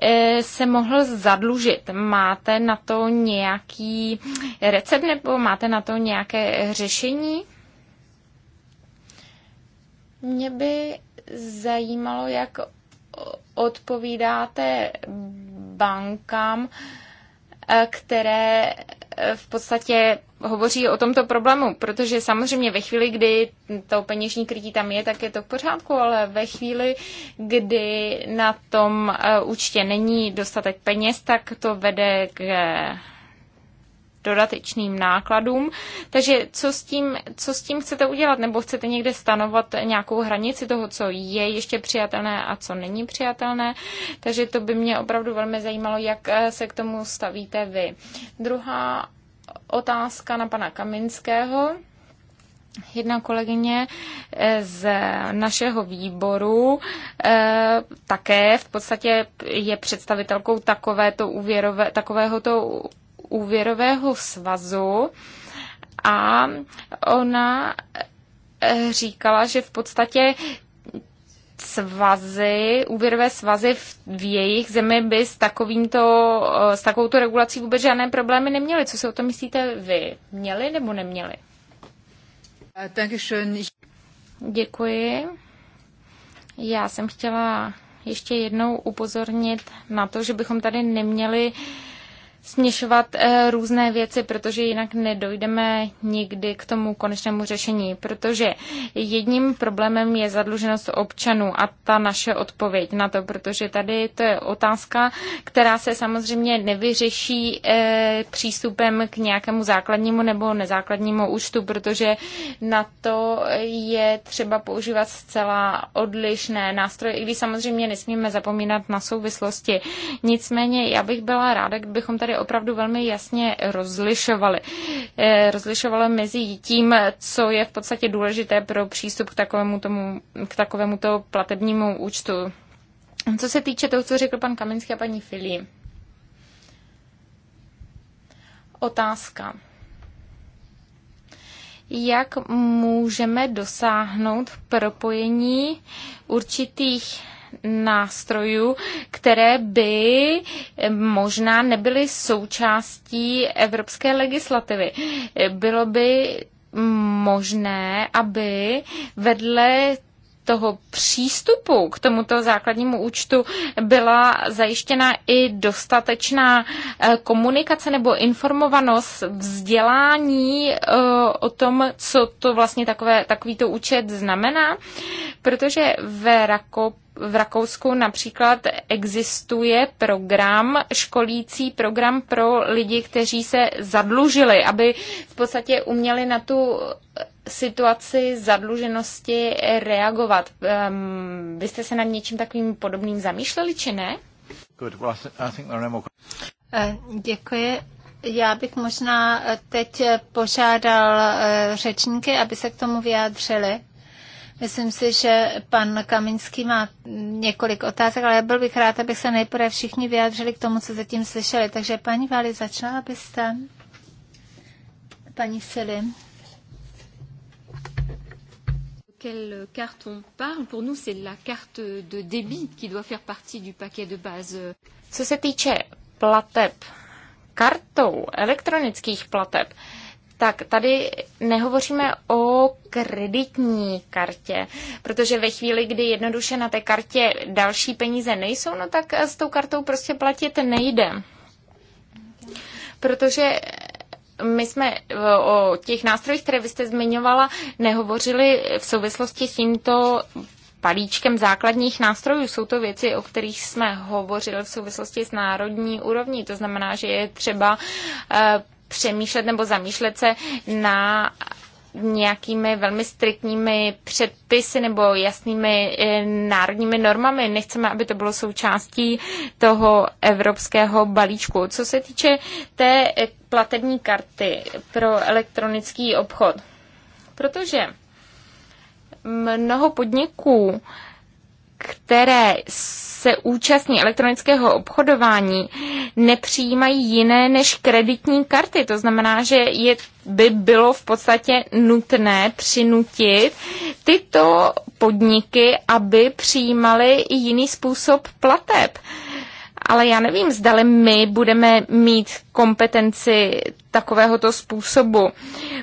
e, se mohl zadlužit. Máte na to nějaký recept nebo máte na to nějaké řešení? Mě by zajímalo, jak odpovídáte bankám, eh, které eh, v podstatě hovoří o tomto problému, protože samozřejmě ve chvíli, kdy to peněžní krytí tam je, tak je to v pořádku, ale ve chvíli, kdy na tom eh, účtě není dostatek peněz, tak to vede k dodatečným nákladům. Takže co s, tím, co s tím chcete udělat? Nebo chcete někde stanovat nějakou hranici toho, co je ještě přijatelné a co není přijatelné? Takže to by mě opravdu velmi zajímalo, jak eh, se k tomu stavíte vy. Druhá otázka na pana Kaminského. Jedna kolegyně eh, z našeho výboru eh, také v podstatě je představitelkou takovéto úvěrové, takovéhoto úvěrového svazu a ona eh, říkala, že v podstatě svazy, úvěrové svazy v, v jejich zemi by s, takovýmto, eh, s takovouto regulací vůbec žádné problémy neměly. Co si o tom myslíte vy? Měli nebo neměli? Eh, Děkuji. Já jsem chtěla ještě jednou upozornit na to, že bychom tady neměli uh, směšovat eh, různé věci, protože jinak nedojdeme nikdy k tomu konečnému řešení, protože jedním problémem je zadluženost občanů a ta naše odpověď na to, protože tady to je otázka, která se samozřejmě nevyřeší eh, přístupem k nějakému základnímu nebo nezákladnímu účtu, protože na to je třeba používat zcela odlišné nástroje, i když samozřejmě nesmíme zapomínat na souvislosti. Nicméně já bych byla ráda, kdybychom tady tady opravdu velmi jasně rozlišovali. Eh, rozlišovali mezi tím, co je v podstatě důležité pro přístup k takovému, tomu, k takovému to platebnímu účtu. Co se týče toho, co řekl pan Kaminský a paní Filí. Otázka jak můžeme dosáhnout propojení určitých nástrojů, které by možná nebyly součástí evropské legislativy. Bylo by možné, aby vedle toho přístupu k tomuto základnímu účtu byla zajištěna i dostatečná eh, komunikace nebo informovanost, vzdělání eh, o tom, co to vlastně takové, takovýto účet znamená, protože v Rakop v Rakousku například existuje program, školící program pro lidi, kteří se zadlužili, aby v podstatě uměli na tu situaci zadluženosti reagovat. Um, vy jste se nad něčím takovým podobným zamýšleli, či ne? Děkuji. Já bych možná eh, teď eh, požádal eh, řečníky, aby se k tomu vyjádřili. Myslím si, že pan Kaminský má několik otázek, ale byl bych rád, abych se nejprve všichni vyjádřili k tomu, co zatím slyšeli. Takže paní Vali, začala byste? Paní Sily. Quelle carte on parle Pour nous, c'est la carte de débit qui doit faire partie du paquet de base. Co se týče plateb kartou, elektronických plateb, tak tady nehovoříme o kreditní kartě, protože ve chvíli, kdy jednoduše na té kartě další peníze nejsou, no tak s tou kartou prostě platit nejde. Protože my jsme eh, o těch nástrojích, které vy jste zmiňovala, nehovořili v souvislosti s tímto palíčkem základních nástrojů. Jsou to věci, o kterých jsme hovořili v souvislosti s národní úrovní. To znamená, že je třeba eh, přemýšlet nebo zamýšlet se na nějakými velmi striktními předpisy nebo jasnými eh, národními normami. Nechceme, aby to bylo součástí toho evropského balíčku. Co se týče té eh, platební karty pro elektronický obchod, protože mnoho podniků které se účastní elektronického obchodování, nepřijímají jiné než kreditní karty. To znamená, že je, by bylo v podstatě nutné přinutit tyto podniky, aby přijímaly i jiný způsob plateb. Uh, ale já nevím, zdali my budeme mít kompetenci takovéhoto způsobu,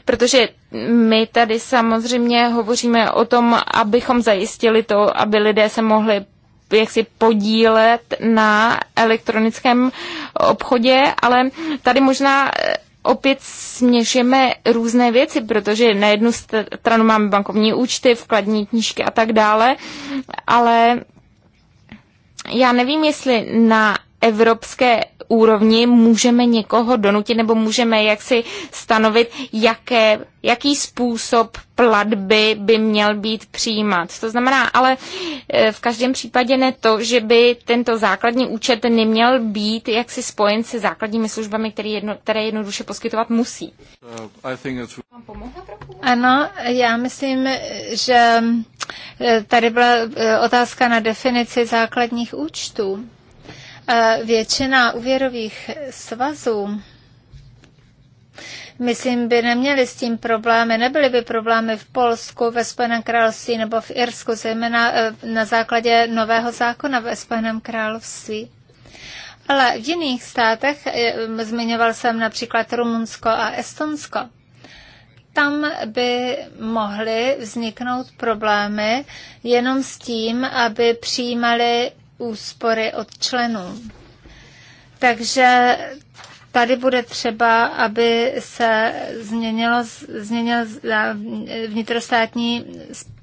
protože my tady samozřejmě hovoříme o tom, abychom zajistili to, aby lidé se mohli jak si podílet na elektronickém obchodě, ale tady možná eh, opět směšeme různé věci, protože na jednu stranu máme bankovní účty, vkladní knížky a tak dále, ale já nevím, jestli na evropské úrovni můžeme někoho donutit nebo můžeme jaksi stanovit, jaké, jaký způsob platby by měl být přijímat. To znamená, ale e, v každém případě ne to, že by tento základní účet neměl být jaksi spojen se základními službami, které, jedno, které jednoduše poskytovat musí. Uh, ano, já myslím, že e, tady byla e, otázka na definici základních účtů. Většina uvěrových svazů myslím, by neměli s tím problémy, nebyly by problémy v Polsku, ve Spojeném království nebo v Irsku, zejména e, na základě nového zákona ve Spojeném království. Ale v jiných státech, e, zmiňoval jsem například Rumunsko a Estonsko, tam by mohly vzniknout problémy jenom s tím, aby přijímali úspory od členů. Takže tady bude třeba, aby se změnilo, změnil vnitrostátní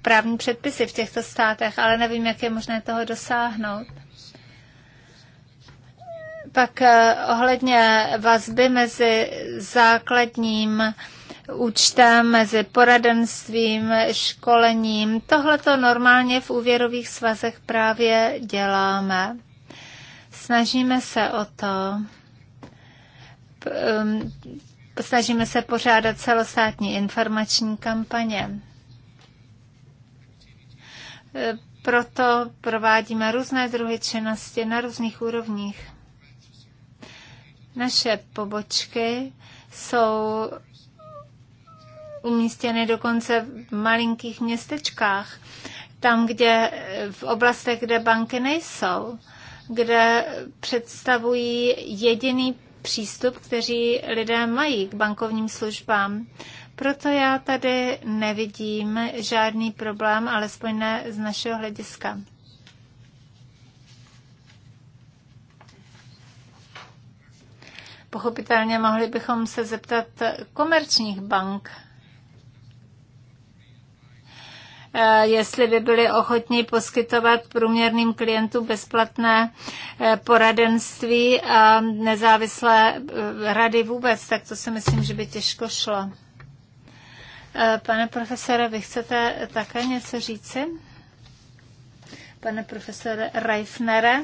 právní předpisy v těchto státech, ale nevím, jak je možné toho dosáhnout. Pak eh, ohledně vazby mezi základním účtem, mezi poradenstvím, školením. Tohle to normálně v úvěrových svazech právě děláme. Snažíme se o to, um, snažíme se pořádat celostátní informační kampaně. Proto provádíme různé druhy činnosti na různých úrovních. Naše pobočky jsou umístěny dokonce v malinkých městečkách, tam, kde v oblastech, kde banky nejsou, kde představují jediný přístup, kteří lidé mají k bankovním službám. Proto já tady nevidím žádný problém, alespoň ne z našeho hlediska. Pochopitelně mohli bychom se zeptat komerčních bank, Eh, jestli by byli ochotní poskytovat průměrným klientům bezplatné eh, poradenství a nezávislé eh, rady vůbec, tak to si myslím, že by těžko šlo. Pane profesore, vy chcete také něco říci? Pane profesore Reifnere?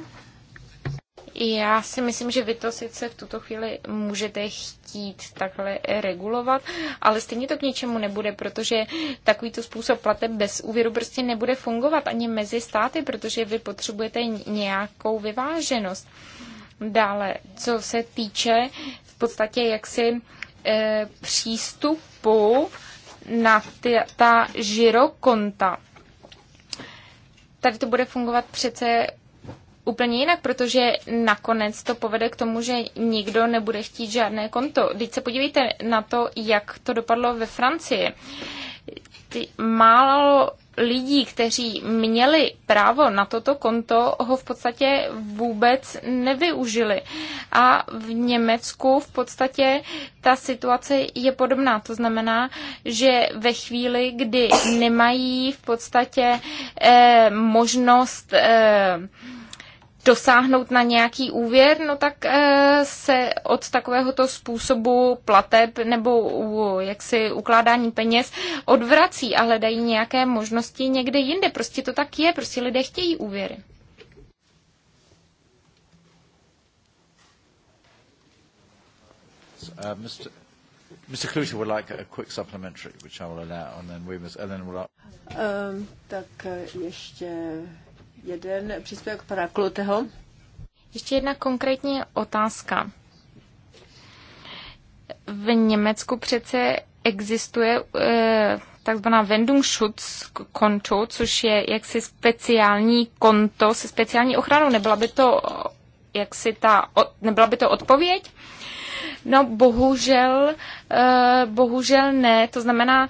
Já si myslím, že vy to sice v tuto chvíli můžete chtít takhle regulovat, ale stejně to k ničemu nebude, protože takovýto způsob plateb bez úvěru prostě nebude fungovat ani mezi státy, protože vy potřebujete nějakou vyváženost. Dále, co se týče v podstatě jaksi e, přístupu na ty, ta žirokonta, tady to bude fungovat přece úplně jinak, protože nakonec to povede k tomu, že nikdo nebude chtít žádné konto. Teď se podívejte na to, jak to dopadlo ve Francii. Ty málo lidí, kteří měli právo na toto konto, ho v podstatě vůbec nevyužili. A v Německu v podstatě ta situace je podobná. To znamená, že ve chvíli, kdy nemají v podstatě eh, možnost eh, dosáhnout na nějaký úvěr, no tak eh, se od takovéhoto způsobu plateb nebo jaksi ukládání peněz odvrací a hledají nějaké možnosti někde jinde. Prostě to tak je, prostě lidé chtějí úvěry. Eh, Mr. Mr. would like a quick supplementary, which I will allow, and then Ellen will. Ehm, tak ještě jeden příspěvek pana Kluteho. Ještě jedna konkrétní otázka. V Německu přece existuje e, takzvaná Wendungsschutzkonto, což je jaksi speciální konto se speciální ochranou. Nebyla by to jaksi ta, nebyla by to odpověď? No bohužel, e, bohužel ne. To znamená,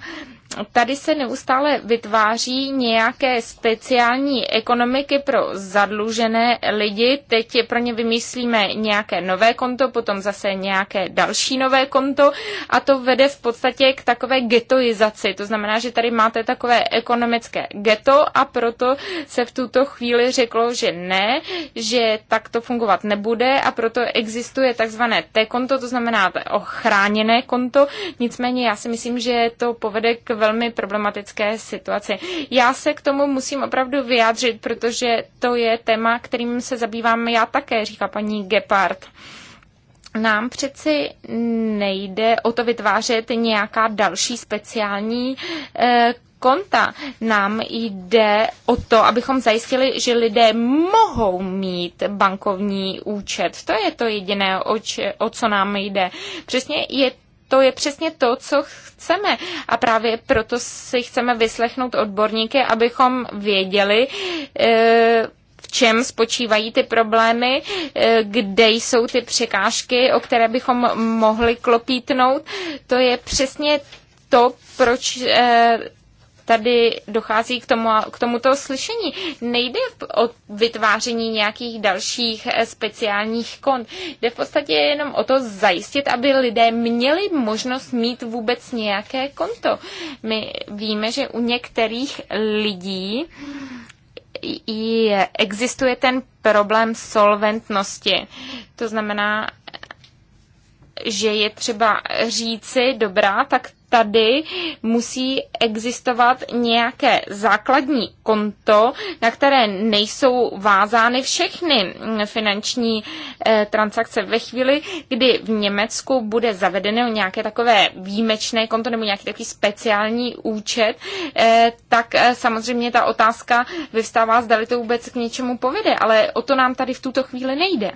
tady se neustále vytváří nějaké speciální ekonomiky pro zadlužené lidi. Teď je pro ně vymyslíme nějaké nové konto, potom zase nějaké další nové konto a to vede v podstatě k takové getoizaci. To znamená, že tady máte takové ekonomické geto a proto se v tuto chvíli řeklo, že ne, že tak to fungovat nebude a proto existuje takzvané T konto, to znamená ochráněné konto. Nicméně já si myslím, že to povede k velmi problematické situaci. Já se k tomu musím opravdu vyjádřit, protože to je téma, kterým se zabývám já také, říká paní Gepard nám přeci nejde o to vytvářet nějaká další speciální eh, konta. Nám jde o to, abychom zajistili, že lidé mohou mít bankovní účet. To je to jediné, o, č, o co nám jde. Přesně je to je přesně to, co chceme. A právě proto si chceme vyslechnout odborníky, abychom věděli, e, v čem spočívají ty problémy, e, kde jsou ty překážky, o které bychom mohli klopítnout. To je přesně to, proč e, tady dochází k, tomu, k tomuto slyšení. Nejde o vytváření nějakých dalších speciálních kont. Jde v podstatě jenom o to zajistit, aby lidé měli možnost mít vůbec nějaké konto. My víme, že u některých lidí je, existuje ten problém solventnosti. To znamená, že je třeba říci, dobrá, tak tady musí existovat nějaké základní konto, na které nejsou vázány všechny finanční eh, transakce. Ve chvíli, kdy v Německu bude zavedeno nějaké takové výjimečné konto nebo nějaký takový speciální účet, eh, tak eh, samozřejmě ta otázka vyvstává, zdali to vůbec k něčemu povede, ale o to nám tady v tuto chvíli nejde.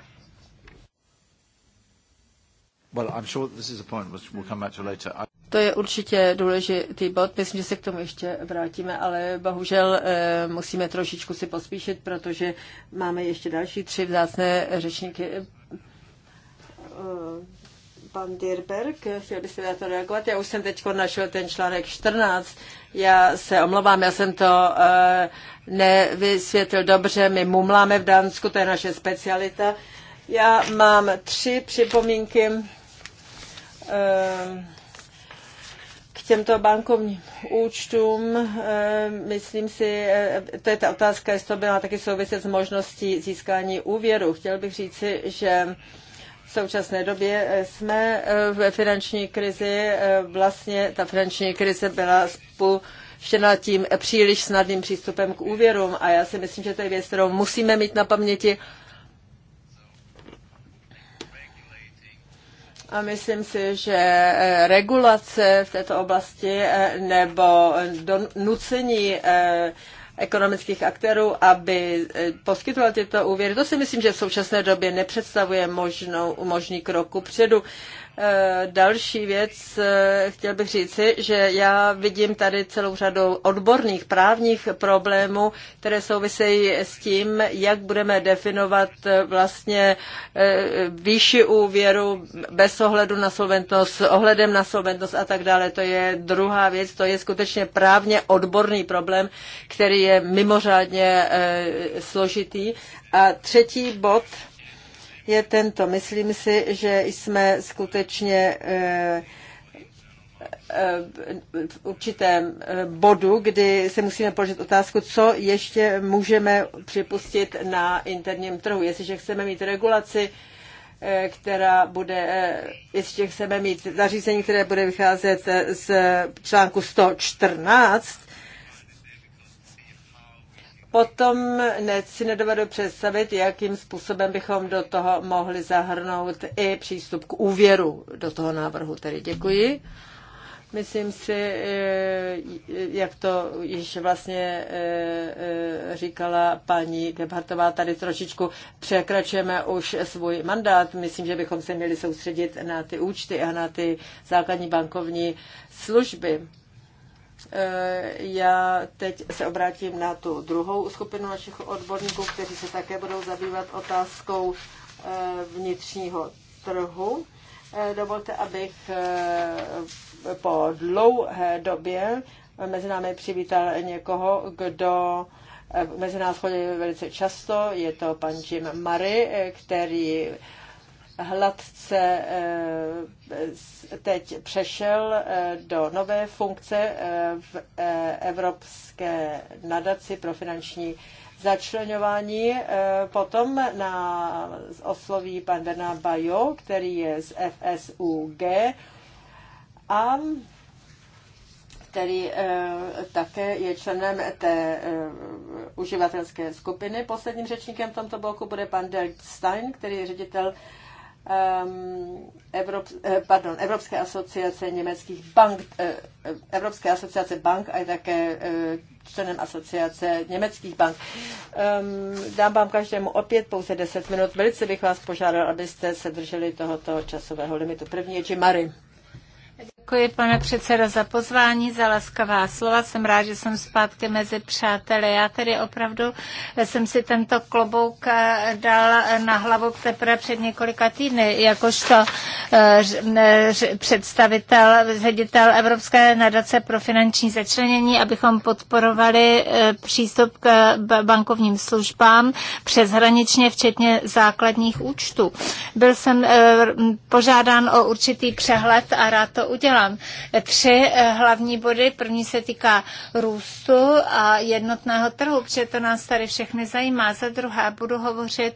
Well, I'm sure this is a point which we'll come back to later. I... To je určitě důležitý bod, myslím, že se k tomu ještě vrátíme, ale bohužel eh, musíme trošičku si pospíšit, protože máme ještě další tři vzácné řečníky. Eh, pan Dirberg, chtěl byste na to reagovat? Já už jsem teď našel ten článek 14. Já se omlouvám, já jsem to eh, nevysvětlil dobře. My mumláme v Dánsku, to je naše specialita. Já mám tři připomínky. E, těmto bankovním účtům, eh, myslím si, eh, to je ta otázka, jestli to byla taky souviset s možností získání úvěru. Chtěl bych říci, že v současné době eh, jsme ve finanční krizi. Vlastně ta finanční krize byla spuštěna tím příliš snadným přístupem k úvěrům a já si myslím, že to je věc, kterou musíme mít na paměti A myslím si, že eh, regulace v této oblasti eh, nebo donucení eh, ekonomických aktérů, aby poskytoval tyto úvěry. To si myslím, že v současné době nepředstavuje možnou, možný krok ku předu. Eh, další věc, eh, chtěl bych říci, že já vidím tady celou řadu odborných právních problémů, které souvisejí s tím, jak budeme definovat eh, vlastně výši úvěru bez ohledu na solventnost, ohledem na solventnost a tak dále. To je druhá věc, to je skutečně právně odborný problém, který je mimořádně složitý. A třetí bod, je tento. Myslím si, že jsme skutečně eh, eh, v určitém eh, bodu, kdy se musíme položit otázku, co ještě můžeme připustit na interním trhu. Jestliže chceme mít regulaci, která bude, jestliže chceme mít zařízení, které bude vycházet z článku 114, potom si nedovedu představit, jakým způsobem bychom do toho mohli zahrnout i přístup k úvěru do toho návrhu. Tedy děkuji. Myslím si, eh, jak to již vlastně eh, eh, říkala paní Gebhartová, tady trošičku překračujeme už svůj mandát. Myslím, že bychom se měli soustředit na ty účty a na ty základní bankovní služby. Eh, já teď se obrátím na tu druhou skupinu našich odborníků, kteří se také budou zabývat otázkou eh, vnitřního trhu. Eh, dovolte, abych po dlouhé době mezi námi přivítal někoho, kdo mezi nás chodí velice často. Je to pan Jim Murray, který hladce eh, teď přešel eh, do nové funkce eh, v Evropské nadaci pro finanční začlenování. Potom na osloví pan Bernard Bajo, který je z FSUG a který také je členem té uživatelské skupiny. Posledním řečníkem v tomto bloku bude pan Dirk Stein, který je ředitel Ehm, Evrop, eh, pardon, Evropské asociace německých bank, eh, Evropské asociace bank a je také eh, členem asociace německých bank. Ehm, dám vám každému opět pouze 10 minut. Velice bych vás požádal, abyste se drželi tohoto časového limitu. První je Jim Murray. Děkuji, pane předsedo, za pozvání, za laskavá slova. Jsem rád, že jsem zpátky mezi přáteli. Já tedy opravdu jsem si tento klobouk eh, dal na hlavu teprve před několika týdny, jakožto eh, představitel, ředitel Evropské nadace pro finanční začlenění, abychom podporovali eh, přístup k bankovním službám přeshraničně, včetně základních účtů. Byl jsem požádán o určitý přehled a rád to udělám udělám. tři eh, hlavní body. První se týká růstu a jednotného trhu, protože to nás tady všechny zajímá. Za druhé budu hovořit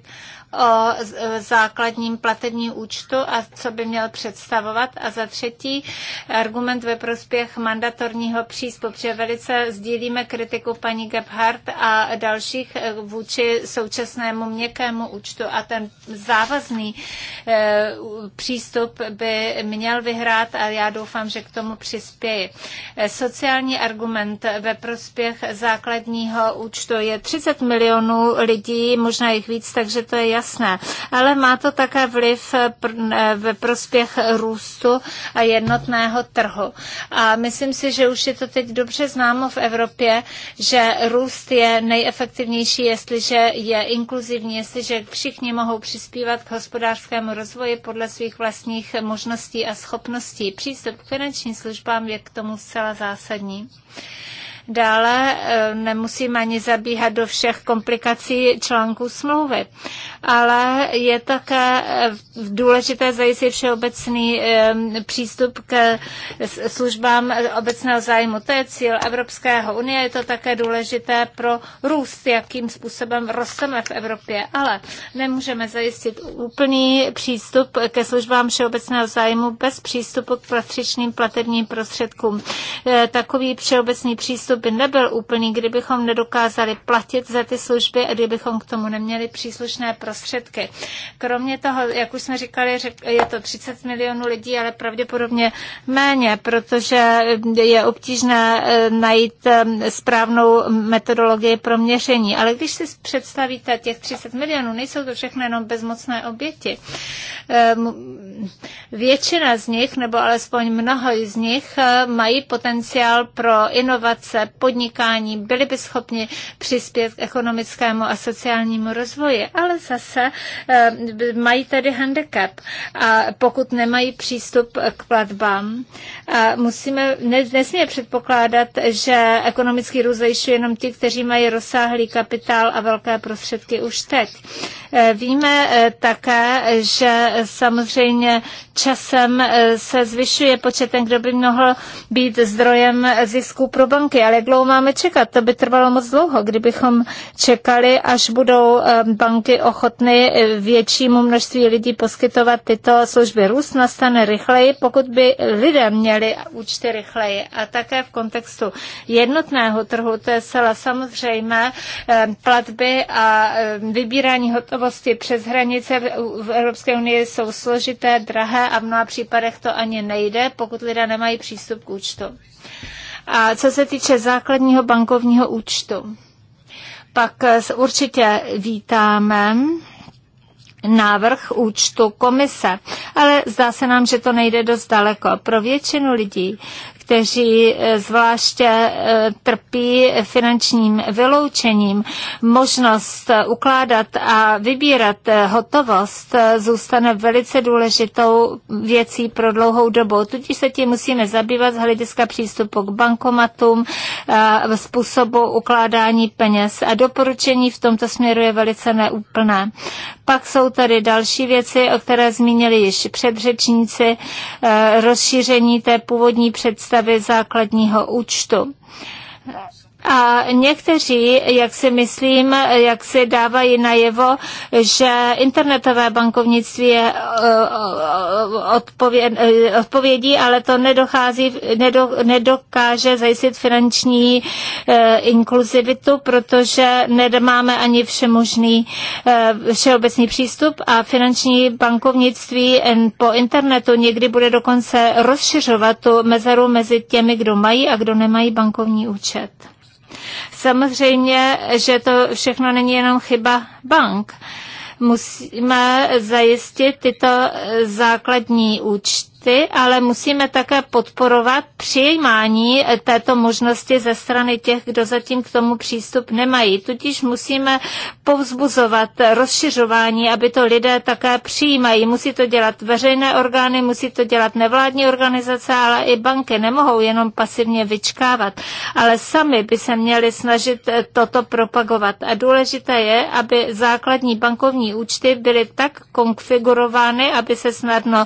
o základním platebním účtu a co by měl představovat. A za třetí argument ve prospěch mandatorního přístupu, protože velice sdílíme kritiku paní Gebhardt a dalších eh, vůči současnému měkkému účtu a ten závazný eh, přístup by měl vyhrát a já doufám, že k tomu přispěji. Eh, sociální argument ve prospěch základního účtu je 30 milionů lidí, možná jich víc, takže to je jasné jasné, ale má to také vliv eh, eh, ve prospěch růstu a jednotného trhu. A myslím si, že už je to teď dobře známo v Evropě, že růst je nejefektivnější, jestliže je inkluzivní, jestliže všichni mohou přispívat k hospodářskému rozvoji podle svých vlastních možností a schopností. Přístup k finančním službám je k tomu zcela zásadní. Dále eh, nemusím ani zabíhat do všech komplikací článků smlouvy, ale je také eh, důležité zajistit všeobecný eh, přístup k službám obecného zájmu. To je cíl Evropského unie, je to také důležité pro růst, jakým způsobem rosteme v Evropě, ale nemůžeme zajistit úplný přístup ke službám všeobecného zájmu bez přístupu k patřičným platebním prostředkům. Takový všeobecný přístup přístup by nebyl úplný, kdybychom nedokázali platit za ty služby a kdybychom k tomu neměli příslušné prostředky. Kromě toho, jak už jsme říkali, je to 30 milionů lidí, ale pravděpodobně méně, protože je obtížné eh, najít eh, správnou metodologii pro měření. Ale když si představíte těch 30 milionů, nejsou to všechno jenom bezmocné oběti. Eh, většina z nich, nebo alespoň mnoho z nich, mají potenciál pro inovace, své podnikání, byli by schopni přispět k ekonomickému a sociálnímu rozvoji, ale zase eh, mají tady handicap, a pokud nemají přístup k platbám. musíme, nesmíme předpokládat, že ekonomický růst zajišťuje jenom ti, kteří mají rozsáhlý kapitál a velké prostředky už teď. Eh, víme eh, také, že samozřejmě časem se zvyšuje počet ten, kdo by mohl být zdrojem zisku pro banky, ale jak dlouho máme čekat? To by trvalo moc dlouho, kdybychom čekali, až budou eh, banky ochotny eh, většímu množství lidí poskytovat tyto služby. Růst nastane rychleji, pokud by lidé měli účty rychleji. A také v kontextu jednotného trhu, to je celá samozřejmé, eh, platby a vybírání hotovosti přes hranice v Evropské unii jsou složité, drahé a v mnoha případech to ani nejde, pokud lidé nemají přístup k účtu. A co se týče základního bankovního účtu, pak určitě vítáme návrh účtu komise. Ale zdá se nám, že to nejde dost daleko. Pro většinu lidí, kteří eh, zvláště eh, trpí finančním vyloučením, možnost eh, ukládat a vybírat hotovost zůstane velice důležitou věcí pro dlouhou dobu. Tudíž se tím musíme zabývat z hlediska přístupu k bankomatům, způsobu ukládání peněz. A doporučení v tomto směru je velice neúplné. Pak jsou tady další věci, o které zmínili již předřečníci, eh, rozšíření té původní představy základního účtu. A někteří, jak si myslím, jak si dávají najevo, že internetové bankovnictví je eh, eh, eh, odpovědí, ale to nedochází, nedo, nedokáže zajistit finanční inkluzivitu, protože nemáme ani všemožný všeobecný přístup a finanční bankovnictví po internetu někdy bude dokonce rozšiřovat tu mezeru mezi těmi, kdo mají a kdo nemají bankovní účet. Samozřejmě, že to všechno není jenom chyba bank musíme zajistit tyto základní účty ty, ale musíme také podporovat přijímání této možnosti ze strany těch, kdo zatím k tomu přístup nemají. Tudíž musíme povzbuzovat rozšiřování, aby to lidé také přijímají. Musí to dělat veřejné orgány, musí to dělat nevládní organizace, ale i banky nemohou jenom pasivně vyčkávat, ale sami by se měli snažit toto propagovat. A důležité je, aby základní bankovní účty byly tak konfigurovány, aby se snadno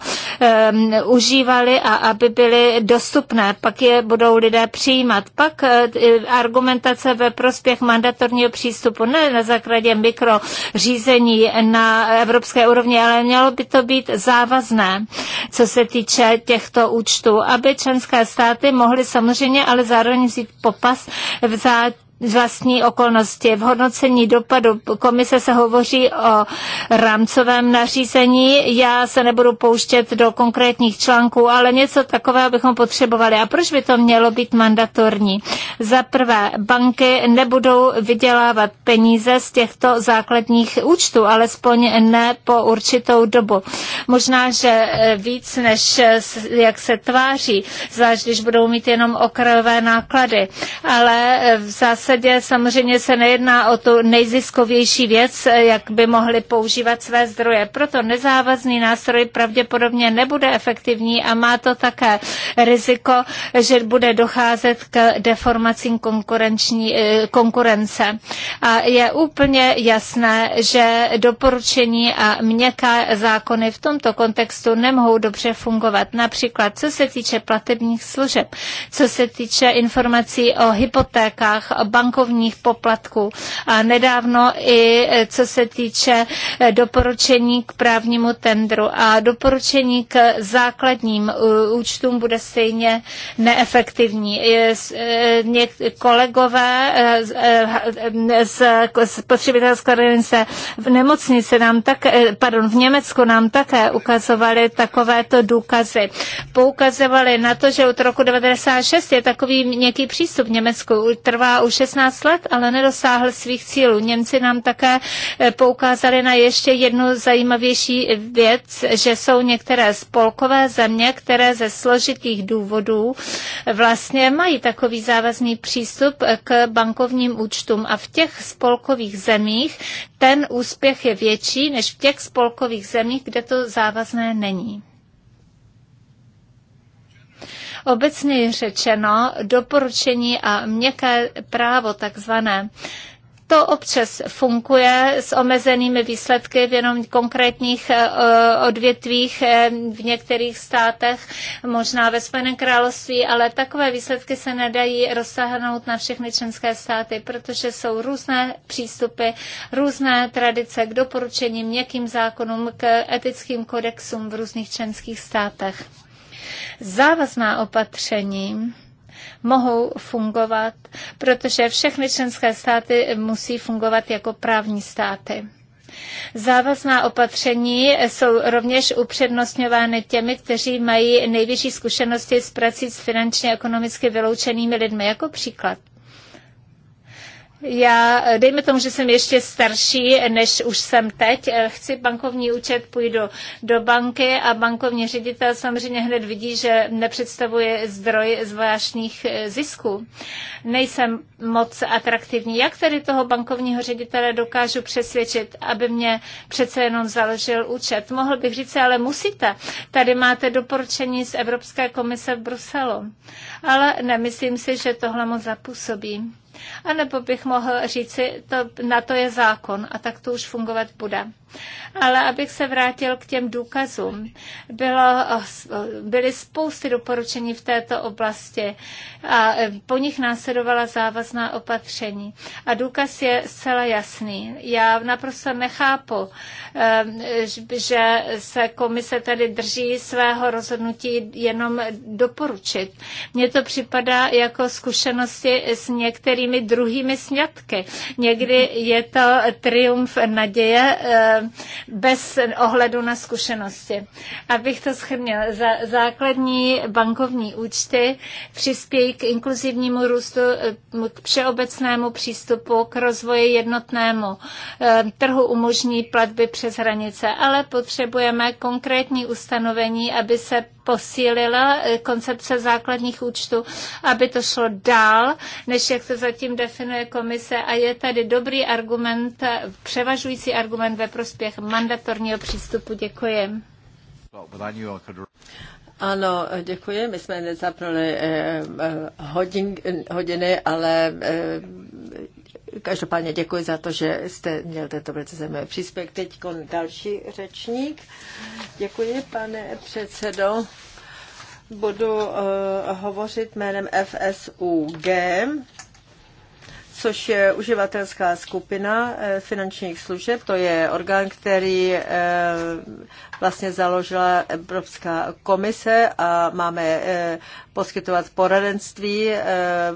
um, užívali a aby byly dostupné. Pak je budou lidé přijímat. Pak eh, argumentace ve prospěch mandatorního přístupu, ne na základě mikrořízení na evropské úrovni, ale mělo by to být závazné, co se týče těchto účtů, aby členské státy mohly samozřejmě ale zároveň vzít popas vzát z vlastní okolnosti. V hodnocení dopadu komise se hovoří o rámcovém nařízení. Já se nebudu pouštět do konkrétních článků, ale něco takového bychom potřebovali. A proč by to mělo být mandatorní? Za prvé, banky nebudou vydělávat peníze z těchto základních účtů, alespoň ne po určitou dobu. Možná, že eh, víc, než eh, jak se tváří, zvlášť když budou mít jenom okrajové náklady. Ale eh, v zás zásadě samozřejmě se nejedná o tu nejziskovější věc, jak by mohli používat své zdroje. Proto nezávazný nástroj pravděpodobně nebude efektivní a má to také riziko, že bude docházet k deformacím konkurenční, eh, konkurence. A je úplně jasné, že doporučení a měkké zákony v tomto kontextu nemohou dobře fungovat. Například co se týče platebních služeb, co se týče informací o hypotékách, bankovních poplatků a nedávno i e, co se týče e, doporučení k právnímu tendru a doporučení k základním e, účtům bude stejně neefektivní. Kolegové z spotřebitelské organizace v nemocnici nám tak, pardon, v Německu nám také ukazovali takovéto důkazy. Poukazovali na to, že od roku 1996 je takový měkký přístup v Německu, trvá už 16 let, ale nedosáhl svých cílů. Němci nám také eh, poukázali na ještě jednu zajímavější věc, že jsou některé spolkové země, které ze složitých důvodů vlastně mají takový závazný přístup eh, k bankovním účtům a v těch spolkových zemích ten úspěch je větší než v těch spolkových zemích, kde to závazné není. Obecně řečeno, doporučení a měkké právo takzvané to občas funguje s omezenými výsledky v jenom konkrétních eh, odvětvích eh, v některých státech, možná ve Spojeném království, ale takové výsledky se nedají rozsáhnout na všechny členské státy, protože jsou různé přístupy, různé tradice k doporučením, měkkým zákonům, k etickým kodexům v různých členských státech. Závazná opatření mohou fungovat, protože všechny členské státy musí fungovat jako právní státy. Závazná opatření jsou rovněž upřednostňovány těmi, kteří mají největší zkušenosti s prací s finančně ekonomicky vyloučenými lidmi. Jako příklad já, dejme tomu, že jsem ještě starší, než už jsem teď, chci bankovní účet, půjdu do banky a bankovní ředitel samozřejmě hned vidí, že nepředstavuje zdroj zvláštních eh, zisků. Nejsem moc atraktivní. Jak tedy toho bankovního ředitele dokážu přesvědčit, aby mě přece jenom založil účet? Mohl bych říct, ale musíte. Tady máte doporučení z Evropské komise v Bruselu. Ale nemyslím si, že tohle moc zapůsobí. A nebo bych mohl říci, to, na to je zákon a tak to už fungovat bude. Ale abych se vrátil k těm důkazům, bylo, byly spousty doporučení v této oblasti a po nich následovala závazná opatření. A důkaz je zcela jasný. Já naprosto nechápu, ehm, že se komise tady drží svého rozhodnutí jenom doporučit. Mně to připadá jako zkušenosti s některými svými druhými sňatky. Někdy je to triumf naděje eh, bez ohledu na zkušenosti. Abych to schrnil, základní bankovní účty přispějí k inkluzivnímu růstu, eh, k všeobecnému přístupu, k rozvoji jednotnému eh, trhu umožní platby přes hranice, ale potřebujeme konkrétní ustanovení, aby se posílila koncepce základních účtů, aby to šlo dál, než jak se zatím definuje komise a je tady dobrý argument, převažující argument ve prospěch mandatorního přístupu. Děkuji. Ano, děkuji. My jsme nezapnuli eh, eh, hodin, hodiny, ale eh, každopádně děkuji za to, že jste měl tento velice zajímavý příspěvek. Teď další řečník. Děkuji, pane předsedo. Budu eh, hovořit jménem FSUG což je uživatelská skupina eh, finančních služeb. To je orgán, který eh, vlastně založila Evropská komise a máme eh, poskytovat poradenství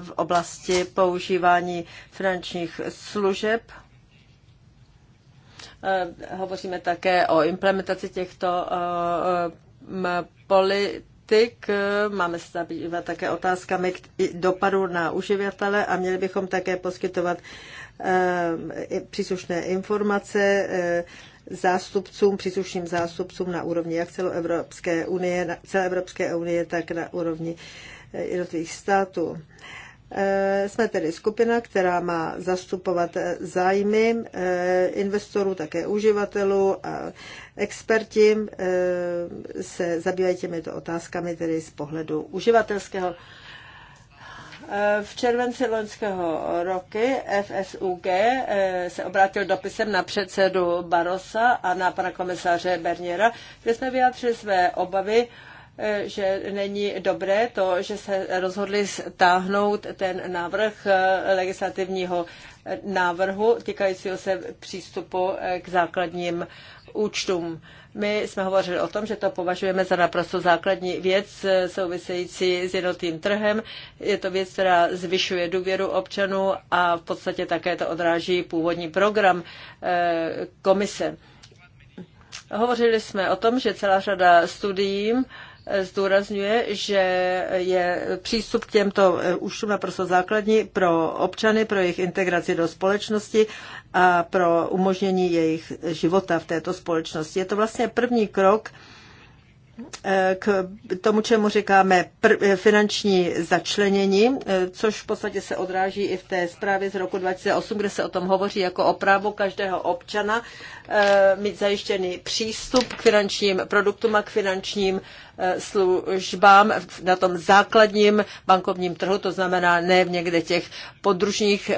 v oblasti používání finančních služeb. Hovoříme také o implementaci těchto politik politik. Máme se zabývat také otázkami dopadu na uživatele a měli bychom také poskytovat eh, příslušné informace eh, zástupcům, příslušným zástupcům na úrovni jak celoevropské unie, celé Evropské unie, tak na úrovni eh, jednotlivých států. Eh, jsme tedy skupina, která má zastupovat eh, zájmy eh, investorů, také uživatelů a experti se zabývají těmito otázkami tedy z pohledu uživatelského. V červenci loňského roky FSUG se obrátil dopisem na předsedu Barosa a na pana komisaře Berniera, kde jsme vyjádřili své obavy že není dobré to, že se rozhodli stáhnout ten návrh eh, legislativního eh, návrhu týkajícího se přístupu eh, k základním účtům. My jsme hovořili o tom, že to považujeme za naprosto základní věc související s jednotným trhem. Je to věc, která zvyšuje důvěru občanů a v podstatě také to odráží původní program komise. Hovořili jsme o tom, že celá řada studií zdůrazňuje, že je přístup k těmto účtům naprosto základní pro občany, pro jejich integraci do společnosti a pro umožnění jejich života v této společnosti. Je to vlastně první krok, Eh, k tomu, čemu říkáme eh, finanční začlenění, eh, což v podstatě se odráží i v té zprávě z roku 2008, kde se o tom hovoří jako o právu každého občana mít zajištěný přístup k finančním produktům a k finančním službám na tom základním bankovním trhu, to znamená ne v někde těch podružních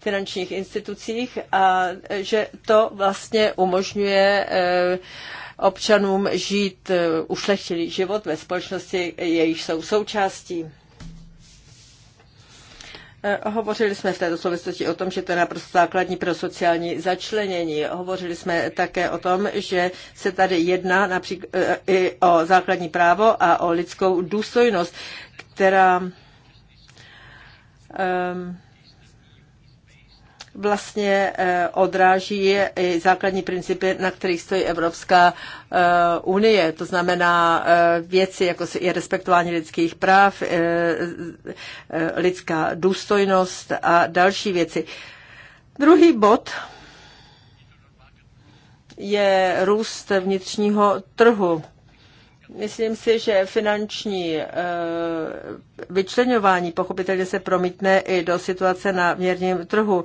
finančních institucích a že to vlastně umožňuje občanům žít eh, ušlechtilý život ve společnosti, jejíž jsou součástí. Eh, hovořili jsme v této souvislosti o tom, že to je naprosto základní pro sociální začlenění. Hovořili jsme také o tom, že se tady jedná například eh, i o základní právo a o lidskou důstojnost, která um, vlastně eh, odráží i základní principy, na kterých stojí Evropská eh, unie. To znamená eh, věci, jako je respektování lidských práv, lidská důstojnost a další věci. Druhý bod je růst vnitřního trhu. Myslím si, že finanční vyčlenování pochopitelně se promítne i do situace na měrním trhu.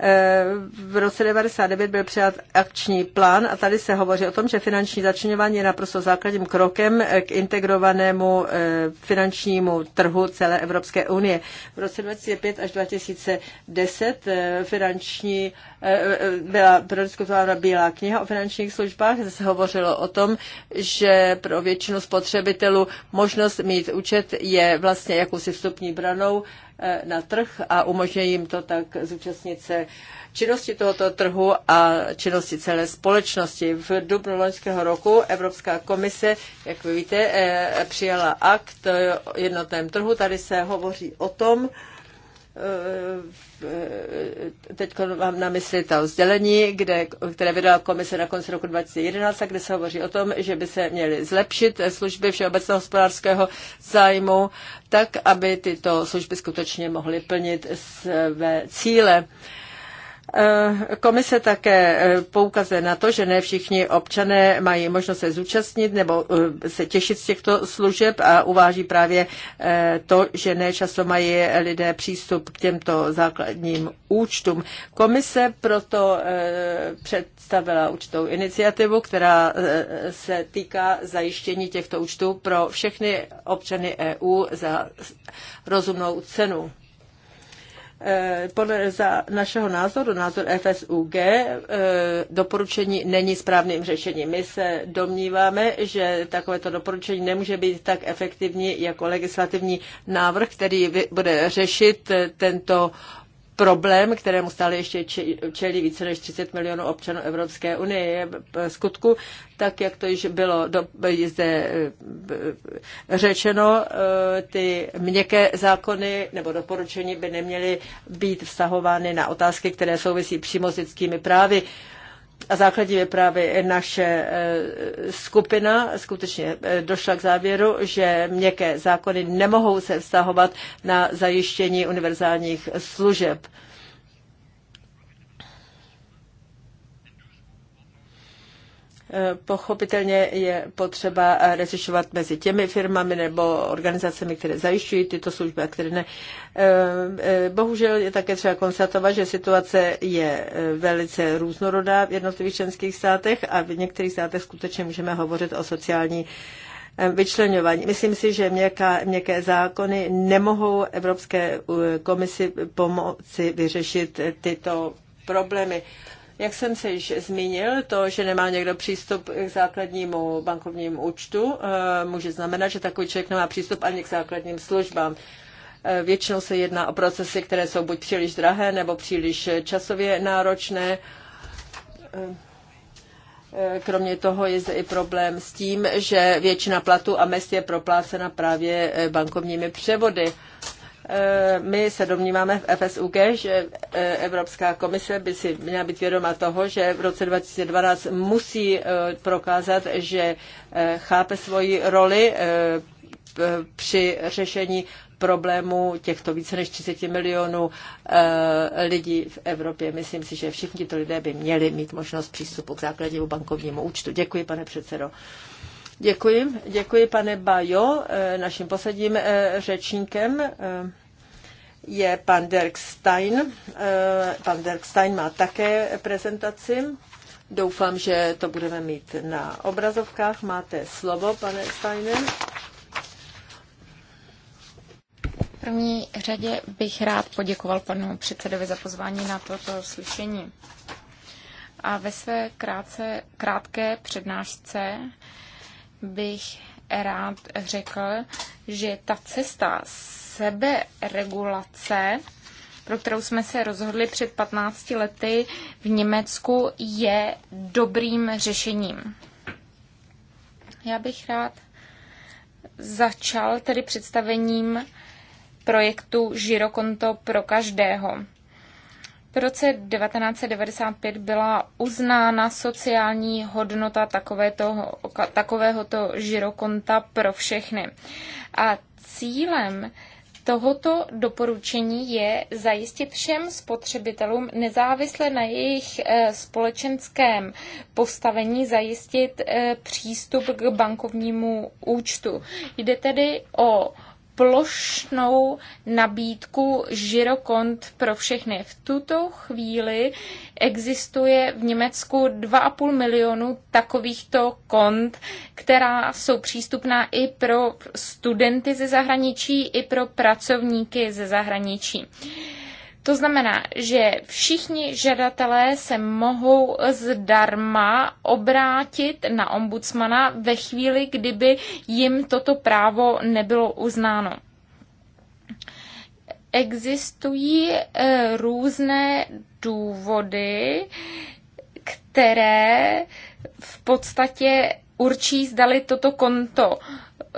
Eh, v roce 1999 byl přijat akční plán a tady se hovoří o tom, že finanční začňování je naprosto základním krokem k integrovanému eh, finančnímu trhu celé Evropské unie. V roce 2005 až 2010 eh, finanční, byla prodiskutována Bílá kniha o finančních službách, kde se hovořilo o tom, že pro většinu spotřebitelů možnost mít účet je vlastně jakousi vstupní branou Eh, na trh a umožňuje jim to tak zúčastnit se činnosti tohoto trhu a činnosti celé společnosti. V dubnu loňského roku Evropská komise, jak vy víte, eh, přijala akt o jednotném trhu. Tady se hovoří o tom, Eh, eh, teď mám na mysli to sdělení, kde, které vydala komise na konci roku 2011, kde se hovoří o tom, že by se měly zlepšit služby všeobecného hospodářského zájmu, tak, aby tyto služby skutečně mohly plnit své cíle. Uh, Eh, komise také eh, poukazuje na to, že ne všichni občané mají možnost se zúčastnit nebo eh, se těšit z těchto služeb a uváží právě to, že ne často mají lidé přístup k těmto základním účtům. Komise proto představila určitou iniciativu, která se týká zajištění těchto účtů pro všechny občany EU za rozumnou cenu. Eh, podle za našeho názoru, názor FSUG, eh, doporučení není správným řešením. My se domníváme, že takovéto doporučení nemůže být tak efektivní jako legislativní návrh, který bude řešit eh, tento problém, kterému stále ještě čelí více než 30 milionů občanů Evropské unie, je skutku, tak jak to již bylo do, zde eh, řečeno, eh, ty měkké zákony nebo doporučení by neměly být vztahovány na otázky, které souvisí přímo s lidskými právy a základní je právě naše e, skupina skutečně e, došla k závěru, že měkké zákony nemohou se vztahovat na zajištění univerzálních služeb. Pochopitelně je potřeba rozlišovat mezi těmi firmami nebo organizacemi, které zajišťují tyto služby a které ne. Eh, eh, bohužel je také třeba konstatovat, že situace je eh, velice různorodá v jednotlivých členských státech a v některých státech skutečně můžeme hovořit o sociální vyčlenování. Myslím si, že měká, měkké zákony nemohou Evropské komisi pomoci vyřešit tyto problémy. Jak jsem se již zmínil, to, že nemá někdo přístup k základnímu bankovnímu účtu, eh, může znamenat, že takový člověk nemá přístup ani k základním službám. Eh, většinou se jedná o procesy, které jsou buď příliš drahé nebo příliš časově náročné. Eh, kromě toho je zde i problém s tím, že většina platů a mest je proplácena právě bankovními převody. Eh, my se domníváme v FSUG, že eh, Evropská komise by si měla být vědoma toho, že v roce 2012 musí eh, prokázat, že chápe svoji roli při řešení problému těchto více než 30 milionů lidí v Evropě. Myslím si, že všichni to lidé by měli mít možnost přístupu k základnímu bankovnímu účtu. Děkuji, pane předsedo. Děkuji, děkuji pane Bajo. E, naším posledním e, řečníkem e, je pan Dirk Stein. Pan Dirk Stein má také prezentaci. Doufám, že to budeme mít na obrazovkách. Máte slovo, pane Steine. V první řadě bych rád poděkoval panu předsedovi za pozvání na toto slyšení. A ve své krátce, krátké přednášce bych rád řekl, že ta cesta seberegulace, pro kterou jsme se rozhodli před 15 lety v Německu, je dobrým řešením. Já bych rád začal tedy představením projektu Žirokonto pro každého. V roce 1995 byla uznána sociální hodnota takovéto, takovéhoto žirokonta pro všechny. A cílem tohoto doporučení je zajistit všem spotřebitelům nezávisle na jejich eh, společenském postavení zajistit eh, přístup k bankovnímu účtu. Jde tedy o plošnou nabídku žirokont pro všechny. V tuto chvíli existuje v Německu 2,5 milionu takovýchto kont, která jsou přístupná i pro studenty ze zahraničí, i pro pracovníky ze zahraničí. To znamená, že všichni žadatelé se mohou zdarma obrátit na ombudsmana ve chvíli, kdyby jim toto právo nebylo uznáno existují eh, různé důvody, které v podstatě určí, zdali toto konto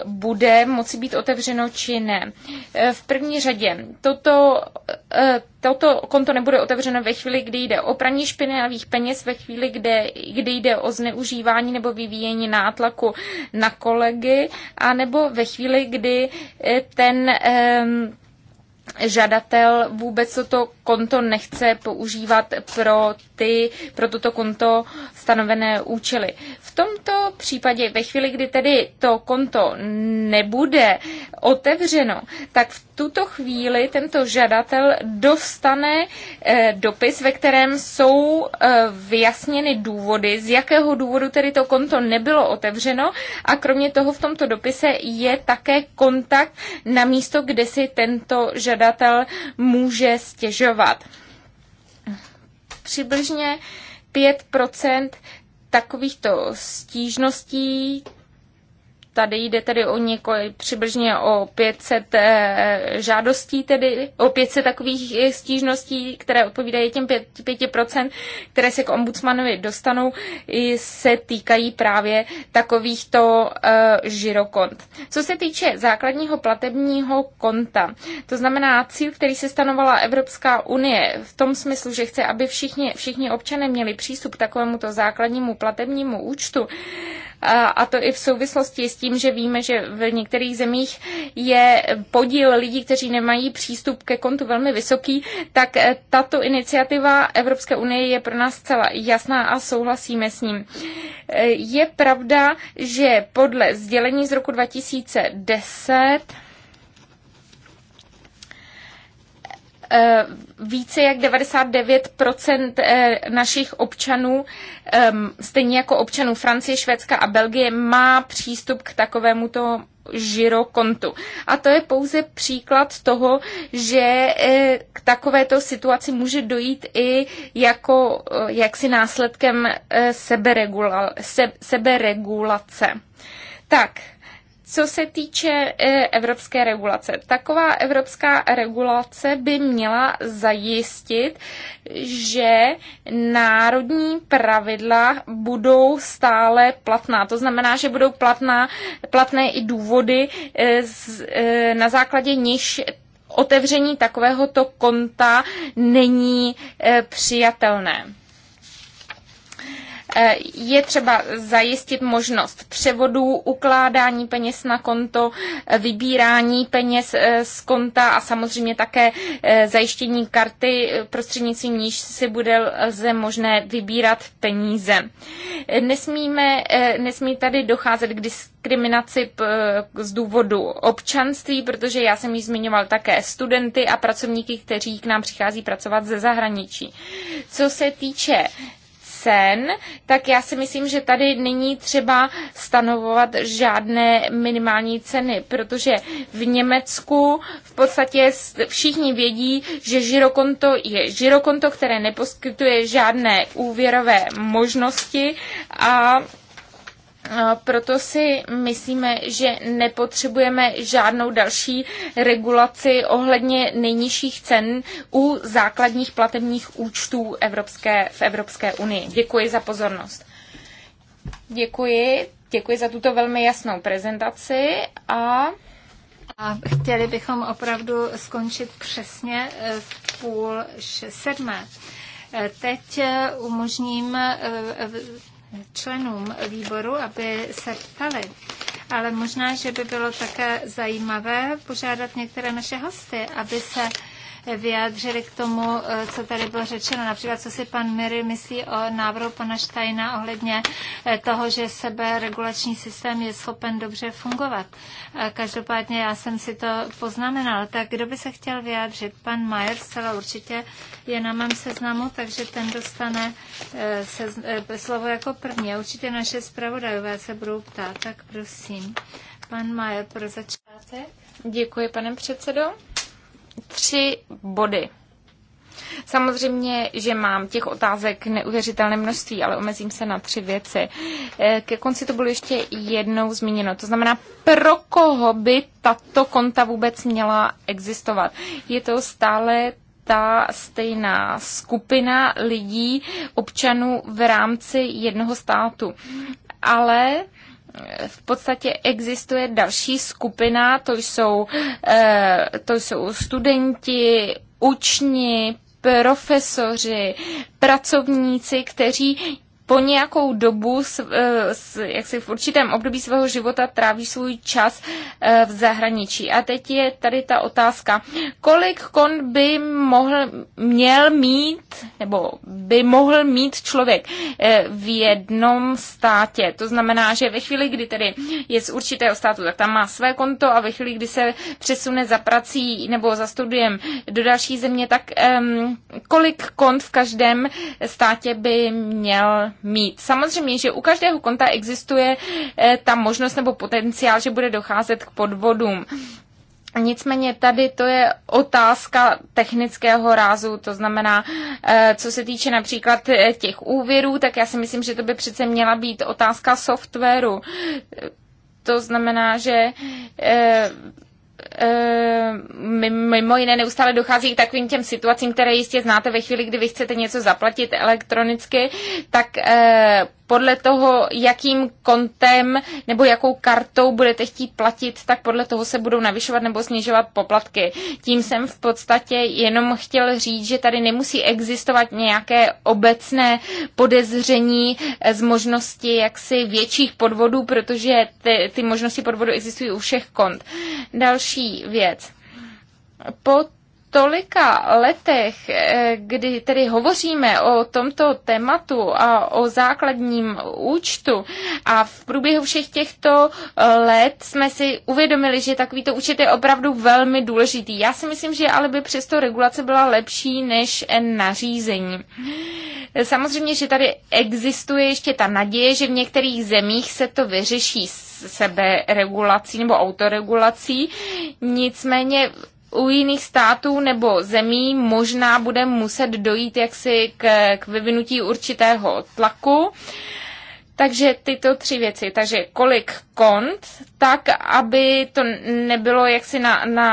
bude moci být otevřeno či ne. E, v první řadě toto, e, toto konto nebude otevřeno ve chvíli, kdy jde o praní špinavých peněz, ve chvíli, kde, kdy jde o zneužívání nebo vyvíjení nátlaku na kolegy, anebo ve chvíli, kdy e, ten žadatel vůbec toto konto nechce používat pro, ty, pro toto konto stanovené účely. V tomto případě, ve chvíli, kdy tedy to konto nebude otevřeno, tak v tuto chvíli tento žadatel dostane eh, dopis, ve kterém jsou eh, vyjasněny důvody, z jakého důvodu tedy to konto nebylo otevřeno a kromě toho v tomto dopise je také kontakt na místo, kde si tento žadatel může stěžovat. Přibližně 5 takovýchto stížností Tady jde tedy o několik, přibližně o 500 eh, žádostí, tedy o 500 takových eh, stížností, které odpovídají těm 5, 5%, které se k ombudsmanovi dostanou, se týkají právě takovýchto eh, žirokont. Co se týče základního platebního konta, to znamená cíl, který se stanovala Evropská unie v tom smyslu, že chce, aby všichni, všichni občané měli přístup k takovému základnímu platebnímu účtu, a to i v souvislosti s tím, že víme, že v některých zemích je podíl lidí, kteří nemají přístup ke kontu velmi vysoký, tak eh, tato iniciativa Evropské unie je pro nás zcela jasná a souhlasíme s ním. Eh, je pravda, že podle sdělení z roku 2010 Eh, více jak 99% eh, našich občanů, stejně jako občanů Francie, Švédska a Belgie, má přístup k takovému to žirokontu. A to je pouze příklad toho, že eh, k takovéto situaci může dojít i jako jaksi následkem seberegula, se, seberegulace. Tak, co se týče e, evropské regulace, taková evropská regulace by měla zajistit, že národní pravidla budou stále platná. To znamená, že budou platná, platné i důvody, e, e, na základě níž otevření takovéhoto konta není přijatelné. Eh, je třeba zajistit možnost převodů, ukládání peněz na konto, eh, vybírání peněz eh, z konta a samozřejmě také zajištění karty, prostřednictvím níž si bude lze možné vybírat peníze. Nesmíme, nesmí tady docházet k diskriminaci z důvodu občanství, protože já jsem již zmiňoval také studenty a pracovníky, kteří k nám přichází pracovat ze zahraničí. Co se týče sen, tak já si myslím, že tady není třeba stanovovat žádné minimální ceny, protože v Německu v podstatě všichni vědí, že žirokonto je žirokonto, které neposkytuje žádné úvěrové možnosti a proto si myslíme, že nepotřebujeme žádnou další regulaci ohledně nejnižších cen u základních platebních účtů Evropské, v Evropské unii. Děkuji za pozornost. Děkuji. Děkuji za tuto velmi jasnou prezentaci a... A chtěli bychom opravdu skončit přesně eh, v půl sedmé. Eh, teď eh, umožním členům výboru, aby se ptali. Ale možná, že by bylo také zajímavé požádat některé naše hosty, aby se vyjádřili k tomu, eh, co tady bylo řečeno. Například, co si pan Miry myslí o návrhu pana Štajna ohledně eh, toho, že seberegulační systém je schopen dobře fungovat. Eh, každopádně já jsem si to poznamenal. Tak kdo by se chtěl vyjádřit? Pan Majer zcela určitě je na mém seznamu, takže ten dostane se, slovo jako první. A určitě naše zpravodajové se budou ptát. Tak prosím. Pan Majer pro začátek. Děkuji, pane předsedo tři body. Samozřejmě, že mám těch otázek neuvěřitelné množství, ale omezím se na tři věci. E, ke konci to bylo ještě jednou zmíněno. To znamená, pro koho by tato konta vůbec měla existovat? Je to stále ta stejná skupina lidí, občanů v rámci jednoho státu. Ale v podstatě existuje další skupina, to jsou, eh, to jsou studenti, učni, profesoři, pracovníci, kteří po nějakou dobu, eh, jak si v určitém období svého života tráví svůj čas eh, v zahraničí. A teď je tady ta otázka, kolik kon by mohl, měl mít, nebo by mohl mít člověk eh, v jednom státě. To znamená, že ve chvíli, kdy tedy je z určitého státu, tak tam má své konto a ve chvíli, kdy se přesune za prací nebo za studiem do další země, tak um, kolik kont v každém státě by měl mít. Samozřejmě, že u každého konta existuje eh, ta možnost nebo potenciál, že bude docházet k podvodům. Nicméně tady to je otázka technického rázu, to znamená, eh, co se týče například eh, těch úvěrů, tak já si myslím, že to by přece měla být otázka softwaru. To znamená, že Eh, mimo jiné neustále dochází k takovým těm situacím, které jistě znáte ve chvíli, kdy vy chcete něco zaplatit elektronicky, tak eh, podle toho, jakým kontem nebo jakou kartou budete chtít platit, tak podle toho se budou navyšovat nebo snižovat poplatky. Tím jsem v podstatě jenom chtěl říct, že tady nemusí existovat nějaké obecné podezření z možnosti jaksi větších podvodů, protože ty, ty možnosti podvodu existují u všech kont. Další věc. Pod tolika letech, eh, kdy tedy hovoříme o tomto tématu a o základním účtu a v průběhu všech těchto eh, let jsme si uvědomili, že takovýto účet je opravdu velmi důležitý. Já si myslím, že ale by přesto regulace byla lepší než nařízení. Samozřejmě, že tady existuje ještě ta naděje, že v některých zemích se to vyřeší sebe regulací, nebo autoregulací. Nicméně u jiných států nebo zemí možná bude muset dojít jaksi k, k vyvinutí určitého tlaku. Takže tyto tři věci. Takže kolik kont tak, aby to nebylo jaksi na, na,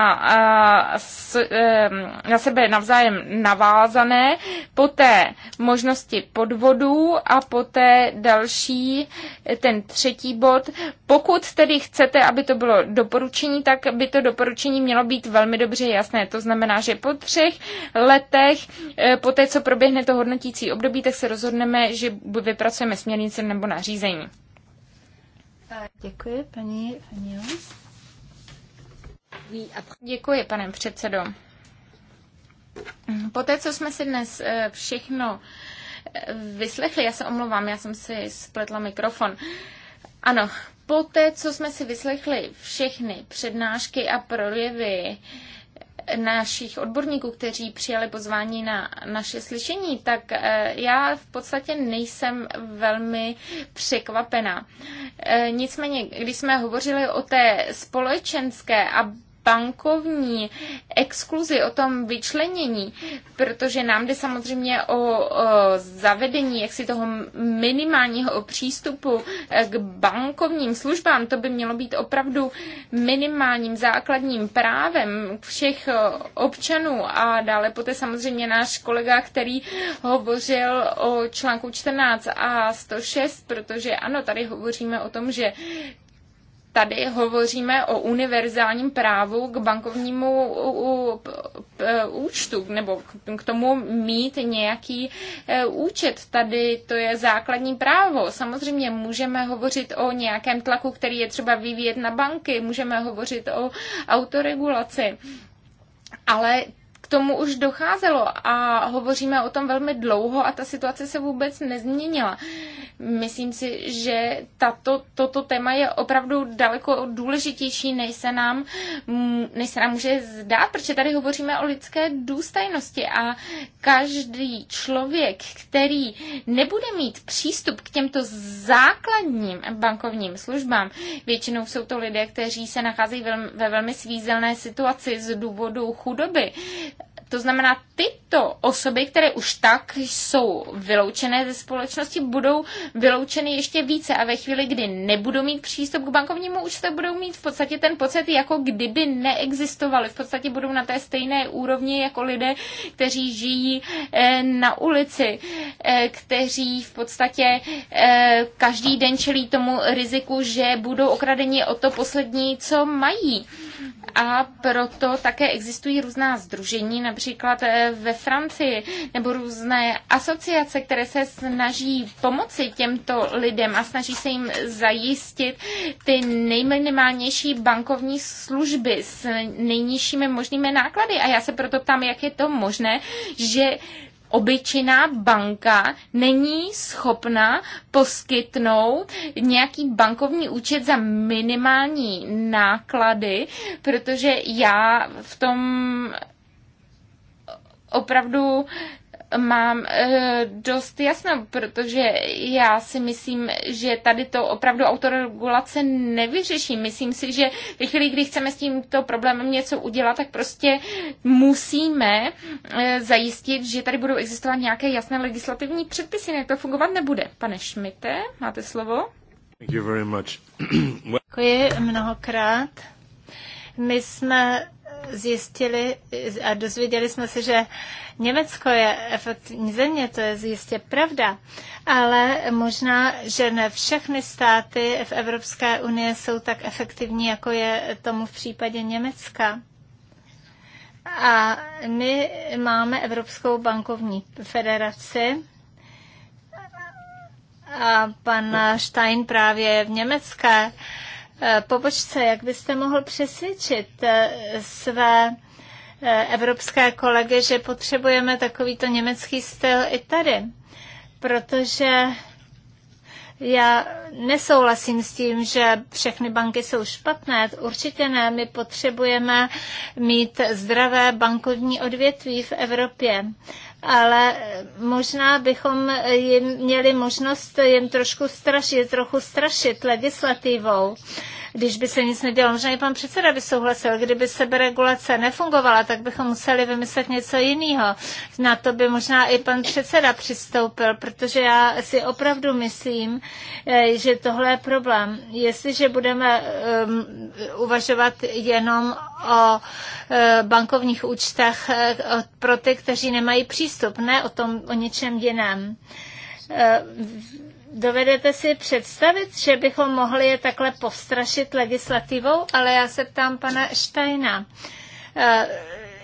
na sebe navzájem navázané, poté možnosti podvodů a poté další, ten třetí bod. Pokud tedy chcete, aby to bylo doporučení, tak by to doporučení mělo být velmi dobře jasné. To znamená, že po třech letech, e, po té, co proběhne to hodnotící období, tak se rozhodneme, že vypracujeme směrnice nebo nařízení. Děkuji, paní Fanios. Děkuji, pane předsedo. Poté, co jsme si dnes eh, všechno eh, vyslechli, já se omlouvám, já jsem si spletla mikrofon. Ano, poté, co jsme si vyslechli všechny přednášky a projevy našich odborníků, kteří přijali pozvání na naše slyšení, tak eh, já v podstatě nejsem velmi překvapená. Eh, nicméně, když jsme hovořili o té společenské a bankovní exkluzi, o tom vyčlenění, protože nám jde samozřejmě o, o zavedení jaksi toho minimálního přístupu k bankovním službám. To by mělo být opravdu minimálním základním právem všech občanů a dále poté samozřejmě náš kolega, který hovořil o článku 14 a 106, protože ano, tady hovoříme o tom, že tady hovoříme o univerzálním právu k bankovnímu e, účtu nebo k tomu mít nějaký e, účet. Tady to je základní právo. Samozřejmě můžeme hovořit o nějakém tlaku, který je třeba vyvíjet na banky, můžeme hovořit o autoregulaci. Ale k tomu už docházelo a hovoříme o tom velmi dlouho a ta situace se vůbec nezměnila. Myslím si, že tato, toto téma je opravdu daleko důležitější, než se, nám, než se nám může zdát, protože tady hovoříme o lidské důstojnosti a každý člověk, který nebude mít přístup k těmto základním bankovním službám, většinou jsou to lidé, kteří se nacházejí ve velmi svízelné situaci z důvodu chudoby, to znamená, tyto osoby, které už tak jsou vyloučené ze společnosti, budou vyloučeny ještě více a ve chvíli, kdy nebudou mít přístup k bankovnímu účtu, budou mít v podstatě ten pocit, jako kdyby neexistovali. V podstatě budou na té stejné úrovni jako lidé, kteří žijí eh, na ulici, eh, kteří v podstatě eh, každý den čelí tomu riziku, že budou okradeni o to poslední, co mají a proto také existují různá združení, například eh, ve Francii, nebo různé asociace, které se snaží pomoci těmto lidem a snaží se jim zajistit ty nejminimálnější bankovní služby s nejnižšími možnými náklady. A já se proto ptám, jak je to možné, že obyčejná banka není schopna poskytnout nějaký bankovní účet za minimální náklady, protože já v tom opravdu mám eh, dost jasno, protože já si myslím, že tady to opravdu autoregulace nevyřeší. Myslím si, že ve chvíli, kdy chceme s tímto problémem něco udělat, tak prostě musíme eh, zajistit, že tady budou existovat nějaké jasné legislativní předpisy, jinak to fungovat nebude. Pane Šmite, máte slovo? Děkuji mnohokrát. My jsme zjistili a dozvěděli jsme se, že Německo je efektivní země, to je jistě pravda, ale možná, že ne všechny státy v Evropské unii jsou tak efektivní, jako je tomu v případě Německa. A my máme Evropskou bankovní federaci, a pan Stein právě v německé Eh, pobočce, jak byste mohl přesvědčit eh, své eh, evropské kolegy, že potřebujeme takovýto německý styl i tady, protože já nesouhlasím s tím, že všechny banky jsou špatné. Určitě ne. My potřebujeme mít zdravé bankovní odvětví v Evropě ale možná bychom jim měli možnost jim trošku strašit, trochu strašit legislativou když by se nic nedělo. Možná i pan předseda by souhlasil, kdyby seberegulace nefungovala, tak bychom museli vymyslet něco jiného. Na to by možná i pan předseda přistoupil, protože já si opravdu myslím, eh, že tohle je problém. Jestliže budeme um, uvažovat jenom o eh, bankovních účtech eh, pro ty, kteří nemají přístup, ne o tom, o něčem jiném Dovedete si představit, že bychom mohli je takhle postrašit legislativou? Ale já se ptám pana Štajna eh,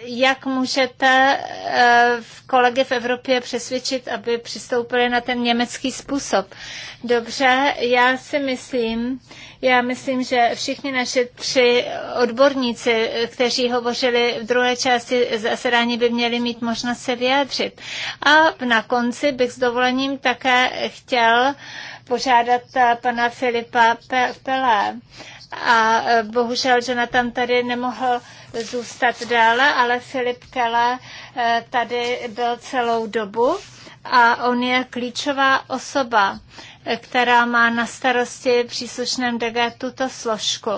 jak můžete eh, kolegy v Evropě přesvědčit, aby přistoupili na ten německý způsob? Dobře, já si myslím, já myslím, že všichni naše tři odborníci, kteří hovořili v druhé části zasedání, by měli mít možnost se vyjádřit. A na konci bych s dovolením také chtěl požádat eh, pana Filipa Pelé, a e, bohužel Jonathan tady nemohl zůstat dále, ale Filip Kele tady byl celou dobu a on je klíčová osoba která má na starosti příslušném DG tuto složku.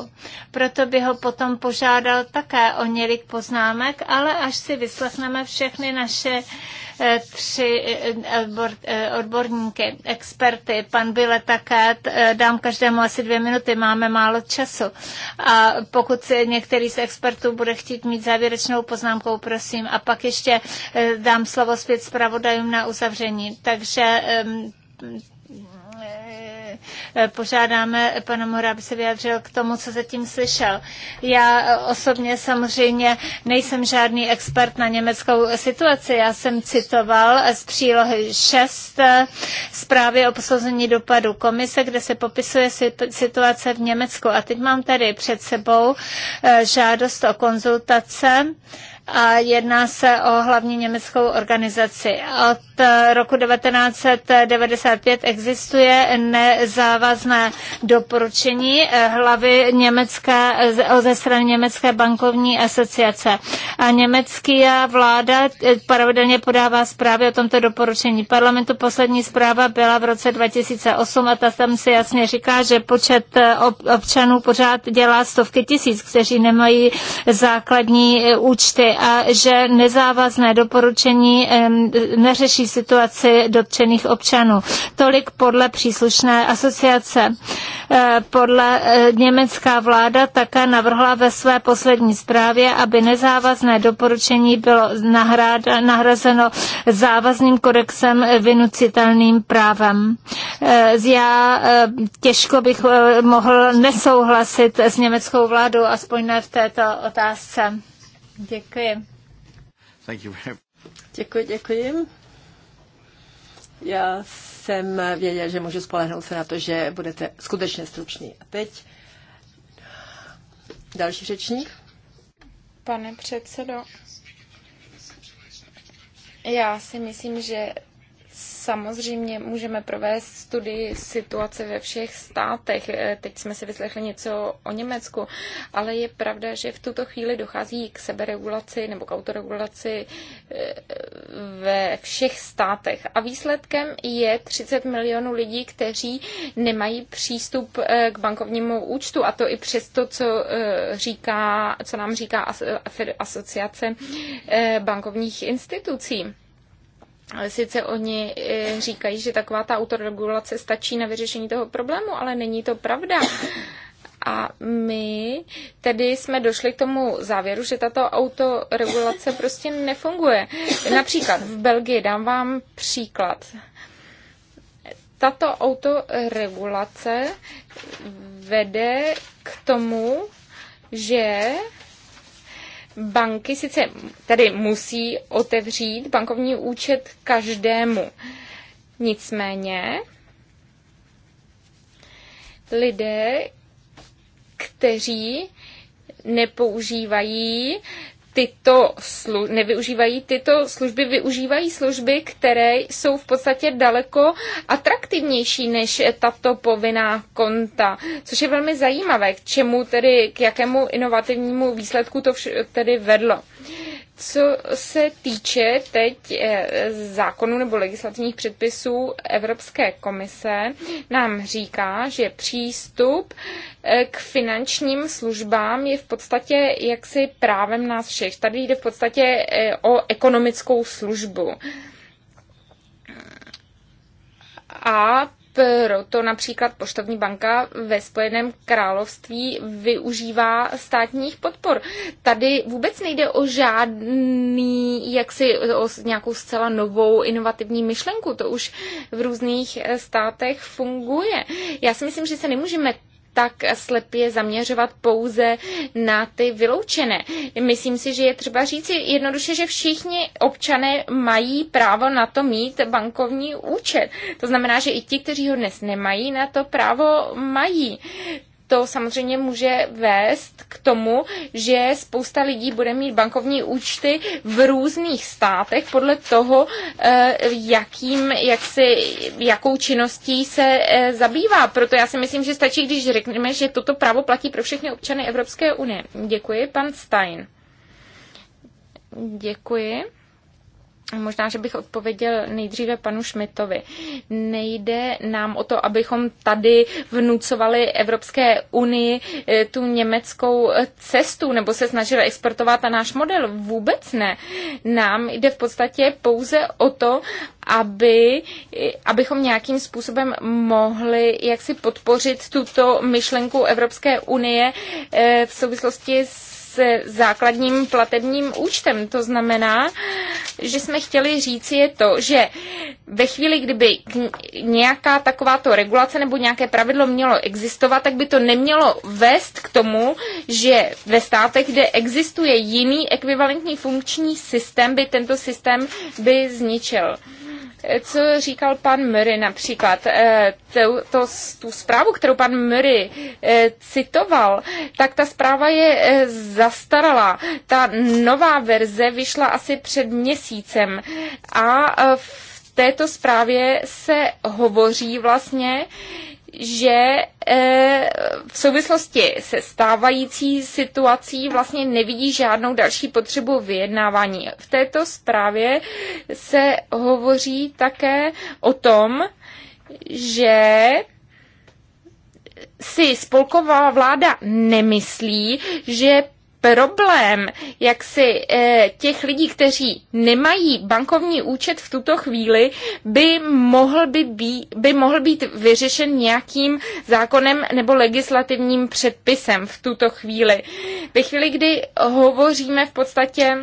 Proto by ho potom požádal také o několik poznámek, ale až si vyslechneme všechny naše eh, tři eh, odbor, eh, odborníky, experty. Pan Bile také, dám každému asi dvě minuty, máme málo času. A pokud se některý z expertů bude chtít mít závěrečnou poznámkou, prosím. A pak ještě dám slovo zpět zpravodajům na uzavření. Takže Eh, požádáme pana Mora, aby se vyjádřil k tomu, co zatím slyšel. Já eh, osobně samozřejmě nejsem žádný expert na německou situaci. Já jsem citoval z přílohy 6 eh, zprávy o posouzení dopadu komise, kde se popisuje situace v Německu. A teď mám tady před sebou žádost o konzultace a jedná se o hlavní německou organizaci. Od roku 1995 existuje nezávazné doporučení eh, hlavy německé, ze strany Německé bankovní asociace. A německá vláda eh, pravidelně podává zprávy o tomto doporučení. Parlamentu poslední zpráva byla v roce 2008 a ta tam se jasně říká, že počet eh, občanů pořád dělá stovky tisíc, kteří nemají základní účty a že nezávazné doporučení neřeší situaci dotčených občanů. Tolik podle příslušné asociace. E, podle e, německá vláda také navrhla ve své poslední zprávě, aby nezávazné doporučení bylo nahrazeno závazným kodexem vynucitelným právem. E, já těžko bych mohl nesouhlasit s německou vládou, aspoň ne v této otázce. Děkuji. Thank you. Děkuji, děkuji. Já jsem věděl, že můžu spolehnout se na to, že budete skutečně struční. A teď další řečník. Pane předsedo, já si myslím, že Samozřejmě můžeme provést studii situace ve všech státech. Eh, teď jsme si vyslechli něco o Německu, ale je pravda, že v tuto chvíli dochází k seberegulaci nebo k autoregulaci eh, ve všech státech. A výsledkem je 30 milionů lidí, kteří nemají přístup eh, k bankovnímu účtu a to i přes to, co, říká, co nám říká asociace bankovních institucí. Sice oni eh, říkají, že taková ta autoregulace stačí na vyřešení toho problému, ale není to pravda. A my tedy jsme došli k tomu závěru, že tato autoregulace prostě nefunguje. Například v Belgii, dám vám příklad. Tato autoregulace vede k tomu, že banky sice tady musí otevřít bankovní účet každému. Nicméně lidé, kteří nepoužívají tyto slu- nevyužívají tyto služby, využívají služby, které jsou v podstatě daleko atraktivnější než tato povinná konta, což je velmi zajímavé, k čemu tedy, k jakému inovativnímu výsledku to vš- tedy vedlo. Uh, co se týče teď eh, zákonů nebo legislativních předpisů Evropské komise, nám říká, že přístup eh, k finančním službám je v podstatě jaksi právem nás všech. Tady jde v podstatě eh, o ekonomickou službu. A proto například Poštovní banka ve Spojeném království využívá státních podpor. Tady vůbec nejde o žádný, jak si o nějakou zcela novou inovativní myšlenku. To už v různých eh, státech funguje. Já si myslím, že se nemůžeme tak slepě zaměřovat pouze na ty vyloučené. Myslím si, že je třeba říci jednoduše, že všichni občané mají právo na to mít bankovní účet. To znamená, že i ti, kteří ho dnes nemají, na to právo mají to samozřejmě může vést k tomu, že spousta lidí bude mít bankovní účty v různých státech podle toho, eh, jakým, jak si, jakou činností se eh, zabývá. Proto já si myslím, že stačí, když řekneme, že toto právo platí pro všechny občany Evropské unie. Děkuji, pan Stein. Děkuji. Možná, že bych odpověděl nejdříve panu Šmitovi. Nejde nám o to, abychom tady vnucovali Evropské unii eh, tu německou cestu nebo se snažili exportovat na náš model. Vůbec ne. Nám jde v podstatě pouze o to, aby, eh, abychom nějakým způsobem mohli jaksi podpořit tuto myšlenku Evropské unie eh, v souvislosti s se základním platebním účtem. To znamená, že jsme chtěli říci je to, že ve chvíli, kdyby nějaká takováto regulace nebo nějaké pravidlo mělo existovat, tak by to nemělo vést k tomu, že ve státech, kde existuje jiný ekvivalentní funkční systém, by tento systém by zničil co říkal pan Murray například. Eh, to, to, tu zprávu, kterou pan Murray eh, citoval, tak ta zpráva je eh, zastaralá. Ta nová verze vyšla asi před měsícem a v této zprávě se hovoří vlastně že eh, v souvislosti se stávající situací vlastně nevidí žádnou další potřebu vyjednávání. V této zprávě se hovoří také o tom, že si spolková vláda nemyslí, že problém jak si eh, těch lidí, kteří nemají bankovní účet v tuto chvíli, by mohl, by, být, by mohl být vyřešen nějakým zákonem nebo legislativním předpisem v tuto chvíli. Ve chvíli, kdy hovoříme v podstatě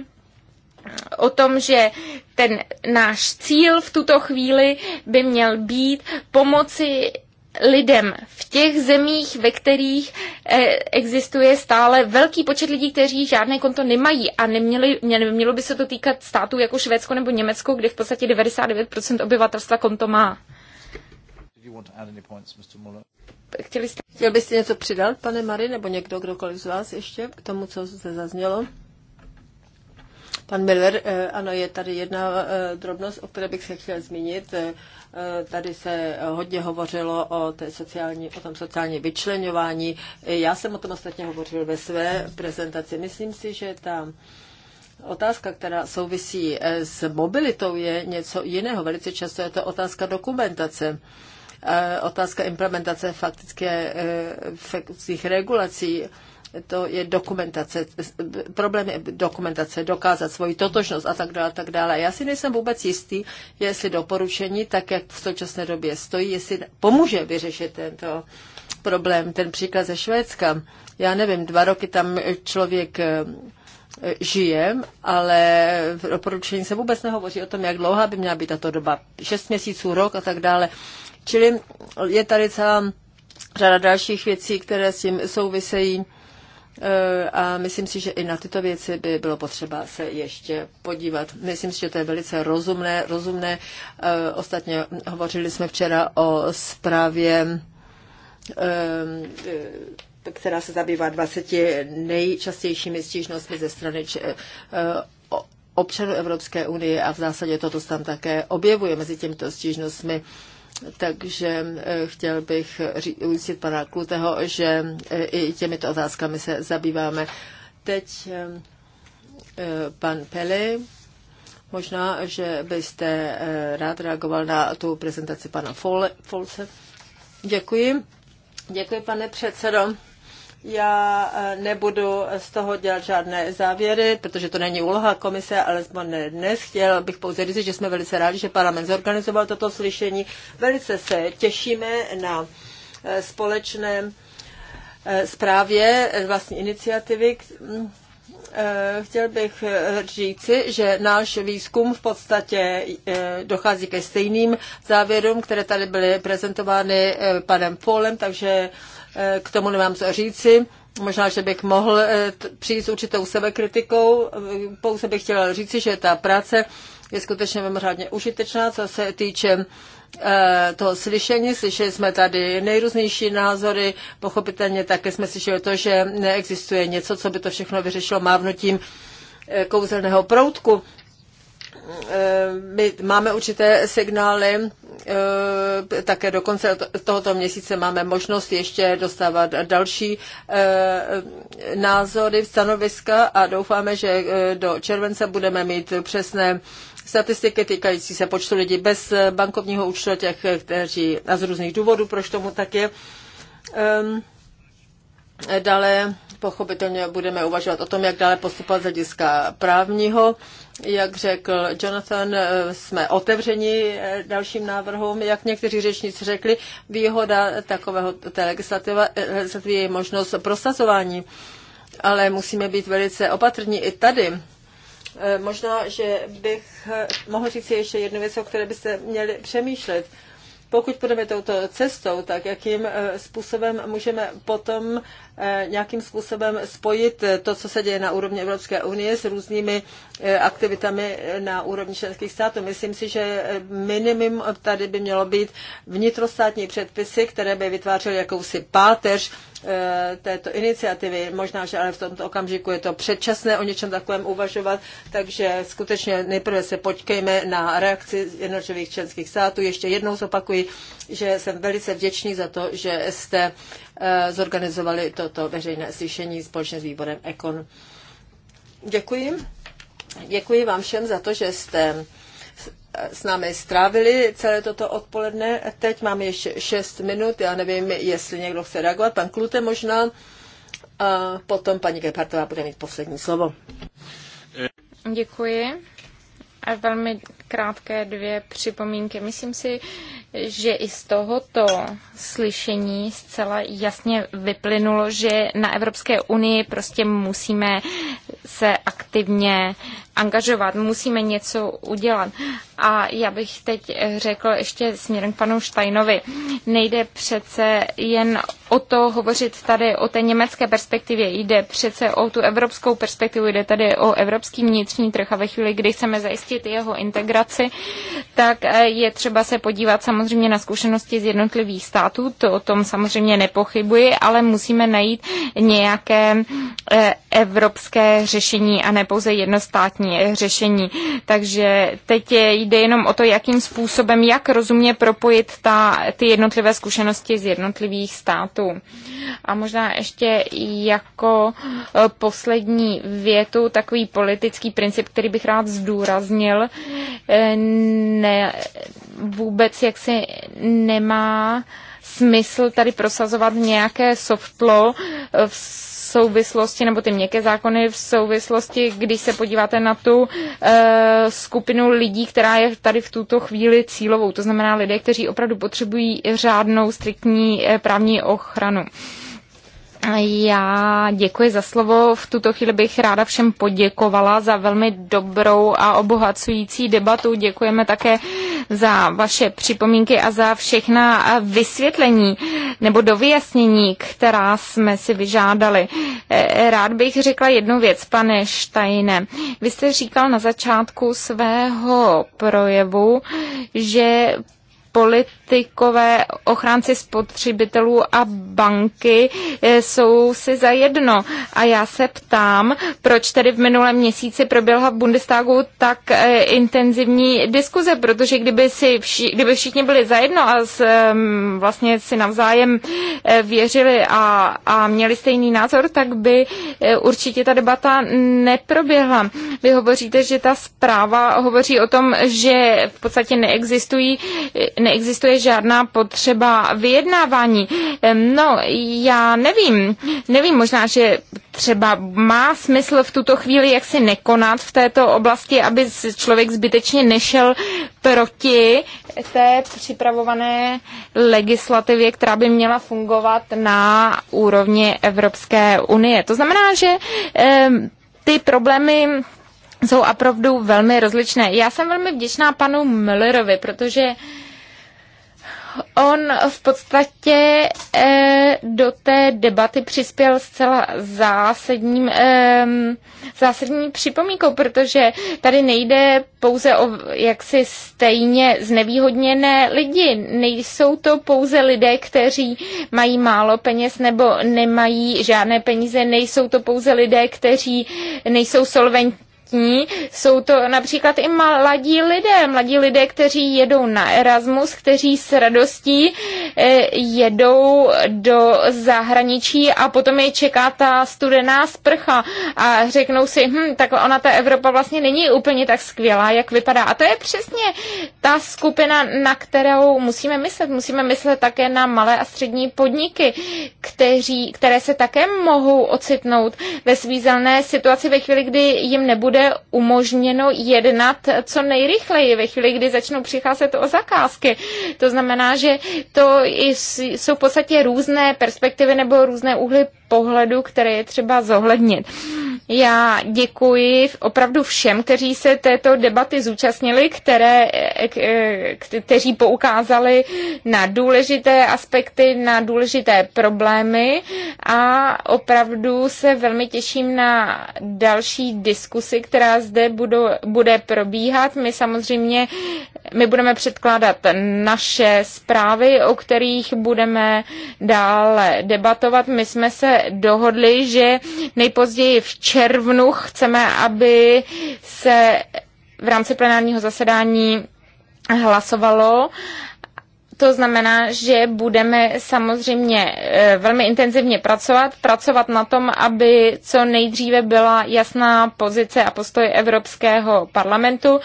o tom, že ten náš cíl v tuto chvíli by měl být pomoci lidem v těch zemích, ve kterých eh, existuje stále velký počet lidí, kteří žádné konto nemají a neměli, mělo by se to týkat států jako Švédsko nebo Německo, kde v podstatě 99% obyvatelstva konto má. Chtěli jste... Chtěl byste něco přidat, pane Mary, nebo někdo, kdokoliv z vás ještě k tomu, co se zaznělo? Pan Miller, eh, ano, je tady jedna eh, drobnost, o které bych se chtěl zmínit. Eh, tady se hodně hovořilo o, té sociální, o tom sociální vyčlenování. Eh, já jsem o tom ostatně hovořil ve své prezentaci. Myslím si, že ta otázka, která souvisí eh, s mobilitou, je něco jiného. Velice často je to otázka dokumentace otázka implementace faktických regulací to je dokumentace, problém je dokumentace, dokázat svoji totožnost a tak dále, tak dále. Já si nejsem vůbec jistý, jestli doporučení, tak jak v současné době stojí, jestli pomůže vyřešit tento problém, ten příklad ze Švédska. Já nevím, dva roky tam člověk eh, žijem, ale v doporučení se vůbec nehovoří o tom, jak dlouhá by měla být tato doba. Šest měsíců, rok a tak dále. Čili je tady celá řada dalších věcí, které s tím souvisejí. Eh, a myslím si, že i na tyto věci by bylo potřeba se ještě podívat. Myslím si, že to je velice rozumné. rozumné. Eh, ostatně hovořili jsme včera o zprávě eh, která se zabývá 20 nejčastějšími stížnostmi ze strany občanů Evropské unie a v zásadě toto tam také objevuje mezi těmito stížnostmi. Takže eh, chtěl bych ujistit pana Kluteho, že eh, i těmito otázkami se zabýváme. Teď eh, pan Peli, možná, že byste rád reagoval na tu prezentaci pana Folce. Děkuji. Děkuji, pane předsedo. Já eh, nebudu z toho dělat žádné závěry, protože to není úloha komise, ale dnes. Chtěl bych pouze říct, že jsme velice rádi, že parlament zorganizoval toto slyšení. Velice se těšíme na eh, společné eh, zprávě vlastní iniciativy. Mm, chtěl bych říci, že náš výzkum v podstatě dochází ke stejným závěrům, které tady byly prezentovány panem Polem, takže k tomu nemám co říci. Možná, že bych mohl eh, přijít s určitou sebekritikou, pouze bych chtěla říci, že ta práce je skutečně mimořádně užitečná, co se týče eh, to slyšení. Slyšeli jsme tady nejrůznější názory, pochopitelně také jsme slyšeli to, že neexistuje něco, co by to všechno vyřešilo mávnutím eh, kouzelného proutku. Eh, my máme určité signály, eh, také do konce tohoto měsíce máme možnost ještě dostávat další eh, názory, stanoviska a doufáme, že do července budeme mít přesné statistiky týkající se počtu lidí bez bankovního účtu, těch, kteří a z různých důvodů, proč tomu tak je. Ehm, dále pochopitelně budeme uvažovat o tom, jak dále postupovat z hlediska právního. Jak řekl Jonathan, eh, jsme otevřeni eh, dalším návrhům. Jak někteří řečníci řekli, výhoda takového té eh, legislativy je možnost prosazování, ale musíme být velice opatrní i tady. Možná, že bych mohl říct ještě jednu věc, o které byste měli přemýšlet. Pokud půjdeme touto cestou, tak jakým eh, způsobem můžeme potom eh, nějakým způsobem spojit to, co se děje na úrovni Evropské unie s různými eh, aktivitami na úrovni členských států. Myslím si, že minimum tady by mělo být vnitrostátní předpisy, které by vytvářely jakousi páteř Eh, této iniciativy. Možná, že ale v tomto okamžiku je to předčasné o něčem takovém uvažovat, takže skutečně nejprve se počkejme na reakci jednotlivých členských států. Ještě jednou zopakuji, že jsem velice vděčný za to, že jste eh, zorganizovali toto veřejné slyšení společně s výborem Ekon. Děkuji. Děkuji vám všem za to, že jste s námi strávili celé toto odpoledne. Teď máme ještě 6 minut, já nevím, jestli někdo chce reagovat, pan Klute možná. A potom paní Gepartová bude mít poslední slovo. Děkuji. A velmi krátké dvě připomínky. Myslím si, že i z tohoto slyšení zcela jasně vyplynulo, že na Evropské unii prostě musíme se aktivně angažovat, musíme něco udělat. A já bych teď řekl ještě směrem k panu Štajnovi. Nejde přece jen o to hovořit tady o té německé perspektivě, jde přece o tu evropskou perspektivu, jde tady o evropský vnitřní trh a ve chvíli, kdy chceme zajistit jeho integraci, tak eh, je třeba se podívat samozřejmě na zkušenosti z jednotlivých států, to o tom samozřejmě nepochybuji, ale musíme najít nějaké eh, evropské řešení a ne pouze jednostátní kvalitní řešení. Takže teď jde jenom o to, jakým způsobem, jak rozumně propojit ta, ty jednotlivé zkušenosti z jednotlivých států. A možná ještě jako eh, poslední větu, takový politický princip, který bych rád zdůraznil, eh, ne, vůbec jak se nemá smysl tady prosazovat nějaké soft law eh, v souvislosti, nebo ty měkké zákony v souvislosti, když se podíváte na tu e, skupinu lidí, která je tady v tuto chvíli cílovou, to znamená lidé, kteří opravdu potřebují řádnou, striktní eh, právní ochranu. E, já děkuji za slovo. V tuto chvíli bych ráda všem poděkovala za velmi dobrou a obohacující debatu. Děkujeme také za vaše připomínky a za všechna vysvětlení nebo dovyjasnění, která jsme si vyžádali. Rád bych řekla jednu věc, pane Štajne. Vy jste říkal na začátku svého projevu, že politikové, ochránci spotřebitelů a banky eh, jsou si za jedno. A já se ptám, proč tedy v minulém měsíci proběhla v Bundestagu tak eh, intenzivní diskuze, protože kdyby, si vši, kdyby všichni byli za jedno a s, vlastně si navzájem eh, věřili a, a měli stejný názor, tak by určitě ta debata neproběhla. Vy hovoříte, že ta zpráva hovoří o tom, že v podstatě neexistují, neexistuje žádná potřeba vyjednávání. No, já nevím, nevím, možná, že třeba má smysl v tuto chvíli jaksi nekonat v této oblasti, aby člověk zbytečně nešel proti té připravované legislativě, která by měla fungovat na úrovni Evropské unie. To znamená, že ty problémy jsou opravdu velmi rozličné. Já jsem velmi vděčná panu Millerovi, protože eh, on v podstatě eh, do té debaty přispěl zcela zásadním, ehm, zásadním připomínkou, protože tady nejde pouze o jaksi stejně znevýhodněné lidi. Nejsou to pouze lidé, kteří mají málo peněz nebo nemají žádné peníze. Nejsou to pouze lidé, kteří nejsou solventní kvalitní. Jsou to například i mladí lidé, mladí lidé, kteří jedou na Erasmus, kteří s radostí eh, jedou do zahraničí a potom je čeká ta studená sprcha a řeknou si, hm, tak ona ta Evropa vlastně není úplně tak skvělá, jak vypadá. A to je přesně ta skupina, na kterou musíme myslet. Musíme myslet také na malé a střední podniky, kteří, které se také mohou ocitnout ve svízelné situaci ve chvíli, kdy jim nebude bude umožněno jednat co nejrychleji ve chvíli, kdy začnou přicházet o zakázky. To znamená, že to jsou v podstatě různé perspektivy nebo různé úhly pohledu, které je třeba zohlednit. Já děkuji opravdu všem, kteří se této debaty zúčastnili, které, eh, eh, kteří poukázali na důležité aspekty, na důležité problémy a opravdu se velmi těším na další diskusy, která zde budu, bude probíhat. My samozřejmě my budeme předkládat naše zprávy, o kterých budeme dále debatovat. My jsme se dohodli, že nejpozději včera červnu chceme, aby se v rámci plenárního zasedání hlasovalo. To znamená, že budeme samozřejmě eh, velmi intenzivně pracovat, pracovat na tom, aby co nejdříve byla jasná pozice a postoj Evropského parlamentu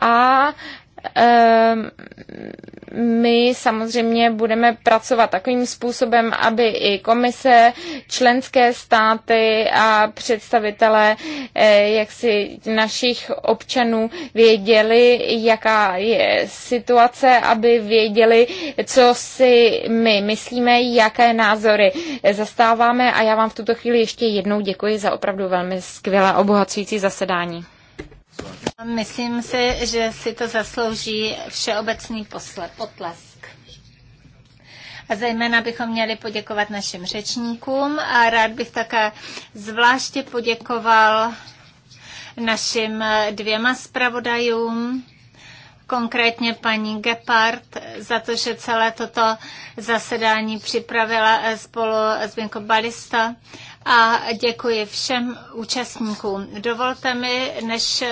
a Ehm, my samozřejmě budeme pracovat takovým způsobem, aby i komise, členské státy a představitelé eh, jaksi našich občanů věděli, jaká je situace, aby věděli, co si my myslíme, jaké názory zastáváme a já vám v tuto chvíli ještě jednou děkuji za opravdu velmi skvělé obohacující zasedání. Myslím si, že si to zaslouží všeobecný potlesk. A zejména bychom měli poděkovat našim řečníkům a rád bych také zvláště poděkoval našim dvěma zpravodajům, konkrétně paní Gepard, za to, že celé toto zasedání připravila spolu s Binko Balista a děkuji všem účastníkům. Dovolte mi, než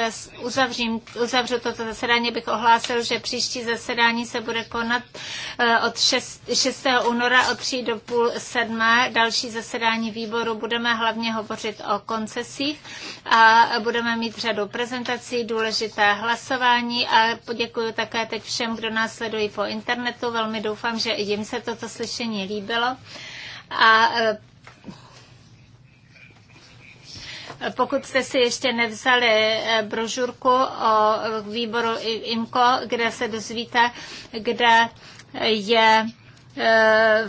uzavřím, uzavřu toto zasedání, bych ohlásil, že příští zasedání se bude konat eh, od 6, 6. února od 3 do půl 7. Další zasedání výboru budeme hlavně hovořit o koncesích a budeme mít řadu prezentací, důležité hlasování a poděkuji také teď všem, kdo nás sledují po internetu. Velmi doufám, že i jim se toto slyšení líbilo a eh, Pokud jste si ještě nevzali eh, brožurku o výboru IMCO, kde se dozvíte, kde je eh,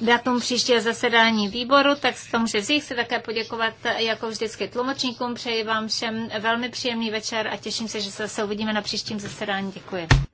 datum příštího zasedání výboru, tak se tomu, že vzít se také poděkovat eh, jako vždycky tlumočníkům. Přeji vám všem velmi příjemný večer a těším se, že se uvidíme na příštím zasedání. Děkuji.